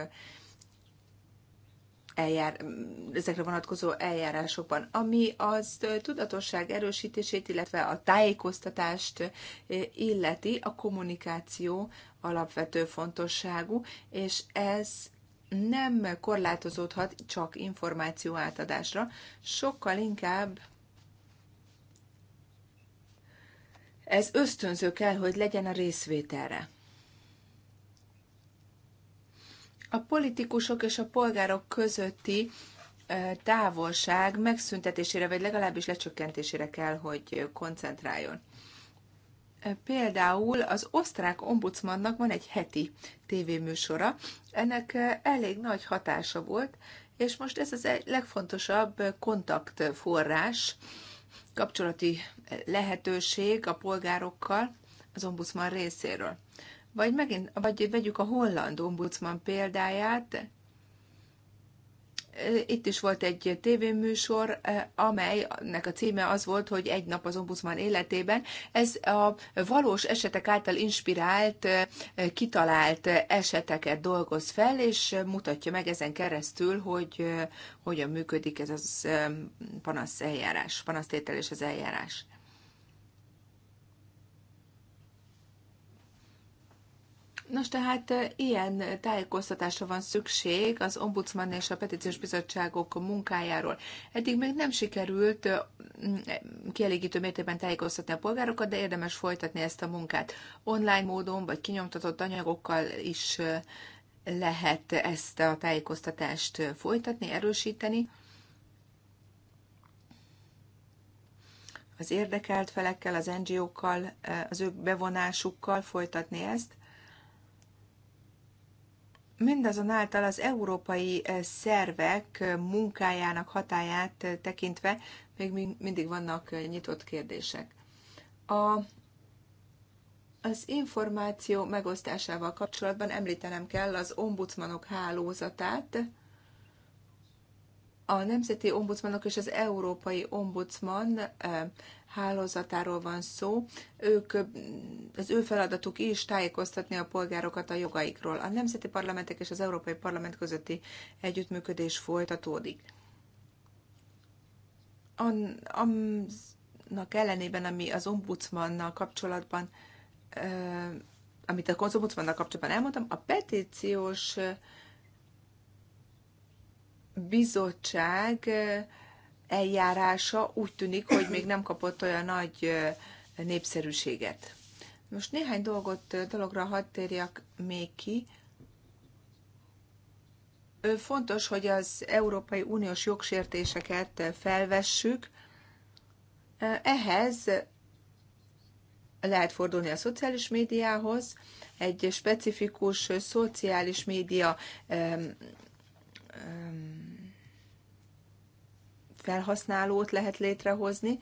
eljár, ezekre vonatkozó eljárásokban, ami az tudatosság erősítését, illetve a tájékoztatást illeti, a kommunikáció alapvető fontosságú, és ez nem korlátozódhat csak információ átadásra, sokkal inkább ez ösztönző kell, hogy legyen a részvételre. A politikusok és a polgárok közötti távolság megszüntetésére, vagy legalábbis lecsökkentésére kell, hogy koncentráljon. Például az osztrák ombudsmannak van egy heti tévéműsora, ennek eh, elég nagy hatása volt, és most ez az egy legfontosabb kontaktforrás, kapcsolati eh, lehetőség a polgárokkal az ombudsman részéről. Vagy megint, vagy vegyük a holland ombudsman példáját, itt is volt egy tévéműsor, eh, amelynek a címe az volt, hogy egy nap az ombudsman életében. Ez a valós esetek által inspirált, eh, kitalált eseteket dolgoz fel, és mutatja meg ezen keresztül, hogy eh, hogyan működik ez az panasz eljárás, panasztétel és az eljárás. Nos, tehát ilyen tájékoztatásra van szükség az Ombudsman és a Petíciós Bizottságok munkájáról. Eddig még nem sikerült e, kielégítő mértékben tájékoztatni a polgárokat, de érdemes folytatni ezt a munkát. Online módon vagy kinyomtatott anyagokkal is lehet ezt a tájékoztatást folytatni, erősíteni. az érdekelt felekkel, az NGO-kkal, az ő bevonásukkal folytatni ezt. Mindazonáltal az európai eh, szervek eh, munkájának hatáját eh, tekintve még mindig vannak nyitott kérdések. A, az információ megosztásával kapcsolatban említenem kell az ombudsmanok hálózatát, a nemzeti ombudsmanok és az európai ombudsman hálózatáról van szó. Ők, az ő feladatuk is tájékoztatni a polgárokat a jogaikról. A nemzeti parlamentek és az Európai Parlament közötti együttműködés folytatódik. Annak ellenében, ami az ombudsmannal kapcsolatban, amit a ombudsmannal kapcsolatban elmondtam, a petíciós bizottság eljárása úgy tűnik, hogy még nem kapott olyan nagy népszerűséget. Most néhány dolgot, dologra hadd térjek még ki. Fontos, hogy az Európai Uniós jogsértéseket felvessük. Ehhez lehet fordulni a szociális médiához, egy specifikus szociális média um, um, felhasználót lehet létrehozni,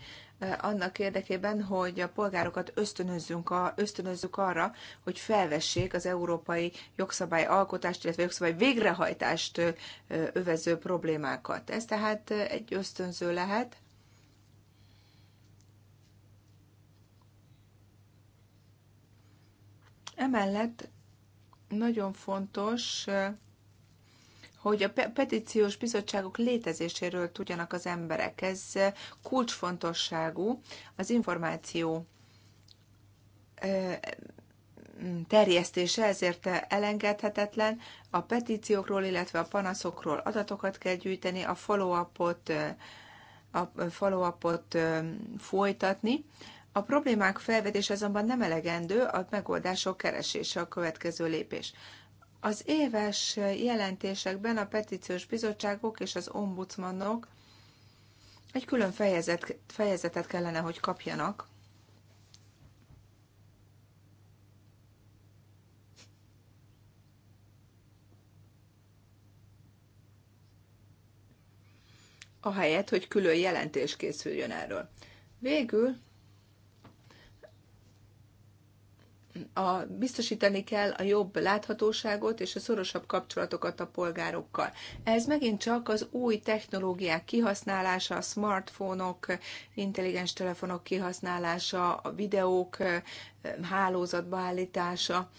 annak érdekében, hogy a polgárokat ösztönözzünk a, ösztönözzük arra, hogy felvessék az európai jogszabály alkotást, illetve jogszabály végrehajtást övező problémákat. Ez tehát egy ösztönző lehet. Emellett nagyon fontos hogy a petíciós bizottságok létezéséről tudjanak az emberek. Ez kulcsfontosságú az információ terjesztése, ezért elengedhetetlen. A petíciókról, illetve a panaszokról adatokat kell gyűjteni, a follow-upot a follow folytatni. A problémák felvetés azonban nem elegendő, a megoldások keresése a következő lépés. Az éves jelentésekben a petíciós bizottságok és az ombudsmanok egy külön fejezet, fejezetet kellene, hogy kapjanak. Ahelyett, hogy külön jelentés készüljön erről. Végül a, biztosítani kell a jobb láthatóságot és a szorosabb kapcsolatokat a polgárokkal. Ez megint csak az új technológiák kihasználása, a smartphonok, intelligens telefonok kihasználása, a videók hálózatba állítása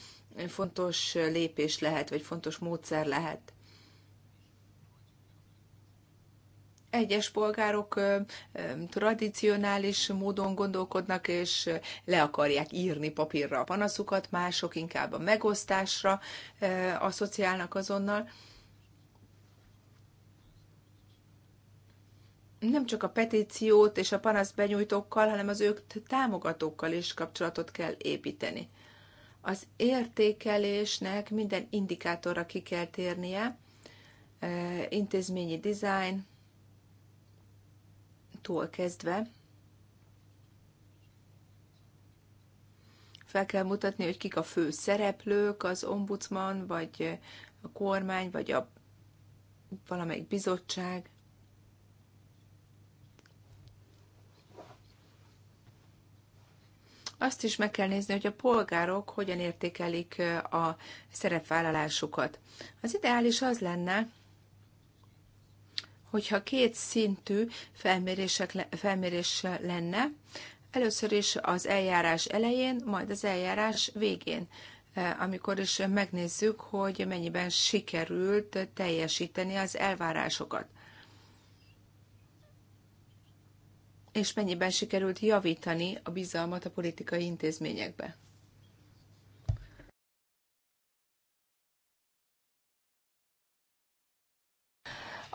fontos lépés lehet, vagy fontos módszer lehet. egyes polgárok tradicionális módon gondolkodnak, és le akarják írni papírra a panaszukat, mások inkább a megosztásra asszociálnak azonnal. nem csak a petíciót és a panasz benyújtókkal, hanem az ők támogatókkal is kapcsolatot kell építeni. Az értékelésnek minden indikátorra ki kell térnie, intézményi design, tól kezdve fel kell mutatni, hogy kik a fő szereplők, az ombudsman, vagy a kormány, vagy a valamelyik bizottság. Azt is meg kell nézni, hogy a polgárok hogyan értékelik a szerepvállalásukat. Az ideális az lenne, hogyha két szintű felmérések, felmérés lenne, először is az eljárás elején, majd az eljárás végén eh, amikor is megnézzük, hogy mennyiben sikerült teljesíteni az elvárásokat. És mennyiben sikerült javítani a bizalmat a politikai intézményekbe.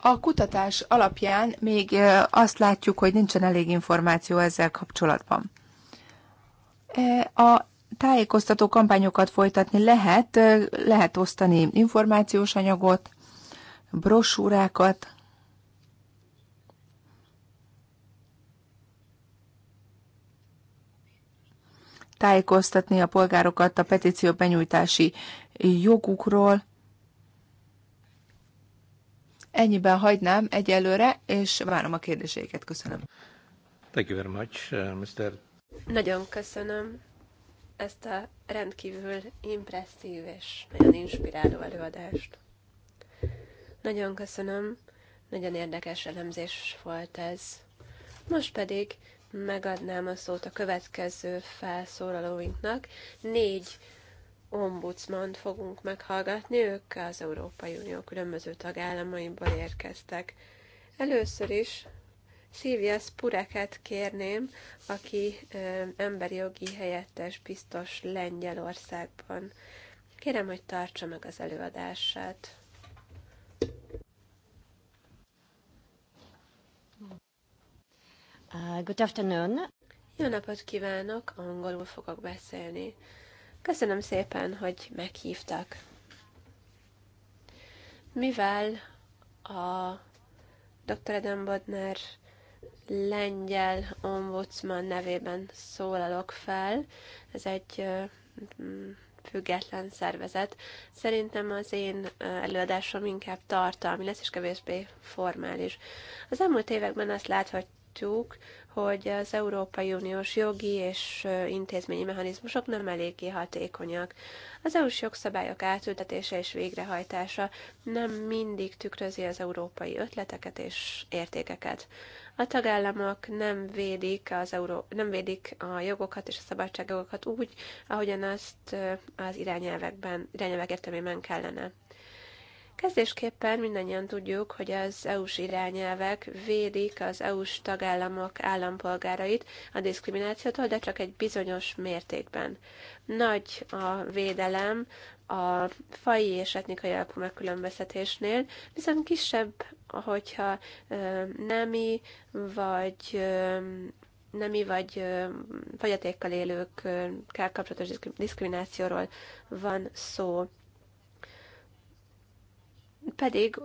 A kutatás alapján még azt látjuk, hogy nincsen elég információ ezzel kapcsolatban. E, a tájékoztató kampányokat folytatni lehet, lehet osztani információs anyagot, brosúrákat, tájékoztatni a polgárokat a petíció benyújtási jogukról, Ennyiben hagynám egyelőre, és várom a kérdéseiket. Köszönöm. Thank you very much, uh, Mr. Nagyon köszönöm ezt a rendkívül impresszív és nagyon inspiráló előadást. Nagyon köszönöm, nagyon érdekes elemzés volt ez. Most pedig megadnám a szót a következő felszólalóinknak. Négy ombudsman fogunk meghallgatni, ők az Európai Unió különböző tagállamaiból érkeztek. Először is Szívias Spureket kérném, aki ö, emberi jogi helyettes biztos Lengyelországban. Kérem, hogy tartsa meg az előadását. Uh, good afternoon. Jó napot kívánok, angolul fogok beszélni. Köszönöm szépen, hogy meghívtak. Mivel a Dr. Eden Bodner lengyel ombudsman nevében szólalok fel, ez egy mm, független szervezet. Szerintem az én előadásom inkább tartalmi lesz, és kevésbé formális. Az elmúlt években azt láthatjuk, hogy az Európai Uniós jogi és intézményi mechanizmusok nem eléggé hatékonyak. Az EU-s jogszabályok átültetése és végrehajtása nem mindig tükrözi az európai ötleteket és értékeket. A tagállamok nem védik, az Euró- nem védik a jogokat és a szabadságokat úgy, ahogyan azt az irányelvekben, irányelvek értelmében kellene. Kezdésképpen mindannyian tudjuk, hogy az EU-s irányelvek védik az EU-s tagállamok állampolgárait a diszkriminációtól, de csak egy bizonyos mértékben. Nagy a védelem a fai és etnikai alapú megkülönböztetésnél, viszont kisebb, hogyha ö, nemi vagy ö, nemi vagy fogyatékkal élőkkel kapcsolatos diszkriminációról van szó pedig,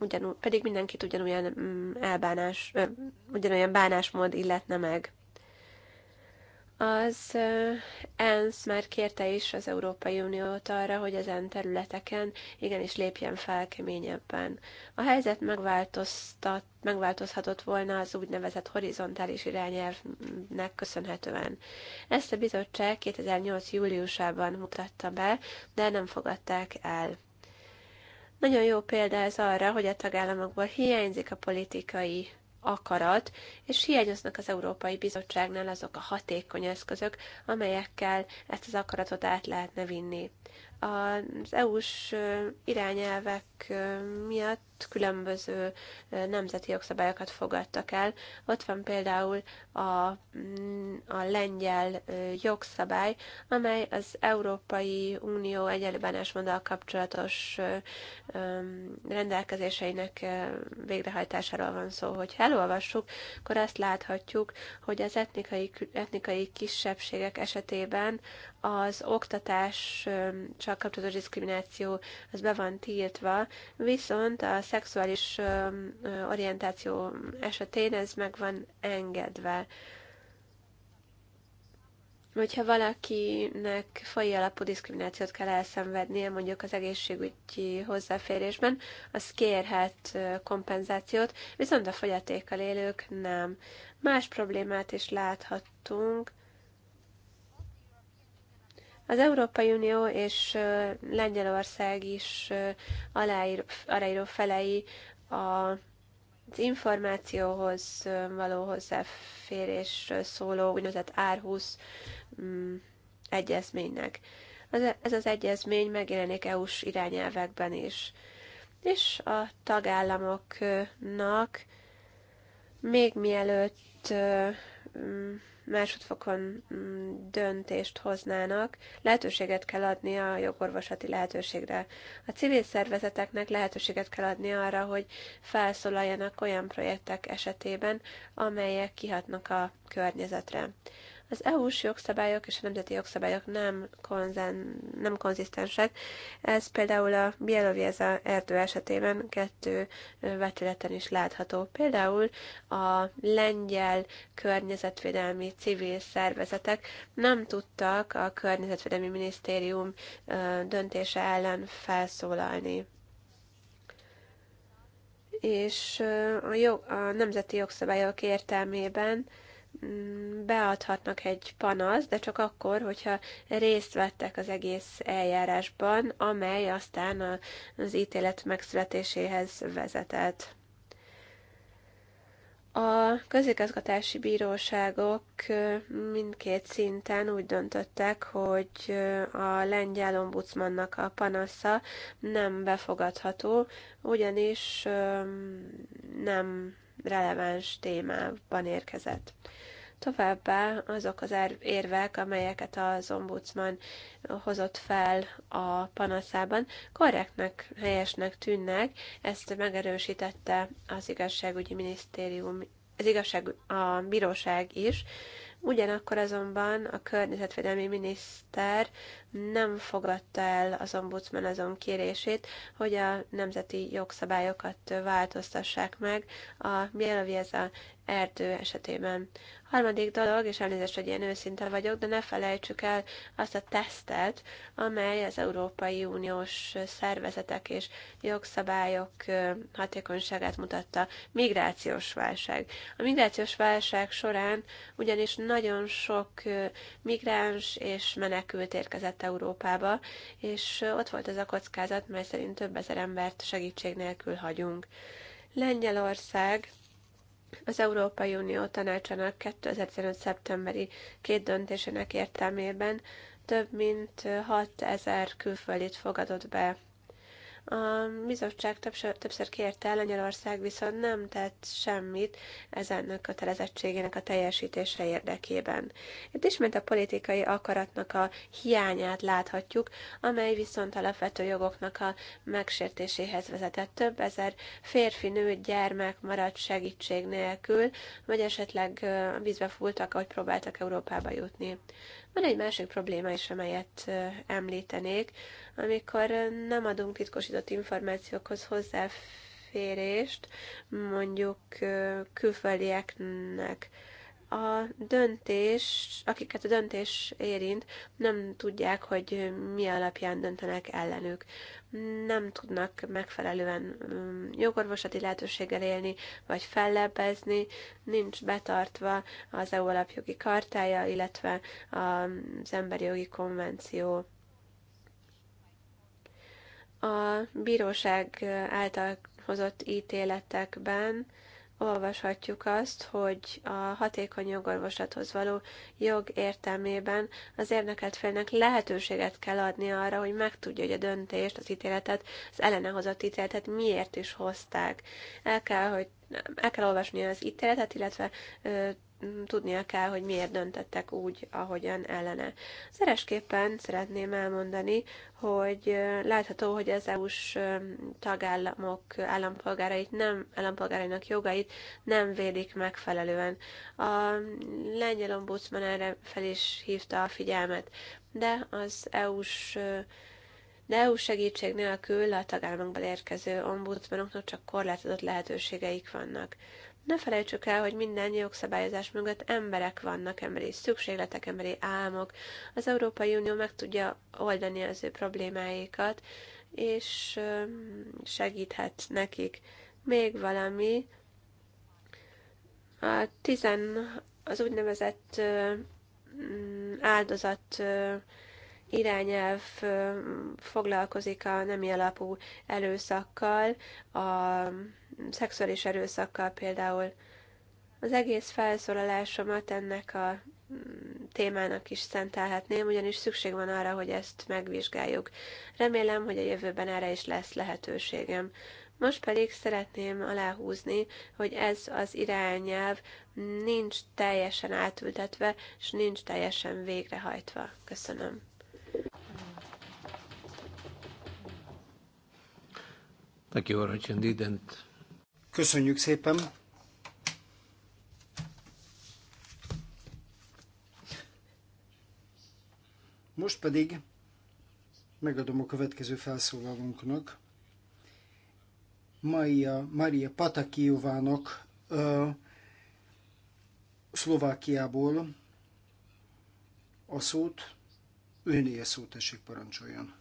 ugyanú, pedig mindenkit ugyanolyan mm, elbánás, ugyanolyan bánásmód illetne meg. Az ENSZ már kérte is az Európai Uniót arra, hogy ezen területeken igenis lépjen fel keményebben. A helyzet megváltoztat, megváltozhatott volna az úgynevezett horizontális irányelvnek köszönhetően. Ezt a bizottság 2008. júliusában mutatta be, de nem fogadták el. Nagyon jó példa ez arra, hogy a tagállamokból hiányzik a politikai akarat, és hiányoznak az Európai Bizottságnál azok a hatékony eszközök, amelyekkel ezt az akaratot át lehetne vinni az EU-s irányelvek miatt különböző nemzeti jogszabályokat fogadtak el. Ott van például a, mm, a lengyel jogszabály, amely az Európai Unió egyenlő bánásmóddal kapcsolatos rendelkezéseinek végrehajtásáról van szó. Hogyha elolvassuk, akkor azt láthatjuk, hogy az etnikai, etnikai kisebbségek esetében az oktatással kapcsolatos diszkrimináció az be van tiltva, viszont a szexuális orientáció esetén ez meg van engedve. Hogyha valakinek fai alapú diszkriminációt kell elszenvednie, mondjuk az egészségügyi hozzáférésben, az kérhet kompenzációt, viszont a fogyatékkal élők nem. Más problémát is láthattunk, az Európai Unió és Lengyelország is aláíró felei a az információhoz való hozzáférésről szóló úgynevezett R20 mm, egyezménynek. E, ez az egyezmény megjelenik EU-s irányelvekben is. És a tagállamoknak még mielőtt mm, másodfokon mm, döntést hoznának, lehetőséget kell adni a jogorvosati lehetőségre. A civil szervezeteknek lehetőséget kell adni arra, hogy felszólaljanak olyan projektek esetében, amelyek kihatnak a környezetre. Az EU-s jogszabályok és a nemzeti jogszabályok nem, konzen, nem konzisztensek. Ez például a Bielovieza erdő esetében kettő vetületen is látható. Például a lengyel környezetvédelmi civil szervezetek nem tudtak a környezetvédelmi minisztérium döntése ellen felszólalni és a, jog, a nemzeti jogszabályok értelmében beadhatnak egy panasz, de csak akkor, hogyha részt vettek az egész eljárásban, amely aztán az ítélet megszületéséhez vezetett. A közigazgatási bíróságok mindkét szinten úgy döntöttek, hogy a lengyel ombudsmannak a panasza nem befogadható, ugyanis nem releváns témában érkezett. Továbbá azok az érvek, amelyeket az ombudsman hozott fel a panaszában, korrektnek, helyesnek tűnnek, ezt megerősítette az igazságügyi minisztérium, az igazság, a bíróság is, Ugyanakkor azonban a környezetvédelmi miniszter nem fogadta el az ombudsman azon kérését, hogy a nemzeti jogszabályokat változtassák meg a a erdő esetében. Harmadik dolog, és elnézést, hogy ilyen őszinte vagyok, de ne felejtsük el azt a tesztet, amely az Európai Uniós szervezetek és jogszabályok hatékonyságát mutatta. Migrációs válság. A migrációs válság során ugyanis nagyon sok migráns és menekült érkezett Nyugat-Európába, és ott volt ez a kockázat, mely szerint több ezer embert segítség nélkül hagyunk. Lengyelország az Európai Unió tanácsának 2015. szeptemberi két döntésének értelmében több mint 6000 külföldit fogadott be a bizottság többször, többször kérte el, Lengyelország viszont nem tett semmit ezen kötelezettségének a teljesítésre érdekében. Itt ismét a politikai akaratnak a hiányát láthatjuk, amely viszont alapvető jogoknak a megsértéséhez vezetett. Több ezer férfi, nő, gyermek maradt segítség nélkül, vagy esetleg vízbe fúltak, ahogy próbáltak Európába jutni. Van egy másik probléma is, amelyet említenék, amikor nem adunk titkosított információkhoz hozzáférést, mondjuk külföldieknek, a döntés, akiket a döntés érint, nem tudják, hogy mi alapján döntenek ellenük nem tudnak megfelelően mm, jogorvosati lehetőséggel élni, vagy fellebbezni, nincs betartva az EU alapjogi kartája, illetve az emberi jogi konvenció. A bíróság által hozott ítéletekben olvashatjuk azt, hogy a hatékony jogorvoslathoz való jog értelmében az érdekelt félnek lehetőséget kell adni arra, hogy megtudja, hogy a döntést, az ítéletet, az ellene hozott ítéletet miért is hozták. El kell, hogy el kell olvasni az ítéletet, illetve ö, tudnia kell, hogy miért döntöttek úgy, ahogyan ellene. Szeresképpen szeretném elmondani, hogy látható, hogy az EU-s tagállamok állampolgárait nem, állampolgárainak jogait nem védik megfelelően. A lengyel ombudsman erre fel is hívta a figyelmet, de az EU-s de EU segítség nélkül a tagállamokból érkező ombudsmanoknak csak korlátozott lehetőségeik vannak. Ne felejtsük el, hogy minden jogszabályozás mögött emberek vannak, emberi szükségletek, emberi álmok. Az Európai Unió meg tudja oldani az ő problémáikat, és segíthet nekik. Még valami, a tizen, az úgynevezett mm, áldozat irányelv foglalkozik a nemi alapú előszakkal, a szexuális erőszakkal például. Az egész felszólalásomat ennek a mm, témának is szentelhetném, ugyanis szükség van arra, hogy ezt megvizsgáljuk. Remélem, hogy a jövőben erre is lesz lehetőségem. Most pedig szeretném aláhúzni, hogy ez az irányelv nincs teljesen átültetve, és nincs teljesen végrehajtva. Köszönöm. Thank you very much Köszönjük szépen! Most pedig megadom a következő felszólalónknak, Maria, Maria Patakijovának uh, Szlovákiából a szót, őnél szót tessék parancsoljon.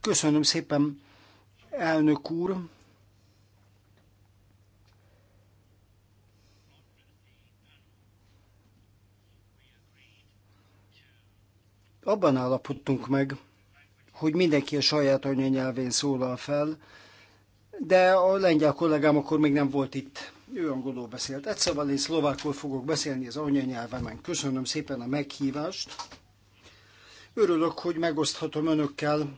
Köszönöm szépen! Elnök úr, abban állapodtunk meg, hogy mindenki a saját anyanyelvén szólal fel, de a lengyel kollégám akkor még nem volt itt. Ő angolul beszélt. Egy szóval én szlovákul fogok beszélni az anyanyelvemen. Köszönöm szépen a meghívást. Örülök, hogy megoszthatom önökkel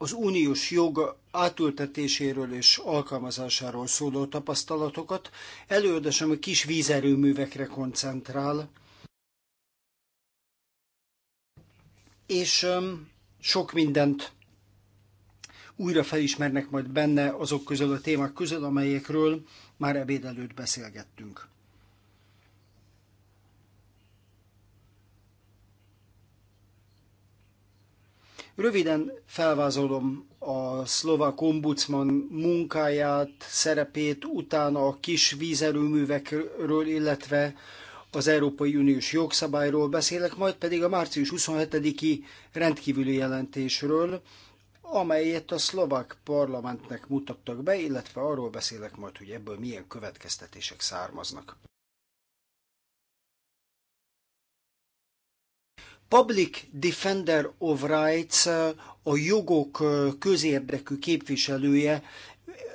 az uniós jog átültetéséről és alkalmazásáról szóló tapasztalatokat. Előadásom a kis vízerőművekre koncentrál. És sok mindent újra felismernek majd benne azok közül a témák közül, amelyekről már ebéd előtt beszélgettünk. Röviden felvázolom a szlovák ombudsman munkáját, szerepét, utána a kis vízerőművekről, illetve az Európai Uniós jogszabályról beszélek, majd pedig a március 27-i rendkívüli jelentésről, amelyet a szlovák parlamentnek mutattak be, illetve arról beszélek majd, hogy ebből milyen következtetések származnak. Public Defender of Rights a jogok közérdekű képviselője,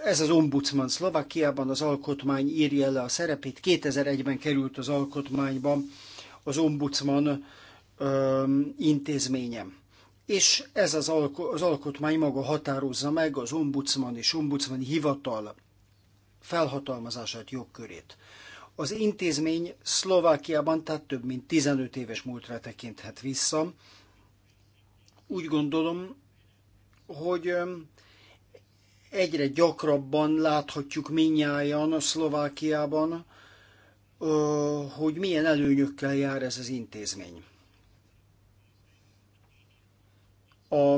ez az ombudsman Szlovákiában az alkotmány írja le a szerepét. 2001-ben került az alkotmányba az ombudsman öm, intézményem. És ez az, alko- az alkotmány maga határozza meg az ombudsman és ombudsman hivatal felhatalmazását, jogkörét. Az intézmény Szlovákiában, tehát több mint 15 éves múltra tekinthet vissza. Úgy gondolom, hogy egyre gyakrabban láthatjuk minnyáján a Szlovákiában, hogy milyen előnyökkel jár ez az intézmény. A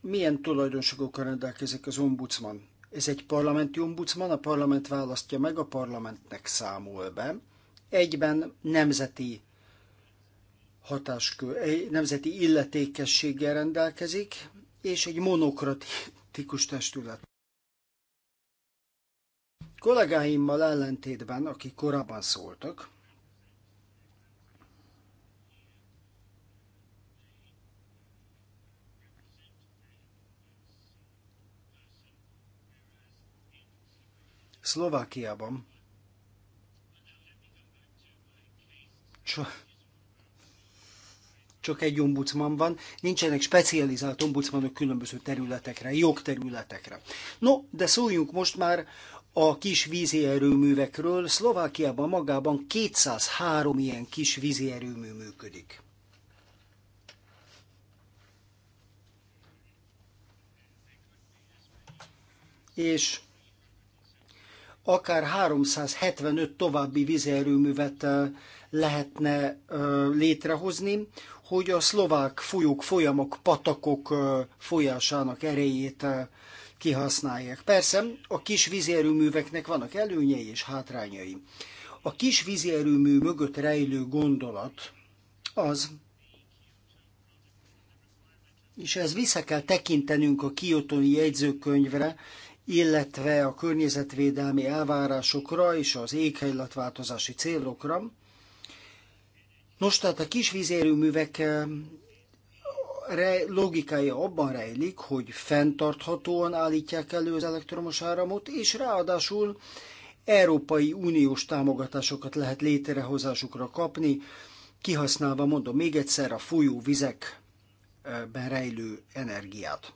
milyen tulajdonságokkal rendelkezik az ombudsman? Ez egy parlamenti ombudsman, a parlament választja meg, a parlamentnek számol be. Egyben nemzeti hatáskő, nemzeti illetékességgel rendelkezik, és egy monokratikus testület. Kollégáimmal ellentétben, akik korábban szóltak, Szlovákiában csak egy ombudsman van, nincsenek specializált ombudsmanok különböző területekre, jogterületekre. No, de szóljunk most már a kis vízi erőművekről. Szlovákiában magában 203 ilyen kis vízi erőmű működik. És akár 375 további vízerőművet lehetne létrehozni, hogy a szlovák folyók, folyamok, patakok folyásának erejét kihasználják. Persze a kis vízerőműveknek vannak előnyei és hátrányai. A kis vízierőmű mögött rejlő gondolat az, és ez vissza kell tekintenünk a kiotoni jegyzőkönyvre, illetve a környezetvédelmi elvárásokra és az éghajlatváltozási célokra. Nos, tehát a kis vízérőművek eh, logikája abban rejlik, hogy fenntarthatóan állítják elő az elektromos áramot, és ráadásul Európai Uniós támogatásokat lehet létrehozásukra kapni, kihasználva, mondom még egyszer, a folyóvizekben rejlő energiát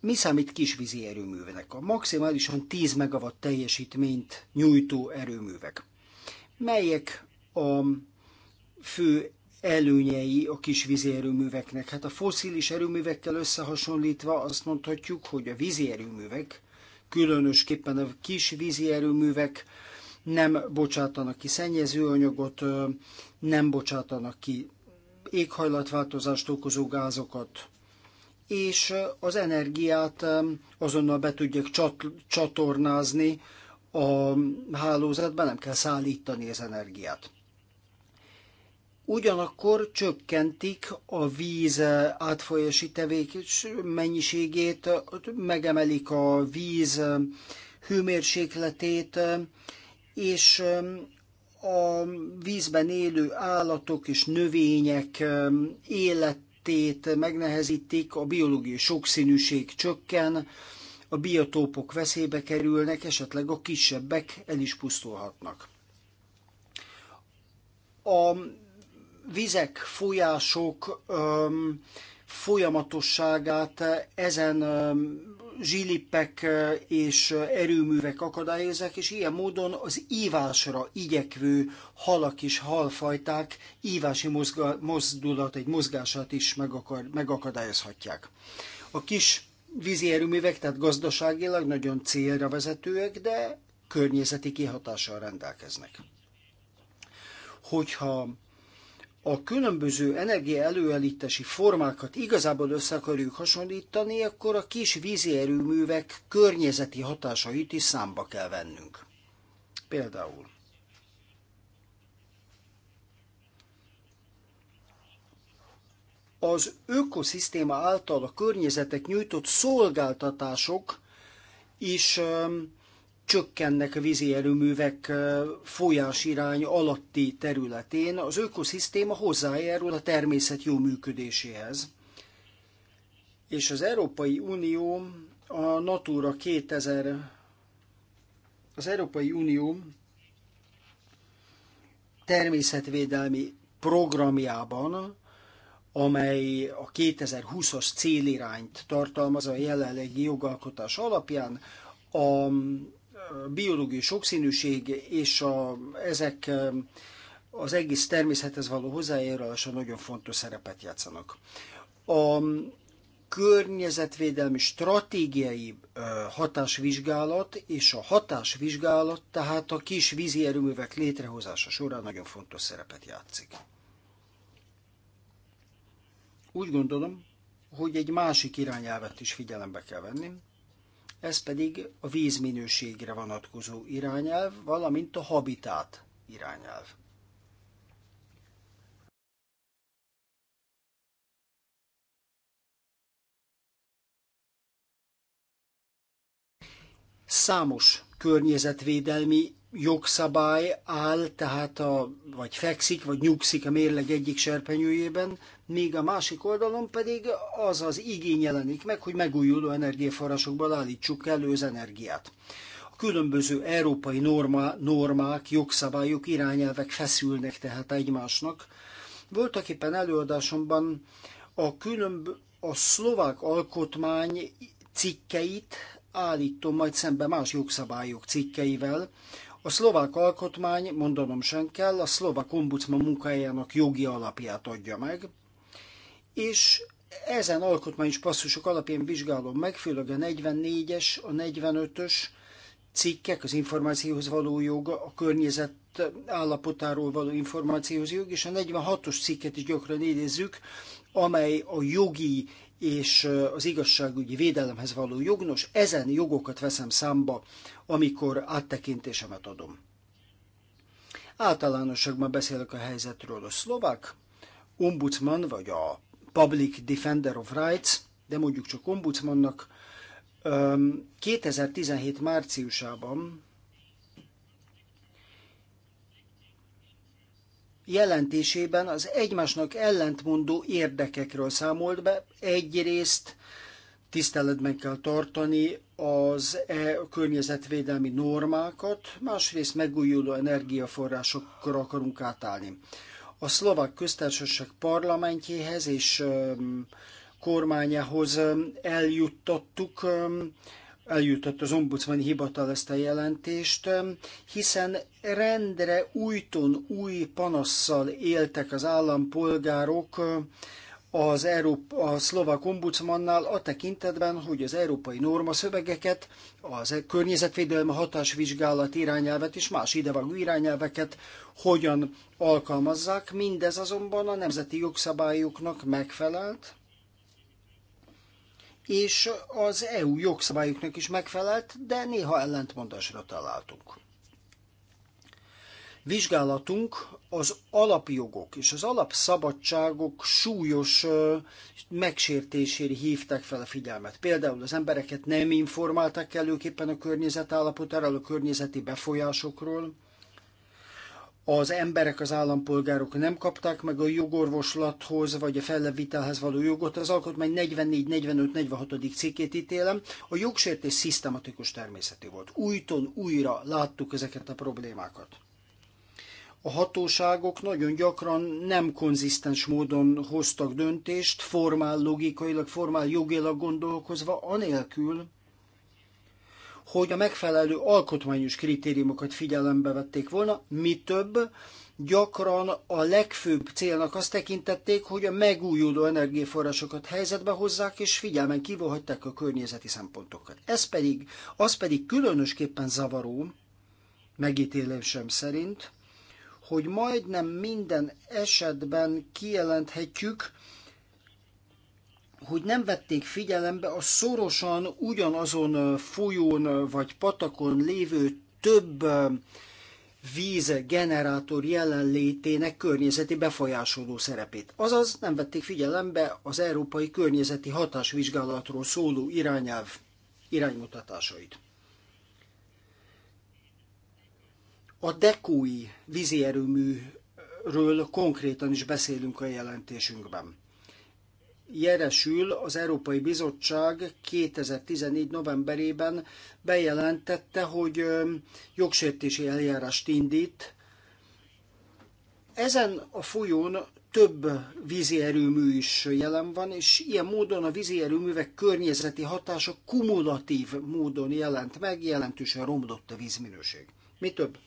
mi számít kisvízi erőművenek? A maximálisan 10 megawatt teljesítményt nyújtó erőművek. Melyek a fő előnyei a kisvízi erőműveknek? Hát a foszilis erőművekkel összehasonlítva azt mondhatjuk, hogy a vízi erőművek, különösképpen a kisvízi erőművek nem bocsátanak ki szennyezőanyagot, nem bocsátanak ki éghajlatváltozást okozó gázokat, és az energiát azonnal be tudják csat csatornázni a hálózatban, nem kell szállítani az energiát. Ugyanakkor csökkentik a víz eh, átfolyási tevékenys mennyiségét, megemelik a víz hőmérsékletét, és a vízben élő állatok és növények élet életét megnehezítik, a biológiai sokszínűség csökken, a biotópok veszélybe kerülnek, esetleg a kisebbek el is pusztulhatnak. A vizek, folyások folyamatosságát ezen zsilipek és erőművek akadályozzák, és ilyen módon az ívásra igyekvő halak és halfajták ívási mozga, mozdulat, egy mozgását is megakad, megakadályozhatják. A kis vízi erőművek, tehát gazdaságilag nagyon célra vezetőek, de környezeti kihatással rendelkeznek. Hogyha a különböző energia előállítási formákat igazából össze akarjuk hasonlítani, akkor a kis vízi erőművek környezeti hatásait is számba kell vennünk. Például az ökoszisztéma által a környezetek nyújtott szolgáltatások is um, csökkennek a vízi erőművek folyásirány alatti területén, az ökoszisztéma hozzájárul a természet jó működéséhez. És az Európai Unió a Natura 2000 az Európai Unió természetvédelmi programjában, amely a 2020-as célirányt tartalmaz a jelenlegi jogalkotás alapján, a biológiai sokszínűség és a, ezek eh, az egész természethez való hozzájárulása nagyon fontos szerepet játszanak. A környezetvédelmi stratégiai eh, hatásvizsgálat és a hatásvizsgálat, tehát a kis vízi erőművek létrehozása során nagyon fontos szerepet játszik. Úgy gondolom, hogy egy másik irányelvet is figyelembe kell venni, ez pedig a vízminőségre vonatkozó irányelv, valamint a habitát irányelv. Számos környezetvédelmi jogszabály áll, tehát a, vagy fekszik, vagy nyugszik a mérleg egyik serpenyőjében, míg a másik oldalon pedig az az igény jelenik meg, hogy megújuló energiaforrásokból állítsuk elő az energiát. A különböző európai norma, normák, jogszabályok, irányelvek feszülnek tehát egymásnak. Voltak éppen előadásomban a, különb, a szlovák alkotmány cikkeit állítom majd szembe más jogszabályok cikkeivel, a szlovák alkotmány, mondanom sem kell, a szlovák ombudsman munkájának jogi alapját adja meg, és ezen alkotmány is passzusok alapján vizsgálom meg, főleg a 44-es, a 45-ös cikkek, az információhoz való jog, a környezet állapotáról való információhoz jog, és a 46-os cikket is gyakran idézzük, amely a jogi és az igazságügyi védelemhez való jognos ezen jogokat veszem számba, amikor áttekintésemet adom. Általánosságban beszélek a helyzetről a szlovák ombudsman, vagy a Public Defender of Rights, de mondjuk csak ombudsmannak, 2017 márciusában jelentésében az egymásnak ellentmondó érdekekről számolt be. Egyrészt tiszteletben kell tartani az e környezetvédelmi normákat, másrészt megújuló energiaforrásokra akarunk átállni. A szlovák köztársaság parlamentjéhez és kormányához eljuttattuk eljutott az ombudsman hivatal ezt a jelentést, hiszen rendre újton új panasszal éltek az állampolgárok az Európa, a szlovák ombudsmannál a tekintetben, hogy az európai norma szövegeket az e- környezetvédelmi hatásvizsgálat irányelvet és más idevágó irányelveket hogyan alkalmazzák. Mindez azonban a nemzeti jogszabályoknak megfelelt, és az EU jogszabályoknak is megfelelt, de néha ellentmondásra találtunk. Vizsgálatunk az alapjogok és az alapszabadságok súlyos megsértésére hívták fel a figyelmet. Például az embereket nem informálták előképpen a környezet állapotáról, a környezeti befolyásokról, az emberek, az állampolgárok nem kapták meg a jogorvoslathoz vagy a fellevitelhez való jogot, az alkotmány 44, 45, 46. cikkét ítélem, a jogsértés szisztematikus természetű volt. Újton újra láttuk ezeket a problémákat. A hatóságok nagyon gyakran nem konzisztens módon hoztak döntést, formál logikailag, formál jogilag gondolkozva, anélkül, hogy a megfelelő alkotmányos kritériumokat figyelembe vették volna, mi több, gyakran a legfőbb célnak azt tekintették, hogy a megújuló energiaforrásokat helyzetbe hozzák, és figyelmen kívül a környezeti szempontokat. Ez pedig, az pedig különösképpen zavaró, megítélésem szerint, hogy majdnem minden esetben kijelenthetjük, hogy nem vették figyelembe a szorosan ugyanazon folyón vagy patakon lévő több vízgenerátor jelenlétének környezeti befolyásoló szerepét. Azaz nem vették figyelembe az európai környezeti hatásvizsgálatról szóló irányelv iránymutatásait. A Dekói vízi erőműről konkrétan is beszélünk a jelentésünkben jeresül az Európai Bizottság 2014. novemberében bejelentette, hogy jogsértési eljárást indít. Ezen a folyón több vízi erőmű is jelen van, és ilyen módon a vízi erőművek környezeti hatása kumulatív módon jelent meg, jelentősen romlott a vízminőség. Mi több?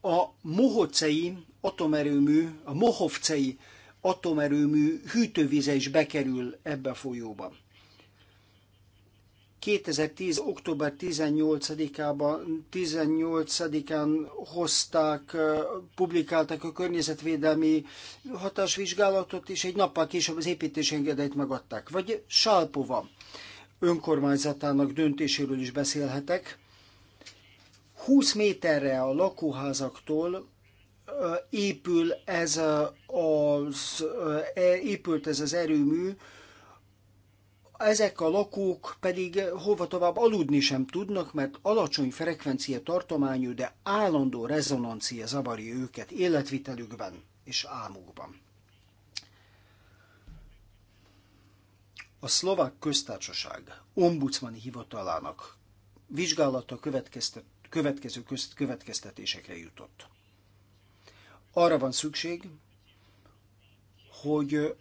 A Mohocei atomerőmű, a Mohovcei atomerőmű hűtővize is bekerül ebbe a folyóba. 2010. október 18 án 18-án hozták, publikálták a környezetvédelmi hatásvizsgálatot, és egy nappal később az építési engedélyt megadták. Vagy Salpova önkormányzatának döntéséről is beszélhetek. 20 méterre a lakóházaktól épül ez az, e, épült ez az erőmű, ezek a lakók pedig hova tovább aludni sem tudnak, mert alacsony frekvencia tartományú, de állandó rezonancia zavarja őket életvitelükben és álmukban. A szlovák köztársaság ombudsmani hivatalának vizsgálata következtet, következő közt, következtetésekre jutott. Arra van szükség, hogy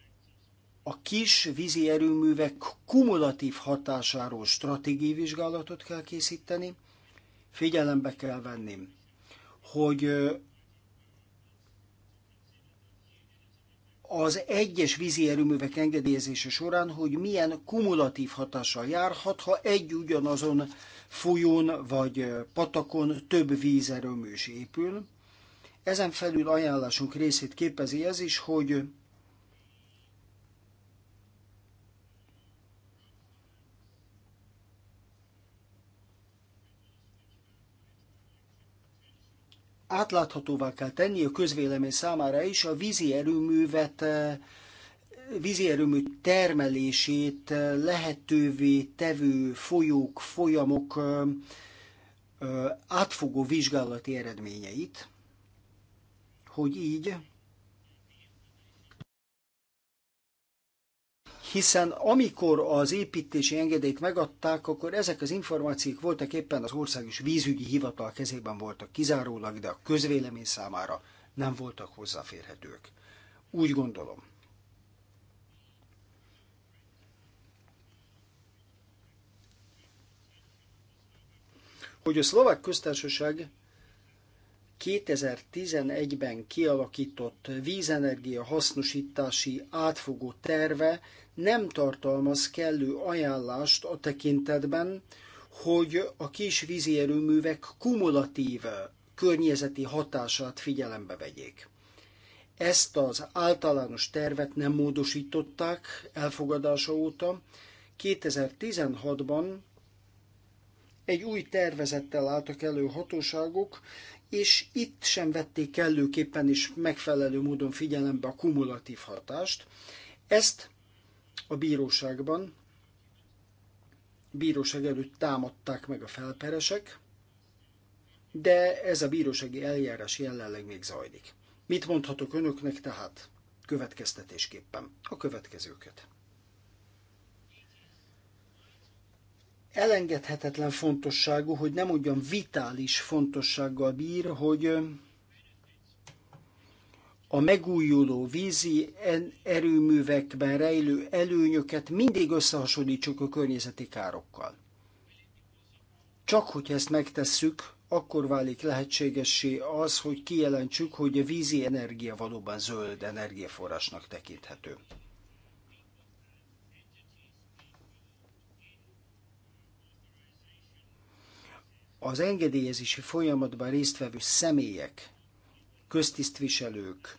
a kis vízi erőművek kumulatív hatásáról stratégiai vizsgálatot kell készíteni, figyelembe kell venni, hogy az egyes vízi erőművek engedélyezése során, hogy milyen kumulatív hatással járhat, ha egy ugyanazon folyón vagy patakon több vízerőmű is épül, ezen felül ajánlásunk részét képezi ez is, hogy átláthatóvá kell tenni a közvélemény számára is a vízi erőművet, eh, vízi erőmű termelését lehetővé tevő folyók, folyamok eh, eh, átfogó vizsgálati eredményeit hogy így, hiszen amikor az építési engedélyt megadták, akkor ezek az információk voltak éppen az országos vízügyi hivatal kezében voltak kizárólag, de a közvélemény számára nem voltak hozzáférhetők. Úgy gondolom. hogy a szlovák köztársaság 2011-ben kialakított vízenergia hasznosítási átfogó terve nem tartalmaz kellő ajánlást a tekintetben, hogy a kis vízi erőművek kumulatív környezeti hatását figyelembe vegyék. Ezt az általános tervet nem módosították elfogadása óta. 2016-ban egy új tervezettel álltak elő hatóságok, és itt sem vették kellőképpen és megfelelő módon figyelembe a kumulatív hatást. Ezt a bíróságban, bíróság előtt támadták meg a felperesek, de ez a bírósági eljárás jelenleg még zajlik. Mit mondhatok önöknek tehát következtetésképpen? A következőket. elengedhetetlen fontosságú, hogy nem mondjam vitális fontossággal bír, hogy a megújuló vízi erőművekben rejlő előnyöket mindig összehasonlítsuk a környezeti károkkal. Csak hogy ezt megtesszük, akkor válik lehetségessé az, hogy kijelentsük, hogy a vízi energia valóban zöld energiaforrásnak tekinthető. az engedélyezési folyamatban résztvevő személyek, köztisztviselők,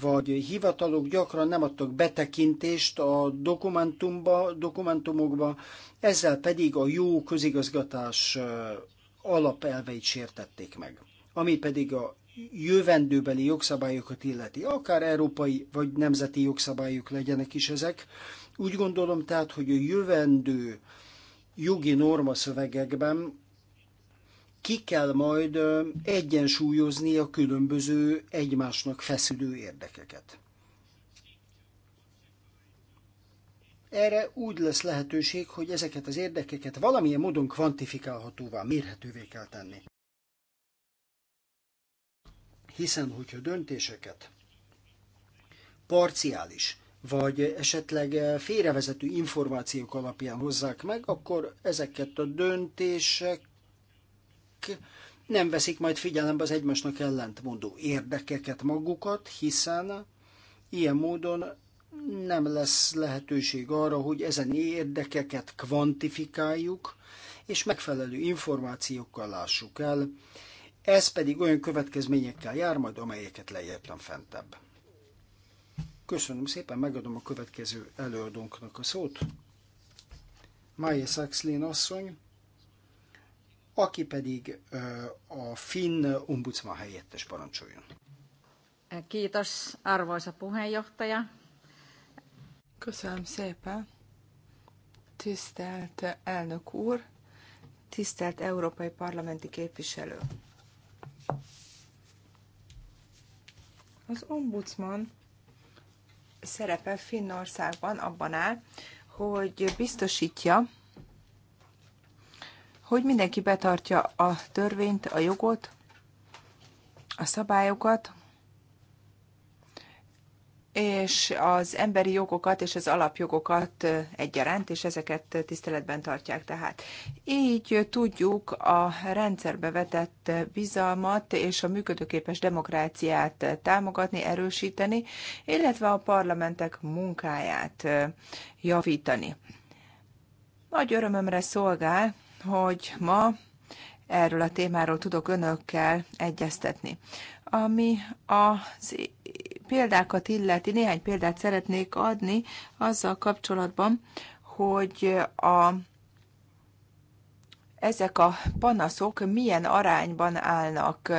vagy hivatalok gyakran nem adtak betekintést a dokumentumba, dokumentumokba, ezzel pedig a jó közigazgatás alapelveit sértették meg. Ami pedig a jövendőbeli jogszabályokat illeti, akár európai vagy nemzeti jogszabályok legyenek is ezek. Úgy gondolom tehát, hogy a jövendő jogi normaszövegekben ki kell majd egyensúlyozni a különböző egymásnak feszülő érdekeket. Erre úgy lesz lehetőség, hogy ezeket az érdekeket valamilyen módon kvantifikálhatóvá, mérhetővé kell tenni. Hiszen, hogyha döntéseket parciális, vagy esetleg félrevezető információk alapján hozzák meg, akkor ezeket a döntések nem veszik majd figyelembe az egymásnak ellentmondó érdekeket magukat, hiszen ilyen módon nem lesz lehetőség arra, hogy ezen érdekeket kvantifikáljuk, és megfelelő információkkal lássuk el, ez pedig olyan következményekkel jár majd, amelyeket leírtam fentebb. Köszönöm szépen, megadom a következő előadónknak a szót. Maya Saxlin asszony, aki pedig a finn ombudsman helyettes parancsoljon. Kiitos, arvoisa puheenjohtaja. Köszönöm szépen. Tisztelt elnök úr, tisztelt európai parlamenti képviselő. Az ombudsman szerepe Finnországban abban áll, hogy biztosítja, hogy mindenki betartja a törvényt, a jogot, a szabályokat, és az emberi jogokat és az alapjogokat egyaránt, és ezeket tiszteletben tartják tehát. Így tudjuk a rendszerbe vetett bizalmat és a működőképes demokráciát támogatni, erősíteni, illetve a parlamentek munkáját javítani. Nagy örömömre szolgál, hogy ma erről a témáról tudok önökkel egyeztetni. Ami az példákat illeti, néhány példát szeretnék adni azzal kapcsolatban, hogy a, ezek a panaszok milyen arányban állnak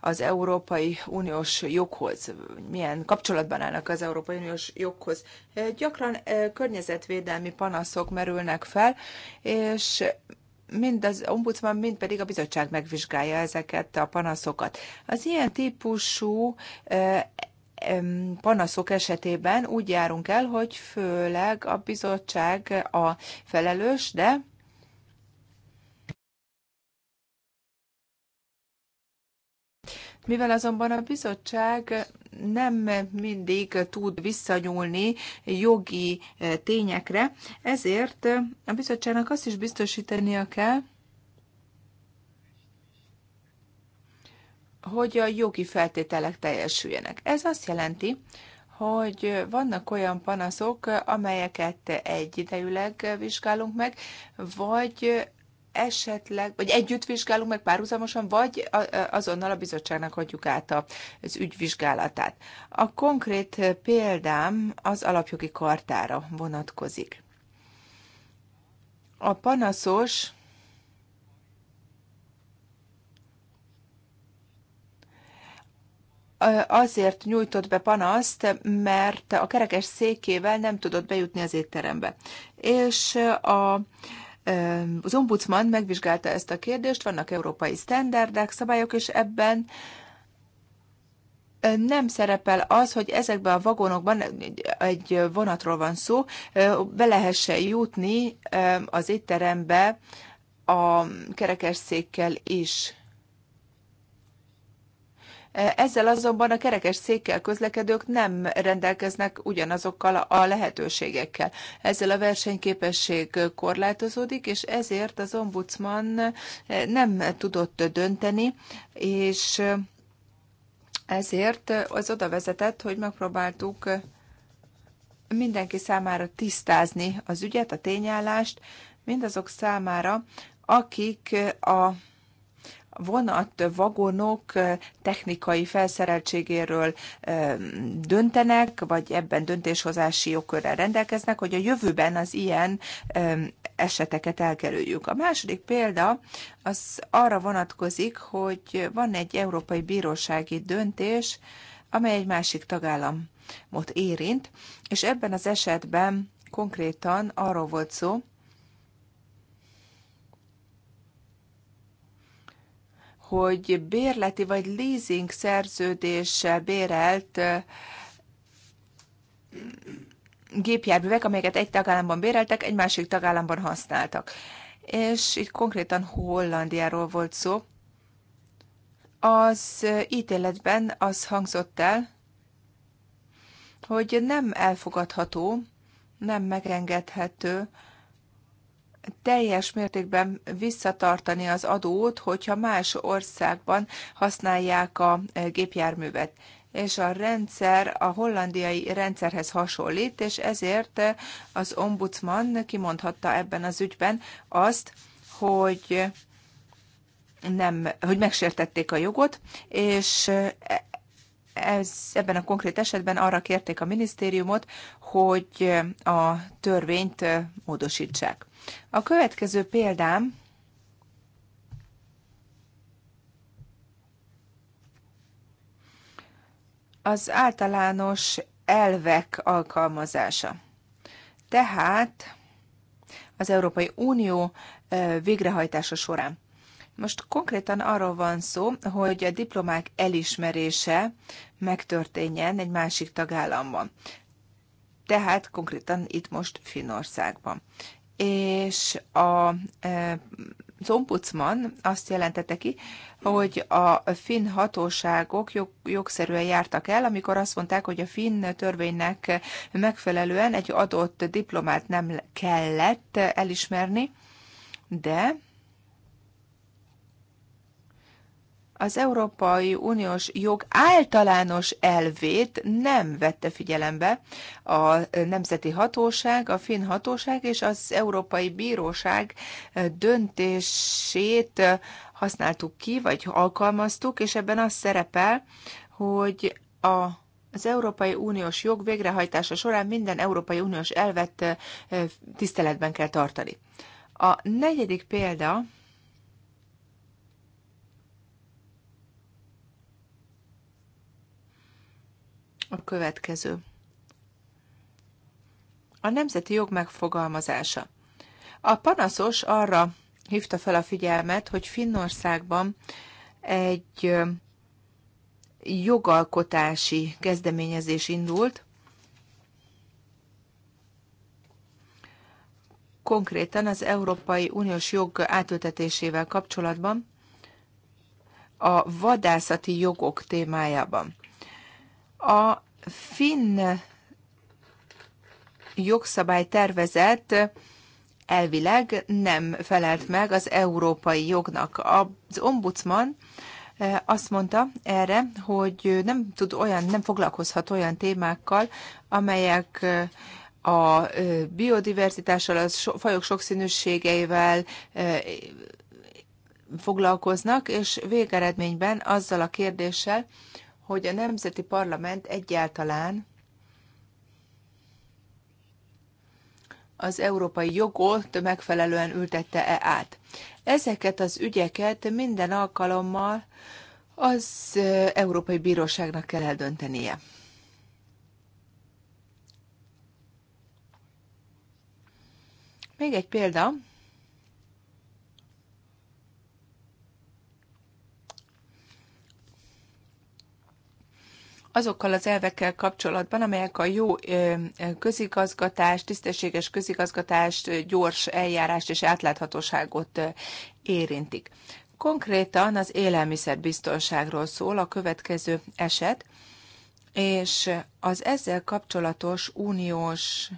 az Európai Uniós joghoz, milyen kapcsolatban állnak az Európai Uniós joghoz. Gyakran környezetvédelmi panaszok merülnek fel, és mind az ombudsman, mind pedig a bizottság megvizsgálja ezeket a panaszokat. Az ilyen típusú panaszok esetében úgy járunk el, hogy főleg a bizottság a felelős, de mivel azonban a bizottság nem mindig tud visszanyúlni jogi eh, tényekre, ezért a bizottságnak azt is biztosítania kell, hogy a jogi feltételek teljesüljenek. Ez azt jelenti, hogy vannak olyan panaszok, amelyeket egyidejűleg vizsgálunk meg, vagy esetleg, vagy együtt vizsgálunk meg párhuzamosan, vagy azonnal a bizottságnak adjuk át az ügyvizsgálatát. A konkrét példám az alapjogi kartára vonatkozik. A panaszos azért nyújtott be panaszt, mert a kerekes székével nem tudott bejutni az étterembe. És a az ombudsman megvizsgálta ezt a kérdést, vannak európai sztenderdek, szabályok, és ebben nem szerepel az, hogy ezekben a vagonokban egy vonatról van szó, be lehessen jutni az étterembe a kerekesszékkel is. Ezzel azonban a kerekes székkel közlekedők nem rendelkeznek ugyanazokkal a lehetőségekkel. Ezzel a versenyképesség korlátozódik, és ezért az ombudsman nem tudott dönteni, és ezért az oda vezetett, hogy megpróbáltuk mindenki számára tisztázni az ügyet, a tényállást, mindazok számára, akik a vonat, vagonok technikai felszereltségéről döntenek, vagy ebben döntéshozási jogkörrel rendelkeznek, hogy a jövőben az ilyen eseteket elkerüljük. A második példa az arra vonatkozik, hogy van egy európai bírósági döntés, amely egy másik tagállamot érint, és ebben az esetben konkrétan arról volt szó, hogy bérleti vagy leasing szerződéssel bérelt gépjárművek, amelyeket egy tagállamban béreltek, egy másik tagállamban használtak. És itt konkrétan Hollandiáról volt szó. Az ítéletben az hangzott el, hogy nem elfogadható, nem megengedhető, teljes mértékben visszatartani az adót, hogyha más országban használják a eh, gépjárművet és a rendszer a hollandiai rendszerhez hasonlít, és ezért eh, az ombudsman kimondhatta ebben az ügyben azt, hogy nem, hogy megsértették a jogot, és eh, ez, ebben a konkrét esetben arra kérték a minisztériumot, hogy a törvényt módosítsák. A következő példám az általános elvek alkalmazása. Tehát az Európai Unió végrehajtása során. Most konkrétan arról van szó, hogy a diplomák elismerése megtörténjen egy másik tagállamban. Tehát konkrétan itt most Finnországban és a e, az ombudsman azt jelentette ki, hogy a finn hatóságok jog, jogszerűen jártak el, amikor azt mondták, hogy a finn törvénynek megfelelően egy adott diplomát nem kellett elismerni, de az Európai Uniós jog általános elvét nem vette figyelembe a nemzeti hatóság, a finn hatóság és az Európai Bíróság döntését használtuk ki, vagy alkalmaztuk, és ebben az szerepel, hogy a az Európai Uniós jog végrehajtása során minden Európai Uniós elvet tiszteletben kell tartani. A negyedik példa, a következő. A nemzeti jog megfogalmazása. A panaszos arra hívta fel a figyelmet, hogy Finnországban egy jogalkotási kezdeményezés indult, konkrétan az Európai Uniós jog átültetésével kapcsolatban, a vadászati jogok témájában. A finn jogszabálytervezet elvileg nem felelt meg az európai jognak. Az ombudsman eh, azt mondta erre, hogy nem tud olyan, nem foglalkozhat olyan témákkal, amelyek eh, a eh, biodiverzitással, a fajok sokszínűségeivel foglalkoznak, és végeredményben azzal a kérdéssel, hogy a Nemzeti Parlament egyáltalán az európai jogot megfelelően ültette-e át. Ezeket az ügyeket minden alkalommal az Európai Bíróságnak kell eldöntenie. Még egy példa. azokkal az elvekkel kapcsolatban, amelyek a jó közigazgatást, tisztességes közigazgatást, gyors eljárást és átláthatóságot érintik. Konkrétan az élelmiszerbiztonságról szól a következő eset, és az ezzel kapcsolatos uniós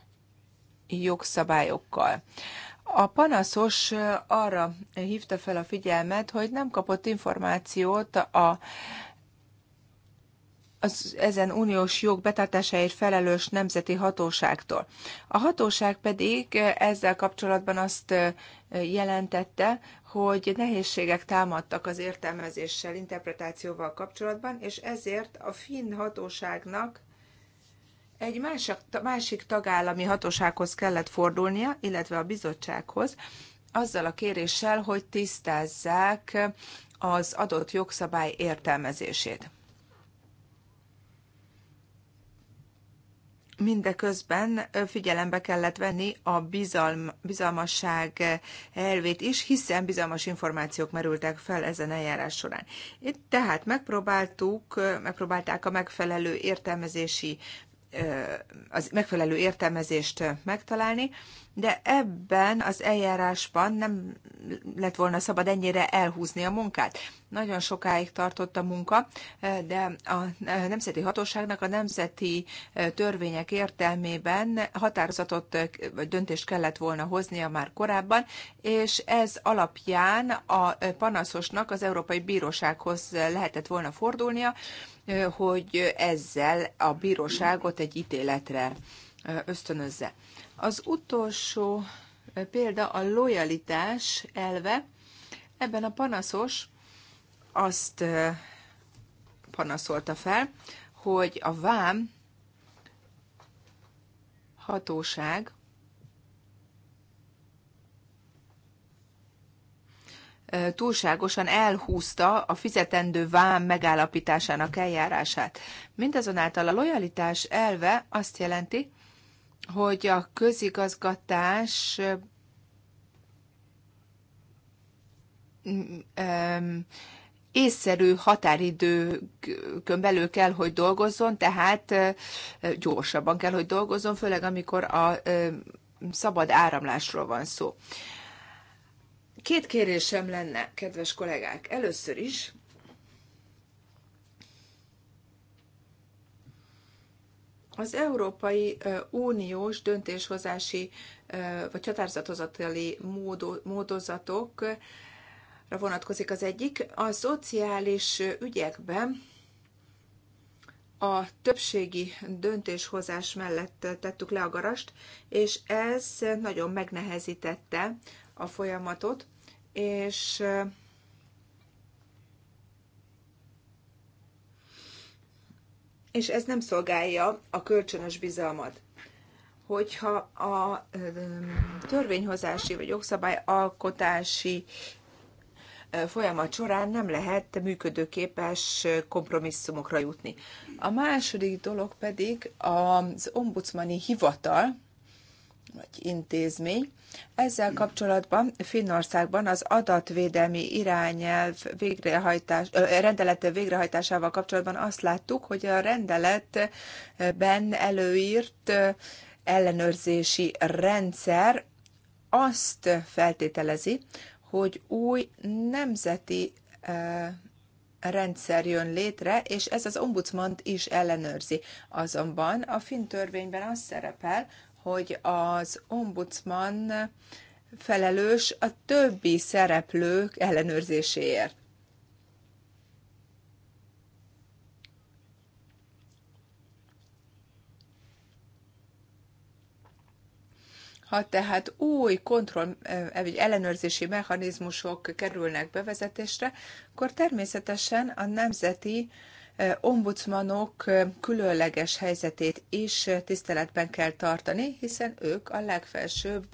jogszabályokkal. A panaszos arra hívta fel a figyelmet, hogy nem kapott információt a az ezen uniós jog betartásáért felelős nemzeti hatóságtól. A hatóság pedig ezzel kapcsolatban azt jelentette, hogy nehézségek támadtak az értelmezéssel, interpretációval kapcsolatban, és ezért a finn hatóságnak egy másik, másik tagállami hatósághoz kellett fordulnia, illetve a bizottsághoz, azzal a kéréssel, hogy tisztázzák az adott jogszabály értelmezését. mindeközben figyelembe kellett venni a bizalm, bizalmasság elvét is, hiszen bizalmas információk merültek fel ezen eljárás során. Itt tehát megpróbáltuk, megpróbálták a megfelelő értelmezési az megfelelő értelmezést megtalálni, de ebben az eljárásban nem lett volna szabad ennyire elhúzni a munkát. Nagyon sokáig tartott a munka, de a Nemzeti Hatóságnak a nemzeti törvények értelmében határozatot vagy döntést kellett volna hoznia már korábban, és ez alapján a panaszosnak az Európai Bírósághoz lehetett volna fordulnia, hogy ezzel a bíróságot egy ítéletre ösztönözze. Az utolsó példa a lojalitás elve. Ebben a panaszos azt panaszolta fel, hogy a vám hatóság túlságosan elhúzta a fizetendő vám megállapításának eljárását. Mindazonáltal a lojalitás elve azt jelenti, hogy a közigazgatás észszerű határidőkön belül kell, hogy dolgozzon, tehát gyorsabban kell, hogy dolgozzon, főleg amikor a szabad áramlásról van szó. Két kérésem lenne, kedves kollégák. Először is az Európai Uniós döntéshozási vagy határozathozatali módozatokra vonatkozik az egyik. A szociális ügyekben a többségi döntéshozás mellett tettük le a garast, és ez nagyon megnehezítette a folyamatot és és ez nem szolgálja a kölcsönös bizalmat. Hogyha a törvényhozási vagy jogszabályalkotási folyamat során nem lehet működőképes kompromisszumokra jutni. A második dolog pedig az ombudsmani hivatal, nagy intézmény. Ezzel kapcsolatban Finnországban az adatvédelmi irányelv végrehajtás, rendelete végrehajtásával kapcsolatban azt láttuk, hogy a rendeletben előírt ellenőrzési rendszer azt feltételezi, hogy új nemzeti rendszer jön létre, és ez az Ombudsman is ellenőrzi. Azonban a finn törvényben az szerepel, hogy az ombudsman felelős a többi szereplők ellenőrzéséért. Ha tehát új kontroll, eh, vagy ellenőrzési mechanizmusok kerülnek bevezetésre, akkor természetesen a nemzeti Eh, ombudsmanok eh, különleges helyzetét is eh, tiszteletben kell tartani, hiszen ők a legfelsőbb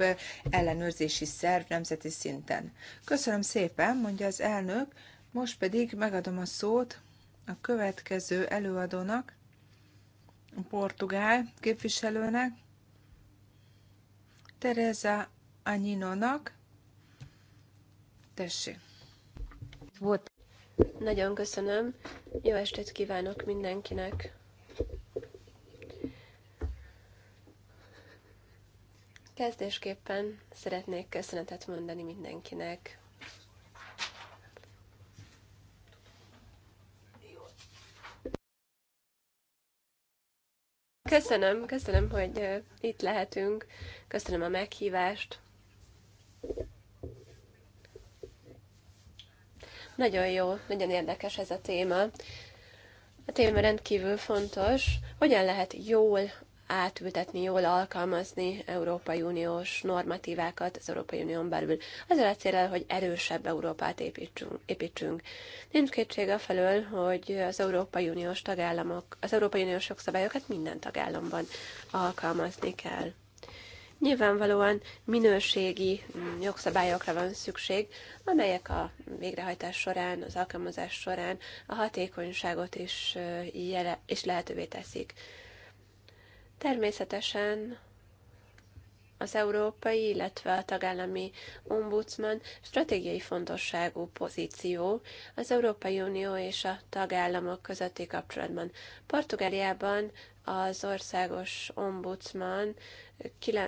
ellenőrzési szerv nemzeti szinten. Köszönöm szépen, mondja az elnök, most pedig megadom a szót a következő előadónak, a portugál képviselőnek, Teresa Anyinónak. Tessék. Volt. Nagyon köszönöm. Jó estét kívánok mindenkinek. Kezdésképpen szeretnék köszönetet mondani mindenkinek. Köszönöm, köszönöm, hogy eh, itt lehetünk. Köszönöm a meghívást. Nagyon jó, nagyon érdekes ez a téma. A téma rendkívül fontos. Hogyan lehet jól átültetni, jól alkalmazni Európai Uniós normatívákat az Európai Unión belül. Azzal a célral, hogy erősebb Európát építsünk. építsünk. Nincs kétség a felől, hogy az Európai Uniós tagállamok, az Európai Uniós jogszabályokat minden tagállamban alkalmazni kell. Nyilvánvalóan minőségi mm, jogszabályokra van szükség, amelyek a végrehajtás során, az alkalmazás során a hatékonyságot is, jele, is lehetővé teszik. Természetesen az európai, illetve a tagállami ombudsman stratégiai fontosságú pozíció az Európai Unió és a tagállamok közötti kapcsolatban. Portugáliában az országos ombudsman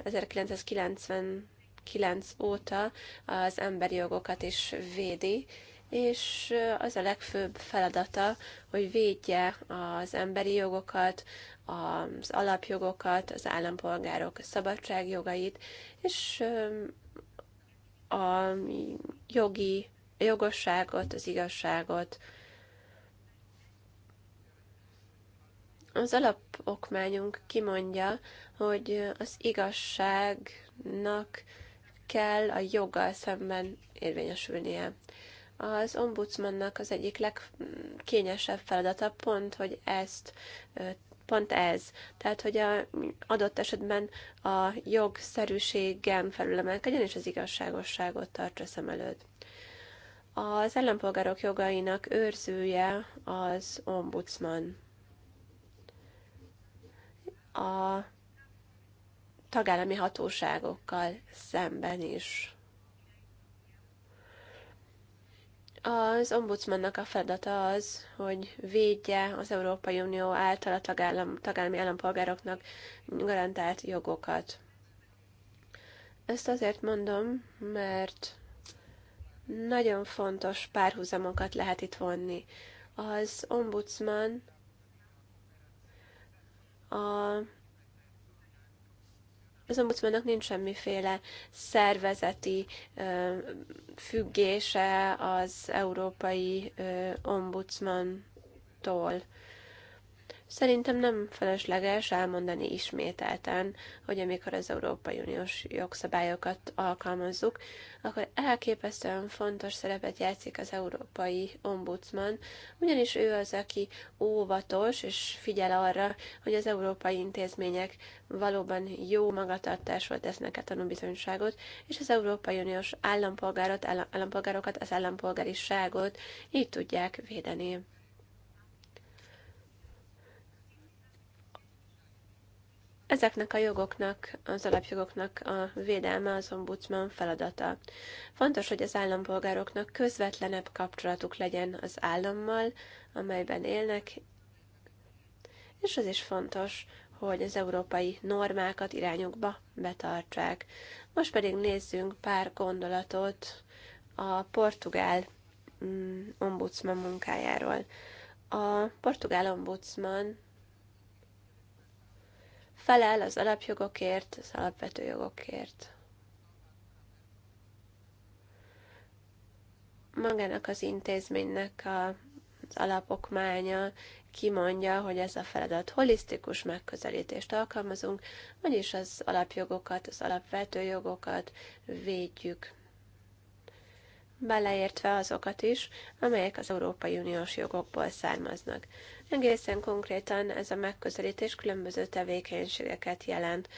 1999 óta az emberi jogokat is védi, és az a legfőbb feladata, hogy védje az emberi jogokat, az alapjogokat, az állampolgárok szabadságjogait, és a jogi, a jogosságot, az igazságot. Az alapokmányunk kimondja, hogy az igazságnak kell a joggal szemben érvényesülnie. Az ombudsmannak az egyik legkényesebb feladata pont, hogy ezt pont ez. Tehát, hogy a adott esetben a jogszerűségen felülemelkedjen, és az igazságosságot tartsa szem előtt. Az ellenpolgárok jogainak őrzője az ombudsman. A tagállami hatóságokkal szemben is. Az ombudsmannak a feladata az, hogy védje az Európai Unió által a tagállam, tagállami állampolgároknak garantált jogokat. Ezt azért mondom, mert nagyon fontos párhuzamokat lehet itt vonni. Az ombudsman a az ombudsmannak nincs semmiféle szervezeti függése az európai ombudsmantól. Szerintem nem felesleges elmondani ismételten, hogy amikor az Európai Uniós jogszabályokat alkalmazzuk, akkor elképesztően fontos szerepet játszik az Európai Ombudsman, ugyanis ő az, aki óvatos és figyel arra, hogy az európai intézmények valóban jó magatartásról tesznek a tanúbizonyságot, és az Európai Uniós állampolgárokat, állampolgárokat, az állampolgáriságot így tudják védeni. Ezeknek a jogoknak, az alapjogoknak a védelme az ombudsman feladata. Fontos, hogy az állampolgároknak közvetlenebb kapcsolatuk legyen az állammal, amelyben élnek, és az is fontos, hogy az európai normákat irányokba betartsák. Most pedig nézzünk pár gondolatot a portugál mm, ombudsman munkájáról. A portugál ombudsman felel az alapjogokért, az alapvető jogokért. Magának az intézménynek a, az alapokmánya kimondja, hogy ez a feladat holisztikus megközelítést alkalmazunk, vagyis az alapjogokat, az alapvető jogokat védjük beleértve azokat is, amelyek az Európai Uniós jogokból származnak. Egészen konkrétan ez a megközelítés különböző tevékenységeket jelent.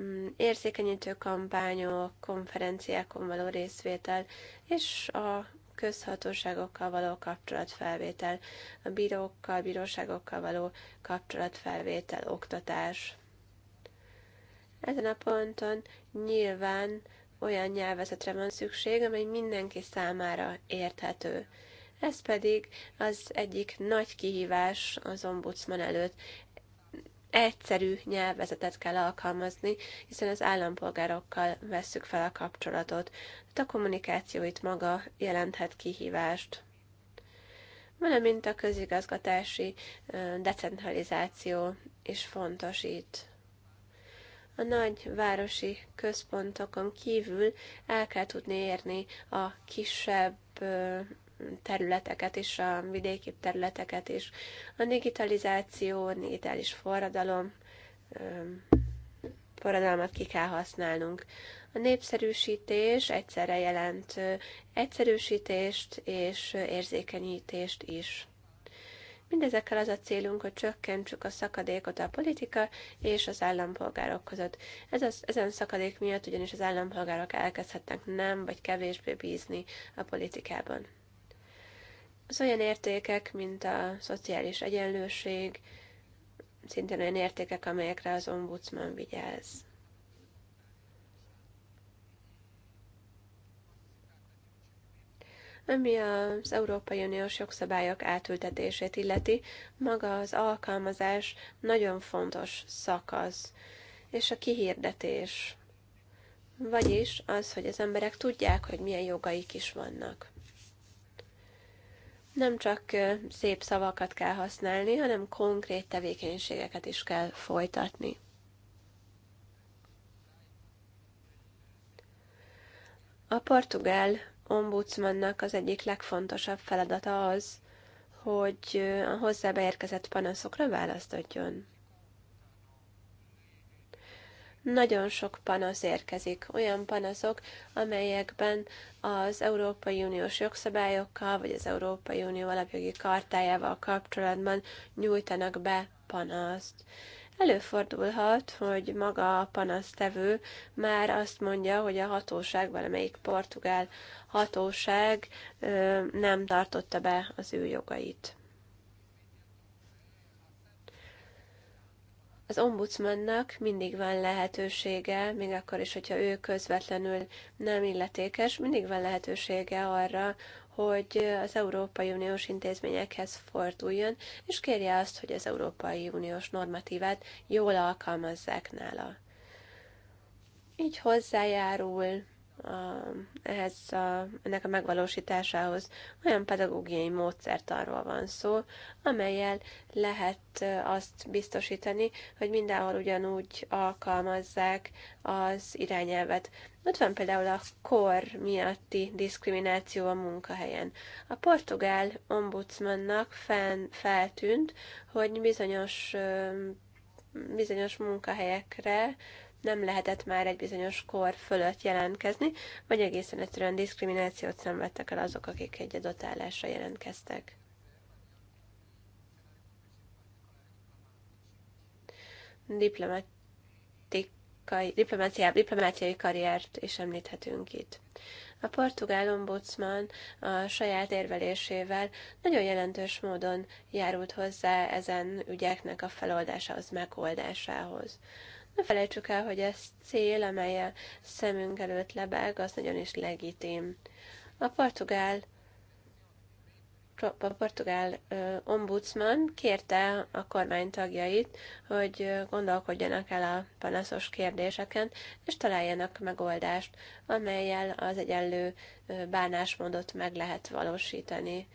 Mm, érzékenyítő kampányok, konferenciákon való részvétel és a közhatóságokkal való kapcsolatfelvétel, a bírókkal, bíróságokkal való kapcsolatfelvétel, oktatás. Ezen a ponton nyilván olyan nyelvezetre van szükség, amely mindenki számára érthető. Ez pedig az egyik nagy kihívás az ombudsman előtt. Egyszerű nyelvezetet kell alkalmazni, hiszen az állampolgárokkal vesszük fel a kapcsolatot. Tehát a kommunikáció itt maga jelenthet kihívást valamint a közigazgatási decentralizáció is fontos itt a nagy városi központokon kívül el kell tudni érni a kisebb területeket és a vidéki területeket is. A digitalizáció, digitális forradalom, forradalmat ki kell használnunk. A népszerűsítés egyszerre jelent egyszerűsítést és érzékenyítést is. Mindezekkel az a célunk, hogy csökkentsük a szakadékot a politika és az állampolgárok között. Ez az, ezen szakadék miatt ugyanis az állampolgárok elkezdhetnek nem vagy kevésbé bízni a politikában. Az olyan értékek, mint a szociális egyenlőség, szintén olyan értékek, amelyekre az ombudsman vigyáz. Ami az Európai Uniós jogszabályok átültetését illeti, maga az alkalmazás nagyon fontos szakasz, és a kihirdetés. Vagyis az, hogy az emberek tudják, hogy milyen jogaik is vannak. Nem csak szép szavakat kell használni, hanem konkrét tevékenységeket is kell folytatni. A portugál ombudsmannak az egyik legfontosabb feladata az, hogy a hozzá beérkezett panaszokra választ adjon. Nagyon sok panasz érkezik, olyan panaszok, amelyekben az Európai Uniós jogszabályokkal vagy az Európai Unió alapjogi kartájával kapcsolatban nyújtanak be panaszt. Előfordulhat, hogy maga a panasztevő már azt mondja, hogy a hatóság, valamelyik portugál hatóság nem tartotta be az ő jogait. Az ombudsmannak mindig van lehetősége, még akkor is, hogyha ő közvetlenül nem illetékes, mindig van lehetősége arra, hogy az Európai Uniós intézményekhez forduljon, és kérje azt, hogy az Európai Uniós normatívát jól alkalmazzák nála. Így hozzájárul a, ehhez a, ennek a megvalósításához olyan pedagógiai arról van szó, amelyel lehet azt biztosítani, hogy mindenhol ugyanúgy alkalmazzák az irányelvet. Ott van például a kor miatti diszkrimináció a munkahelyen. A portugál ombudsmannak fel, feltűnt, hogy bizonyos bizonyos munkahelyekre nem lehetett már egy bizonyos kor fölött jelentkezni, vagy egészen egyszerűen diszkriminációt szenvedtek el azok, akik egy adott állásra jelentkeztek. Diplomáciai, diplomáciai karriert is említhetünk itt. A portugál ombudsman a saját érvelésével nagyon jelentős módon járult hozzá ezen ügyeknek a feloldásához, megoldásához. Ne felejtsük el, hogy ez cél, amelyel szemünk előtt lebeg, az nagyon is legitim. A portugál a portugál ombudsman kérte a kormány tagjait, hogy gondolkodjanak el a panaszos kérdéseken, és találjanak megoldást, amelyel az egyenlő bánásmódot meg lehet valósítani.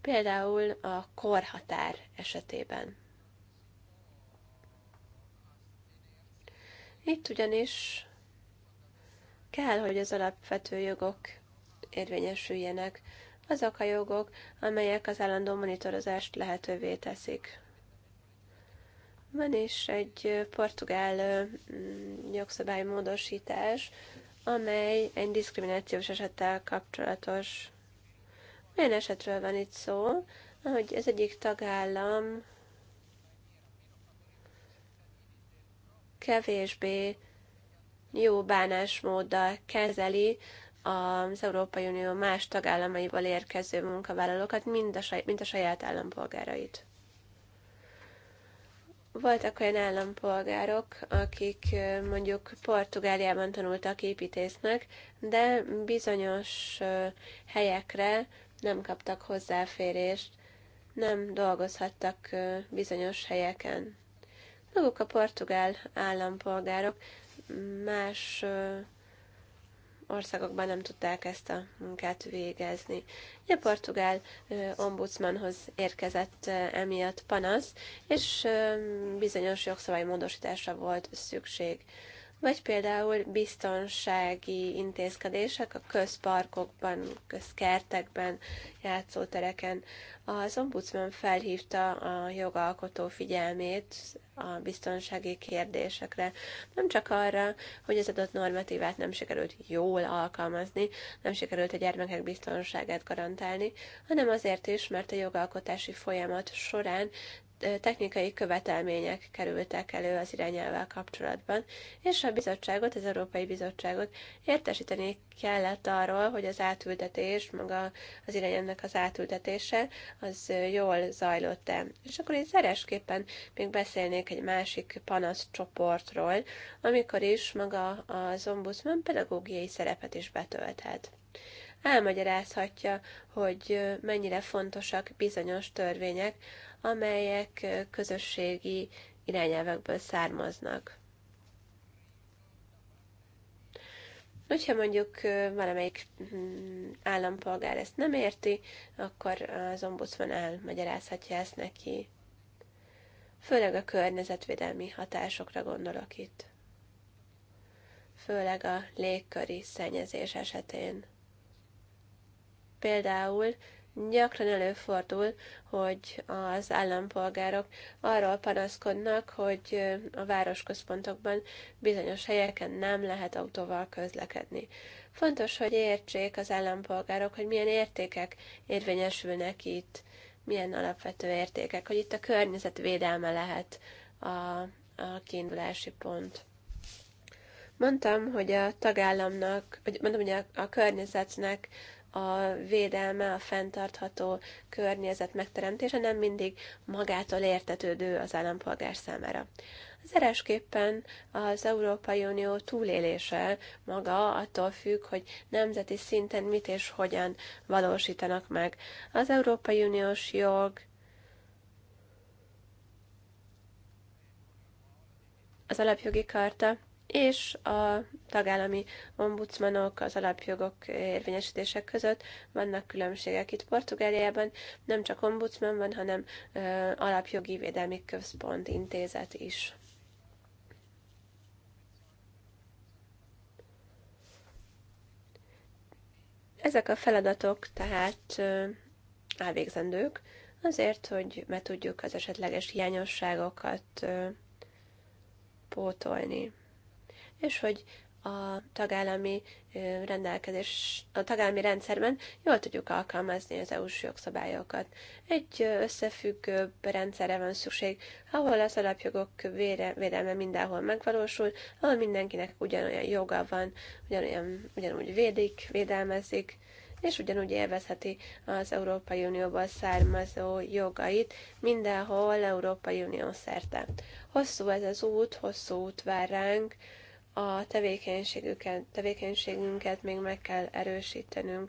Például a korhatár esetében. Itt ugyanis kell, hogy az alapvető jogok érvényesüljenek, azok a jogok, amelyek az állandó monitorozást lehetővé teszik. Van is egy portugál mm, jogszabálymódosítás, amely egy diszkriminációs esettel kapcsolatos. Milyen esetről van itt szó? Ahogy az egyik tagállam kevésbé jó bánásmóddal kezeli az Európai Unió más tagállamaiból érkező munkavállalókat, mind a, saj, mint a saját állampolgárait. Voltak olyan állampolgárok, akik mondjuk Portugáliában tanultak építésznek, de bizonyos helyekre nem kaptak hozzáférést, nem dolgozhattak bizonyos helyeken. Maguk a portugál állampolgárok más országokban nem tudták ezt a munkát végezni. A portugál ombudsmanhoz érkezett emiatt panasz, és bizonyos módosításra volt szükség vagy például biztonsági intézkedések a közparkokban, közkertekben, játszótereken. Az ombudsman felhívta a jogalkotó figyelmét a biztonsági kérdésekre. Nem csak arra, hogy az adott normatívát nem sikerült jól alkalmazni, nem sikerült a gyermekek biztonságát garantálni, hanem azért is, mert a jogalkotási folyamat során technikai követelmények kerültek elő az irányelvvel kapcsolatban, és a bizottságot, az Európai Bizottságot értesíteni kellett arról, hogy az átültetés, maga az irányelvnek az átültetése, az jól zajlott-e. És akkor itt szeresképpen még beszélnék egy másik panaszcsoportról, amikor is maga az ombudsman pedagógiai szerepet is betölthet elmagyarázhatja, hogy mennyire fontosak bizonyos törvények amelyek közösségi irányelvekből származnak. Hogyha mondjuk valamelyik mm, állampolgár ezt nem érti, akkor az ombudsman elmagyarázhatja ezt neki. Főleg a környezetvédelmi hatásokra gondolok itt. Főleg a légköri szennyezés esetén. Például Gyakran előfordul, hogy az állampolgárok arról panaszkodnak, hogy a városközpontokban bizonyos helyeken nem lehet autóval közlekedni. Fontos, hogy értsék az állampolgárok, hogy milyen értékek érvényesülnek itt, milyen alapvető értékek, hogy itt a környezet védelme lehet a, a kiindulási pont. Mondtam, hogy a tagállamnak, mondtam, hogy a, a környezetnek a védelme, a fenntartható környezet megteremtése nem mindig magától értetődő az állampolgár számára. Zárásképpen az Európai Unió túlélése maga attól függ, hogy nemzeti szinten mit és hogyan valósítanak meg. Az Európai Uniós jog az alapjogi karta és a tagállami ombudsmanok az alapjogok érvényesítések között vannak különbségek. Itt Portugáliában nem csak ombudsman van, hanem alapjogi védelmi központ intézet is. Ezek a feladatok tehát elvégzendők, azért, hogy meg tudjuk az esetleges hiányosságokat pótolni és hogy a tagállami rendelkezés, a tagállami rendszerben jól tudjuk alkalmazni az EU-s jogszabályokat. Egy összefüggőbb rendszerre van szükség, ahol az alapjogok védelme mindenhol megvalósul, ahol mindenkinek ugyanolyan joga van, ugyanolyan, ugyanúgy védik, védelmezik, és ugyanúgy élvezheti az Európai Unióból származó jogait mindenhol Európai Unió szerte. Hosszú ez az út, hosszú út vár ránk, a tevékenységüket, tevékenységünket még meg kell erősítenünk.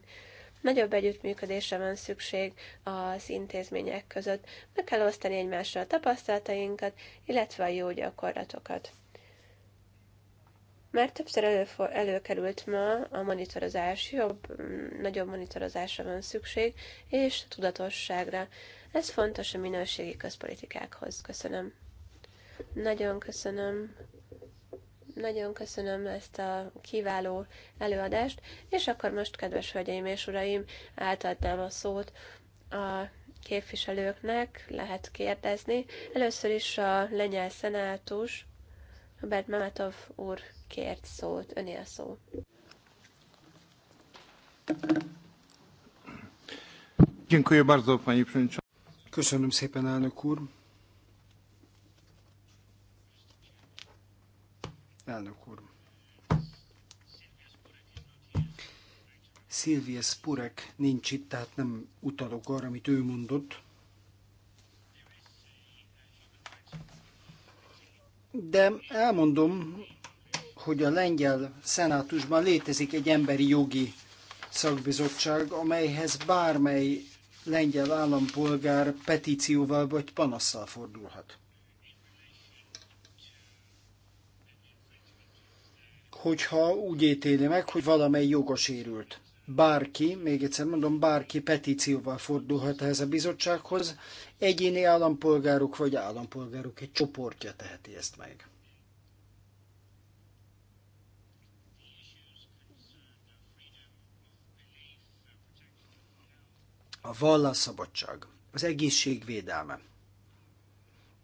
Nagyobb együttműködésre van szükség az intézmények között, meg kell osztani egymásra a tapasztalatainkat, illetve a jó gyakorlatokat. Már többször előfor, előkerült ma a monitorozás, jobb, nagyobb monitorozásra van szükség, és tudatosságra. Ez fontos a minőségi közpolitikákhoz. Köszönöm. Nagyon köszönöm. Nagyon köszönöm ezt a kiváló előadást, és akkor most, kedves hölgyeim és uraim, átadnám a szót a képviselőknek, lehet kérdezni. Először is a lengyel szenátus, Robert Mamatov úr kért szót, öné a szó. Köszönöm szépen, elnök úr. Elnök úr. Szilvia Spurek nincs itt, tehát nem utalok arra, amit ő mondott. De elmondom, hogy a lengyel szenátusban létezik egy emberi jogi szakbizottság, amelyhez bármely lengyel állampolgár petícióval vagy panasszal fordulhat. hogyha úgy ítéli meg, hogy valamely jogosérült. Bárki, még egyszer mondom, bárki petícióval fordulhat ehhez a bizottsághoz, egyéni állampolgárok vagy állampolgárok egy csoportja teheti ezt meg. a vallásszabadság, az egészségvédelme.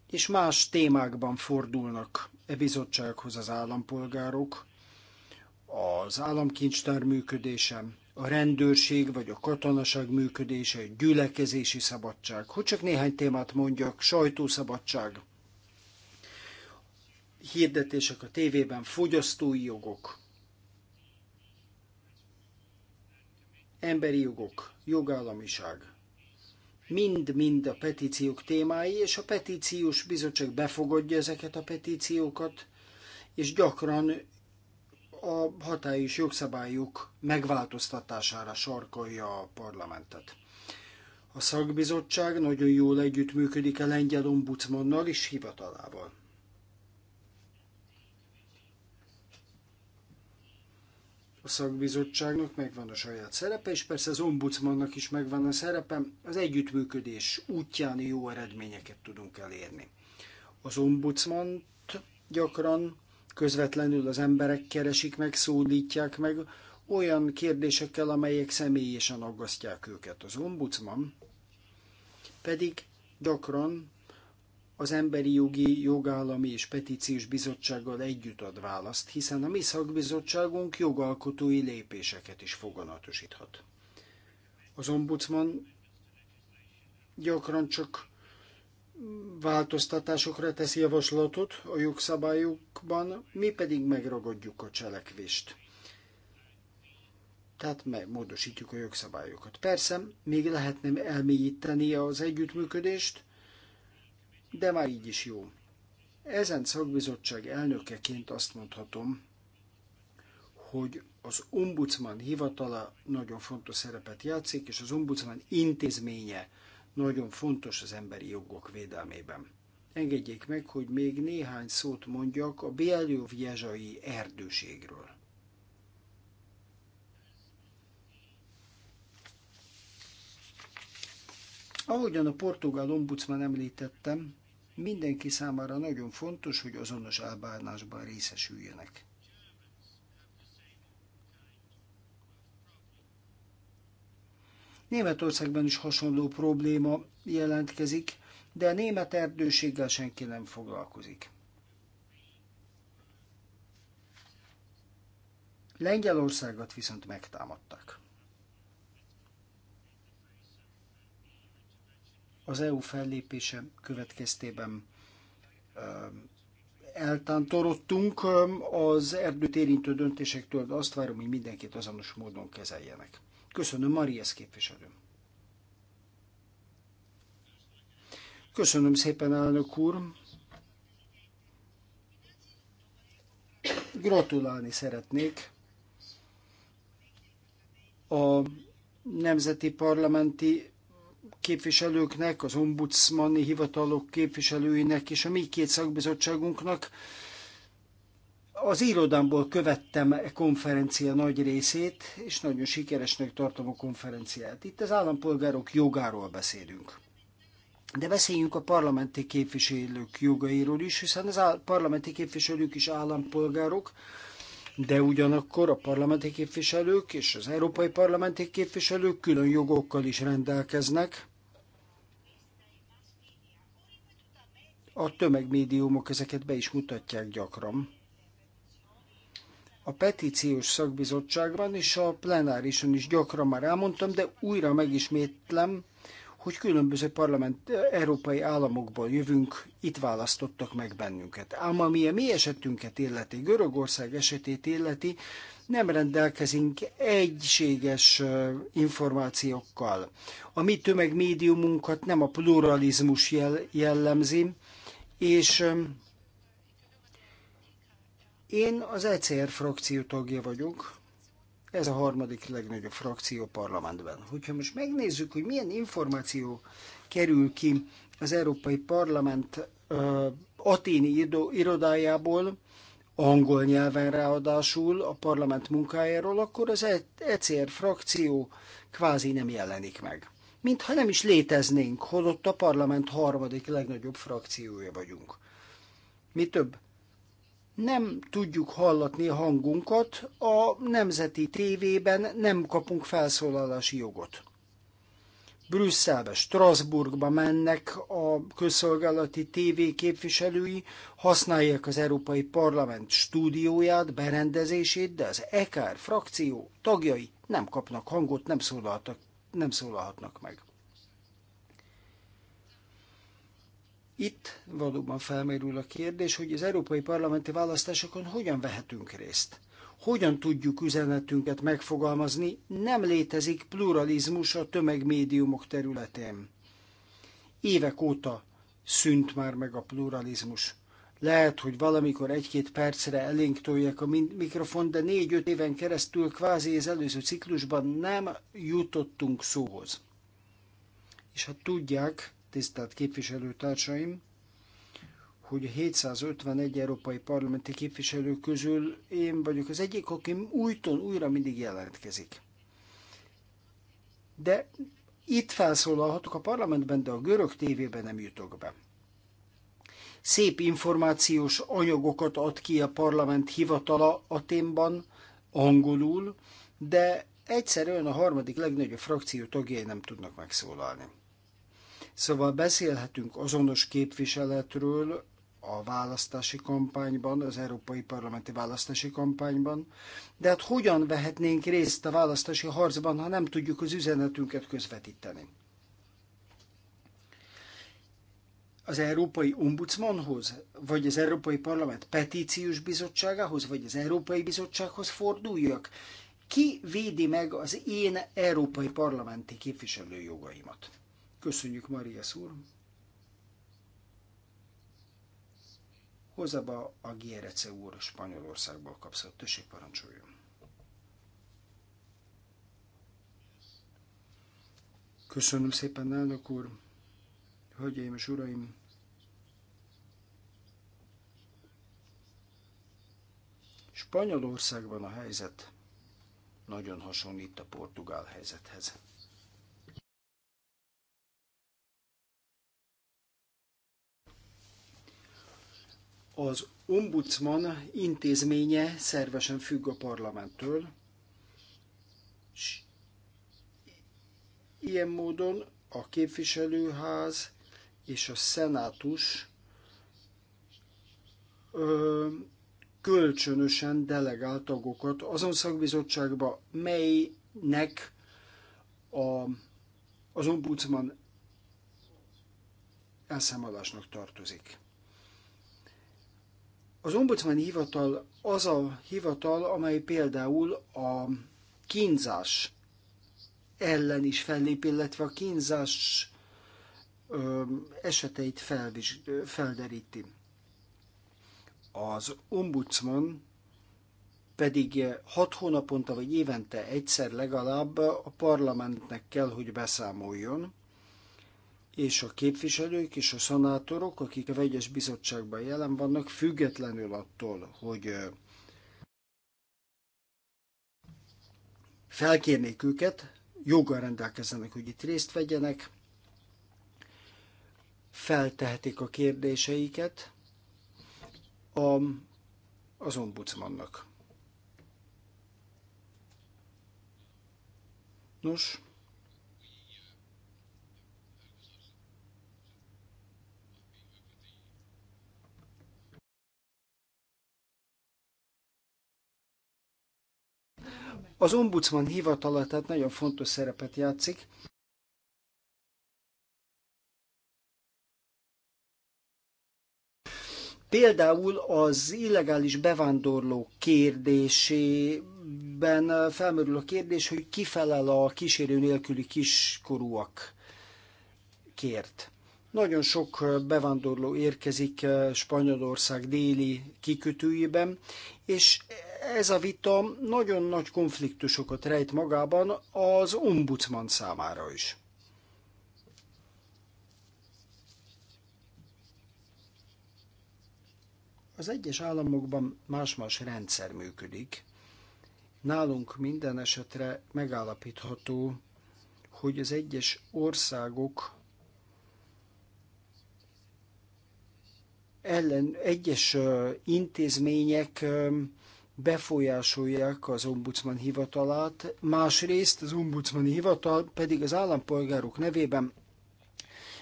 És más témákban fordulnak e bizottsághoz az állampolgárok, az államkincstár működése, a rendőrség vagy a katonaság működése, a gyülekezési szabadság, hogy csak néhány témát mondjak, sajtószabadság, hirdetések a tévében, fogyasztói jogok, emberi jogok, jogállamiság. Mind-mind a petíciók témái, és a petíciós bizottság befogadja ezeket a petíciókat, és gyakran a hatályos jogszabályok megváltoztatására sarkolja a parlamentet. A szakbizottság nagyon jól együttműködik a lengyel ombudsmannal és hivatalával. A szakbizottságnak megvan a saját szerepe, és persze az ombudsmannak is megvan a szerepe, az együttműködés útján jó eredményeket tudunk elérni. Az ombudsman gyakran közvetlenül az emberek keresik meg, szólítják meg, olyan kérdésekkel, amelyek személyesen aggasztják őket. Az ombudsman pedig gyakran az Emberi Jogi, Jogállami és Petíciós Bizottsággal együtt ad választ, hiszen a mi szakbizottságunk jogalkotói lépéseket is foganatosíthat. Az ombudsman gyakran csak változtatásokra tesz javaslatot a jogszabályokban, mi pedig megragadjuk a cselekvést. Tehát megmódosítjuk a jogszabályokat. Persze, még lehetne elmélyíteni az együttműködést, de már így is jó. Ezen szakbizottság elnökeként azt mondhatom, hogy az ombudsman hivatala nagyon fontos szerepet játszik, és az ombudsman intézménye nagyon fontos az emberi jogok védelmében. Engedjék meg, hogy még néhány szót mondjak a Bieljov-Jezsai erdőségről. Ahogyan a portugál ombudsman említettem, mindenki számára nagyon fontos, hogy azonos elbánásban részesüljenek. Németországban is hasonló probléma jelentkezik, de a német erdőséggel senki nem foglalkozik. Lengyelországot viszont megtámadták. Az EU fellépése következtében eltántorodtunk az erdőt érintő döntésektől, de azt várom, hogy mindenkit azonos módon kezeljenek. Köszönöm, Marias képviselő. Köszönöm szépen, elnök úr. Gratulálni szeretnék a nemzeti parlamenti képviselőknek, az ombudsmani hivatalok képviselőinek és a mi két szakbizottságunknak, az irodámból követtem a e konferencia nagy részét, és nagyon sikeresnek tartom a konferenciát. Itt az állampolgárok jogáról beszélünk. De beszéljünk a parlamenti képviselők jogairól is, hiszen az parlamenti képviselők is állampolgárok, de ugyanakkor a parlamenti képviselők és az európai parlamenti képviselők külön jogokkal is rendelkeznek. A tömegmédiumok ezeket be is mutatják gyakran a petíciós szakbizottságban és a plenárison is gyakran már elmondtam, de újra megismétlem, hogy különböző parlament európai államokból jövünk, itt választottak meg bennünket. Ám ami a mi esetünket illeti, Görögország esetét illeti, nem rendelkezünk egységes információkkal. A mi tömegmédiumunkat nem a pluralizmus jellemzi, és én az ECR frakció tagja vagyok, ez a harmadik legnagyobb frakció parlamentben. Hogyha most megnézzük, hogy milyen információ kerül ki az Európai Parlament uh, aténi irodájából, angol nyelven ráadásul a parlament munkájáról, akkor az ECR frakció kvázi nem jelenik meg. Mintha nem is léteznénk, holott a parlament harmadik legnagyobb frakciója vagyunk. Mi több, nem tudjuk hallatni a hangunkat, a nemzeti tévében nem kapunk felszólalási jogot. Brüsszelbe, Strasbourgba mennek a közszolgálati TV képviselői, használják az Európai Parlament stúdióját, berendezését, de az EKR frakció tagjai nem kapnak hangot, nem, nem szólalhatnak meg. Itt valóban felmerül a kérdés, hogy az európai parlamenti választásokon hogyan vehetünk részt. Hogyan tudjuk üzenetünket megfogalmazni, nem létezik pluralizmus a tömegmédiumok területén. Évek óta szűnt már meg a pluralizmus. Lehet, hogy valamikor egy-két percre elénk tolják a mikrofon, de négy-öt éven keresztül kvázi az előző ciklusban nem jutottunk szóhoz. És ha hát tudják, tisztelt képviselőtársaim, hogy 751 európai parlamenti képviselő közül én vagyok az egyik, aki újton újra mindig jelentkezik. De itt felszólalhatok a parlamentben, de a görög tévében nem jutok be. Szép információs anyagokat ad ki a parlament hivatala a témban, angolul, de egyszerűen a harmadik legnagyobb frakció tagjai nem tudnak megszólalni. Szóval beszélhetünk azonos képviseletről a választási kampányban, az európai parlamenti választási kampányban, de hát hogyan vehetnénk részt a választási harcban, ha nem tudjuk az üzenetünket közvetíteni? az Európai Ombudsmanhoz, vagy az Európai Parlament Petíciós Bizottságához, vagy az Európai Bizottsághoz forduljak? Ki védi meg az én Európai Parlamenti képviselőjogaimat? Köszönjük, Maria szúr! Hozzába a Gierece úr Spanyolországból a tösség parancsoljon! Köszönöm szépen, elnök úr! Hölgyeim és uraim! Spanyolországban a helyzet nagyon hasonlít a portugál helyzethez. Az ombudsman intézménye szervesen függ a parlamenttől, és ilyen módon a képviselőház és a szenátus ö, kölcsönösen delegált tagokat azon szakbizottságba, melynek a, az ombudsman elszámolásnak tartozik. Az ombudsman hivatal az a hivatal, amely például a kínzás ellen is fellép, illetve a kínzás ö, eseteit felvis, felderíti. Az ombudsman pedig hat hónaponta vagy évente egyszer legalább a parlamentnek kell, hogy beszámoljon és a képviselők és a szanátorok, akik a vegyes bizottságban jelen vannak, függetlenül attól, hogy felkérnék őket, joggal rendelkezzenek, hogy itt részt vegyenek, feltehetik a kérdéseiket a, az ombudsmannak. Nos, Az ombudsman hivatala tehát nagyon fontos szerepet játszik, Például az illegális bevándorló kérdésében felmerül a kérdés, hogy ki felel a kísérő nélküli kiskorúak kért. Nagyon sok bevándorló érkezik Spanyolország déli kikötőjében, és ez a vita nagyon nagy konfliktusokat rejt magában az ombudsman számára is. Az egyes államokban más-más rendszer működik. Nálunk minden esetre megállapítható, hogy az egyes országok ellen egyes intézmények befolyásolják az ombudsman hivatalát, másrészt az ombudsmani hivatal pedig az állampolgárok nevében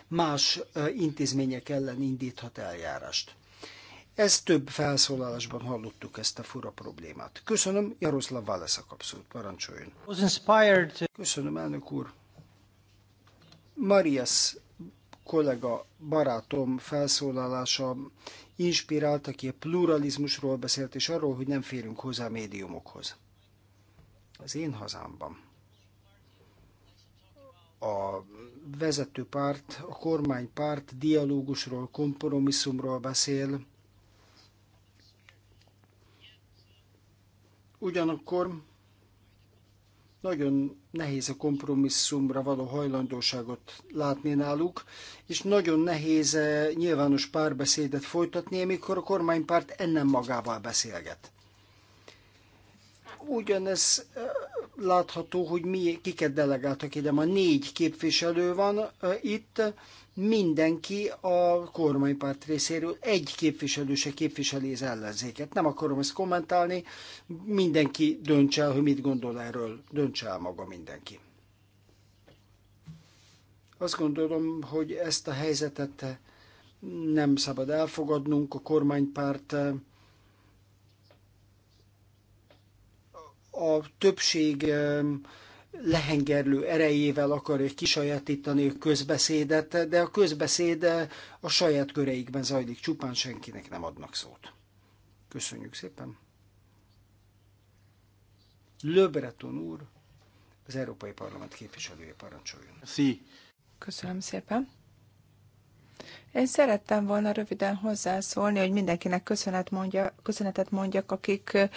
más intézmények ellen indíthat eljárást. Ez több felszólalásban hallottuk ezt a fura problémát. Köszönöm, Jaroszláv Válasz a kapszót, parancsoljon. Köszönöm, elnök úr. Marias kollega, barátom felszólalása inspirált, aki a pluralizmusról beszélt, és arról, hogy nem férünk hozzá a médiumokhoz. Az én hazámban a vezető párt, a kormánypárt dialógusról, kompromisszumról beszél, ugyanakkor nagyon nehéz a kompromisszumra való hajlandóságot látni náluk, és nagyon nehéz eh, nyilvános párbeszédet folytatni, amikor a kormánypárt ennem magával beszélget. Ugyanez eh, látható, hogy mi, kiket delegáltak ide. Ma négy képviselő van eh, itt, mindenki a kormánypárt részéről egy képviselő se képviseli az ellenzéket. Nem akarom ezt kommentálni, mindenki dönts el, hogy mit gondol erről, dönts el maga mindenki. Azt gondolom, hogy ezt a helyzetet nem szabad elfogadnunk, a kormánypárt a többség lehengerlő erejével akarja kisajátítani a közbeszédet, de a közbeszéd a saját köreikben zajlik, csupán senkinek nem adnak szót. Köszönjük szépen! Löbreton úr, az Európai Parlament képviselője parancsoljon. Szí. Köszönöm szépen. Én szerettem volna röviden hozzászólni, hogy mindenkinek köszönet mondja, köszönetet mondjak, akik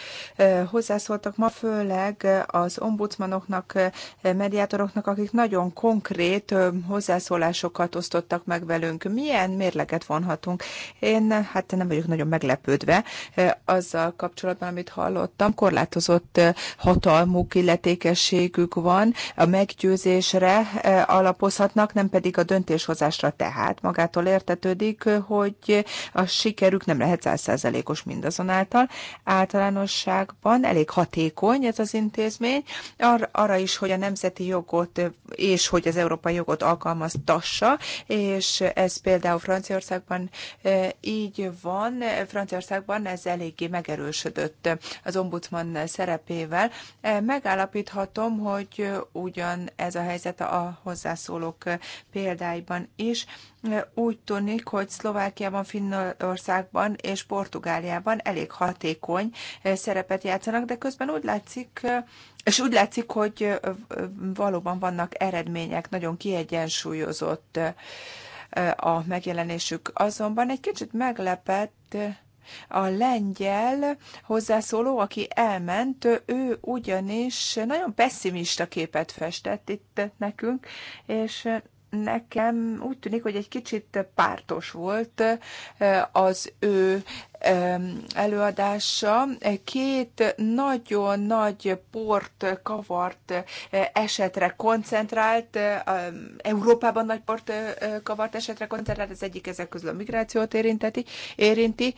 hozzászóltak ma, főleg az ombudsmanoknak, mediátoroknak, akik nagyon konkrét hozzászólásokat osztottak meg velünk. Milyen mérleget vonhatunk? Én hát nem vagyok nagyon meglepődve azzal kapcsolatban, amit hallottam. Korlátozott hatalmuk, illetékességük van, a meggyőzésre alapozhatnak, nem pedig a döntéshozásra tehát magától ért értetődik, hogy a sikerük nem lehet százszerzelékos mindazonáltal. Általánosságban elég hatékony ez az intézmény, ar- arra is, hogy a nemzeti jogot és hogy az európai jogot alkalmaztassa, és ez például Franciaországban e, így van. Franciaországban ez eléggé megerősödött az ombudsman szerepével. E, megállapíthatom, hogy ugyan ez a helyzet a hozzászólók példáiban is, úgy tűnik, hogy Szlovákiában, Finnországban és Portugáliában elég hatékony eh, szerepet játszanak, de közben úgy látszik, eh, és úgy látszik, hogy eh, valóban vannak eredmények, nagyon kiegyensúlyozott a megjelenésük. Azonban egy kicsit meglepett a lengyel hozzászóló, aki elment, ő ugyanis nagyon pessimista képet festett itt nekünk, és nekem úgy tűnik, hogy egy kicsit pártos volt eh, az ő előadása két nagyon nagy port kavart eh, esetre koncentrált, eh, Európában nagy port eh, kavart esetre koncentrált, az egyik ezek közül a migrációt érinteti, érinti,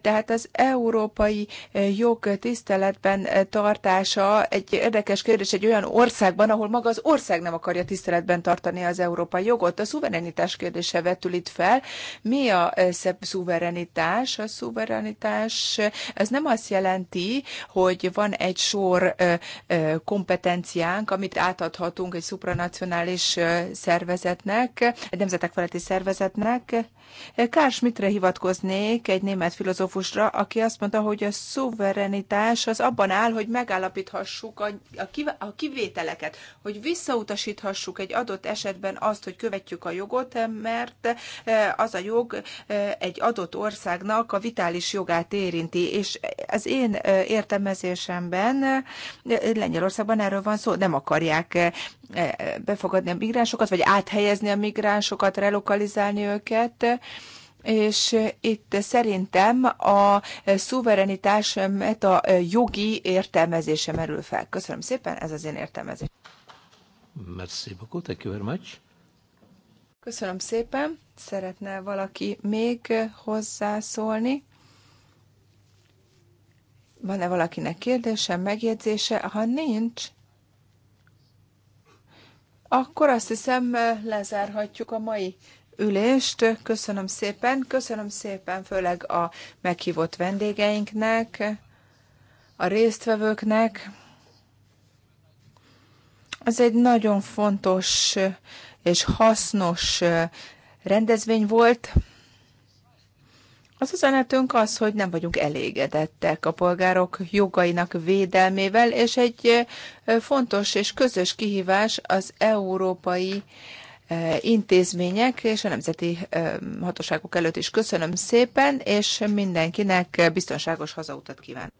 tehát az európai jog tiszteletben tartása egy érdekes kérdés egy olyan országban, ahol maga az ország nem akarja tiszteletben tartani az európai jogot. A szuverenitás kérdése vetül itt fel. Mi a szuverenitás? A szuverenitás szuverenitás, ez nem azt jelenti, hogy van egy sor kompetenciánk, amit átadhatunk egy supranacionális szervezetnek, egy nemzetek feletti szervezetnek, Kár Schmittre hivatkoznék, egy német filozófusra, aki azt mondta, hogy a szuverenitás az abban áll, hogy megállapíthassuk a, a kivételeket, hogy visszautasíthassuk egy adott esetben azt, hogy követjük a jogot, mert e, az a jog e, egy adott országnak a vitális jogát érinti, és az én e, értelmezésemben Lengyelországban erről van szó, nem akarják befogadni a migránsokat, vagy áthelyezni a migránsokat, relokalizálni őket, és itt szerintem a szuverenitás a jogi értelmezése merül fel. Köszönöm szépen, ez az én értelmezés. Merci beaucoup, thank you very much. Köszönöm szépen. Szeretne valaki még hozzászólni? Van-e valakinek kérdése, megjegyzése? Ha nincs, akkor azt hiszem lezárhatjuk a mai ülést. Köszönöm szépen, köszönöm szépen főleg a meghívott vendégeinknek, a résztvevőknek. Ez egy nagyon fontos és hasznos rendezvény volt. Az üzenetünk az, hogy nem vagyunk elégedettek a polgárok jogainak védelmével, és egy fontos és közös kihívás az európai intézmények és a nemzeti hatóságok előtt is. Köszönöm szépen, és mindenkinek biztonságos hazautat kívánok!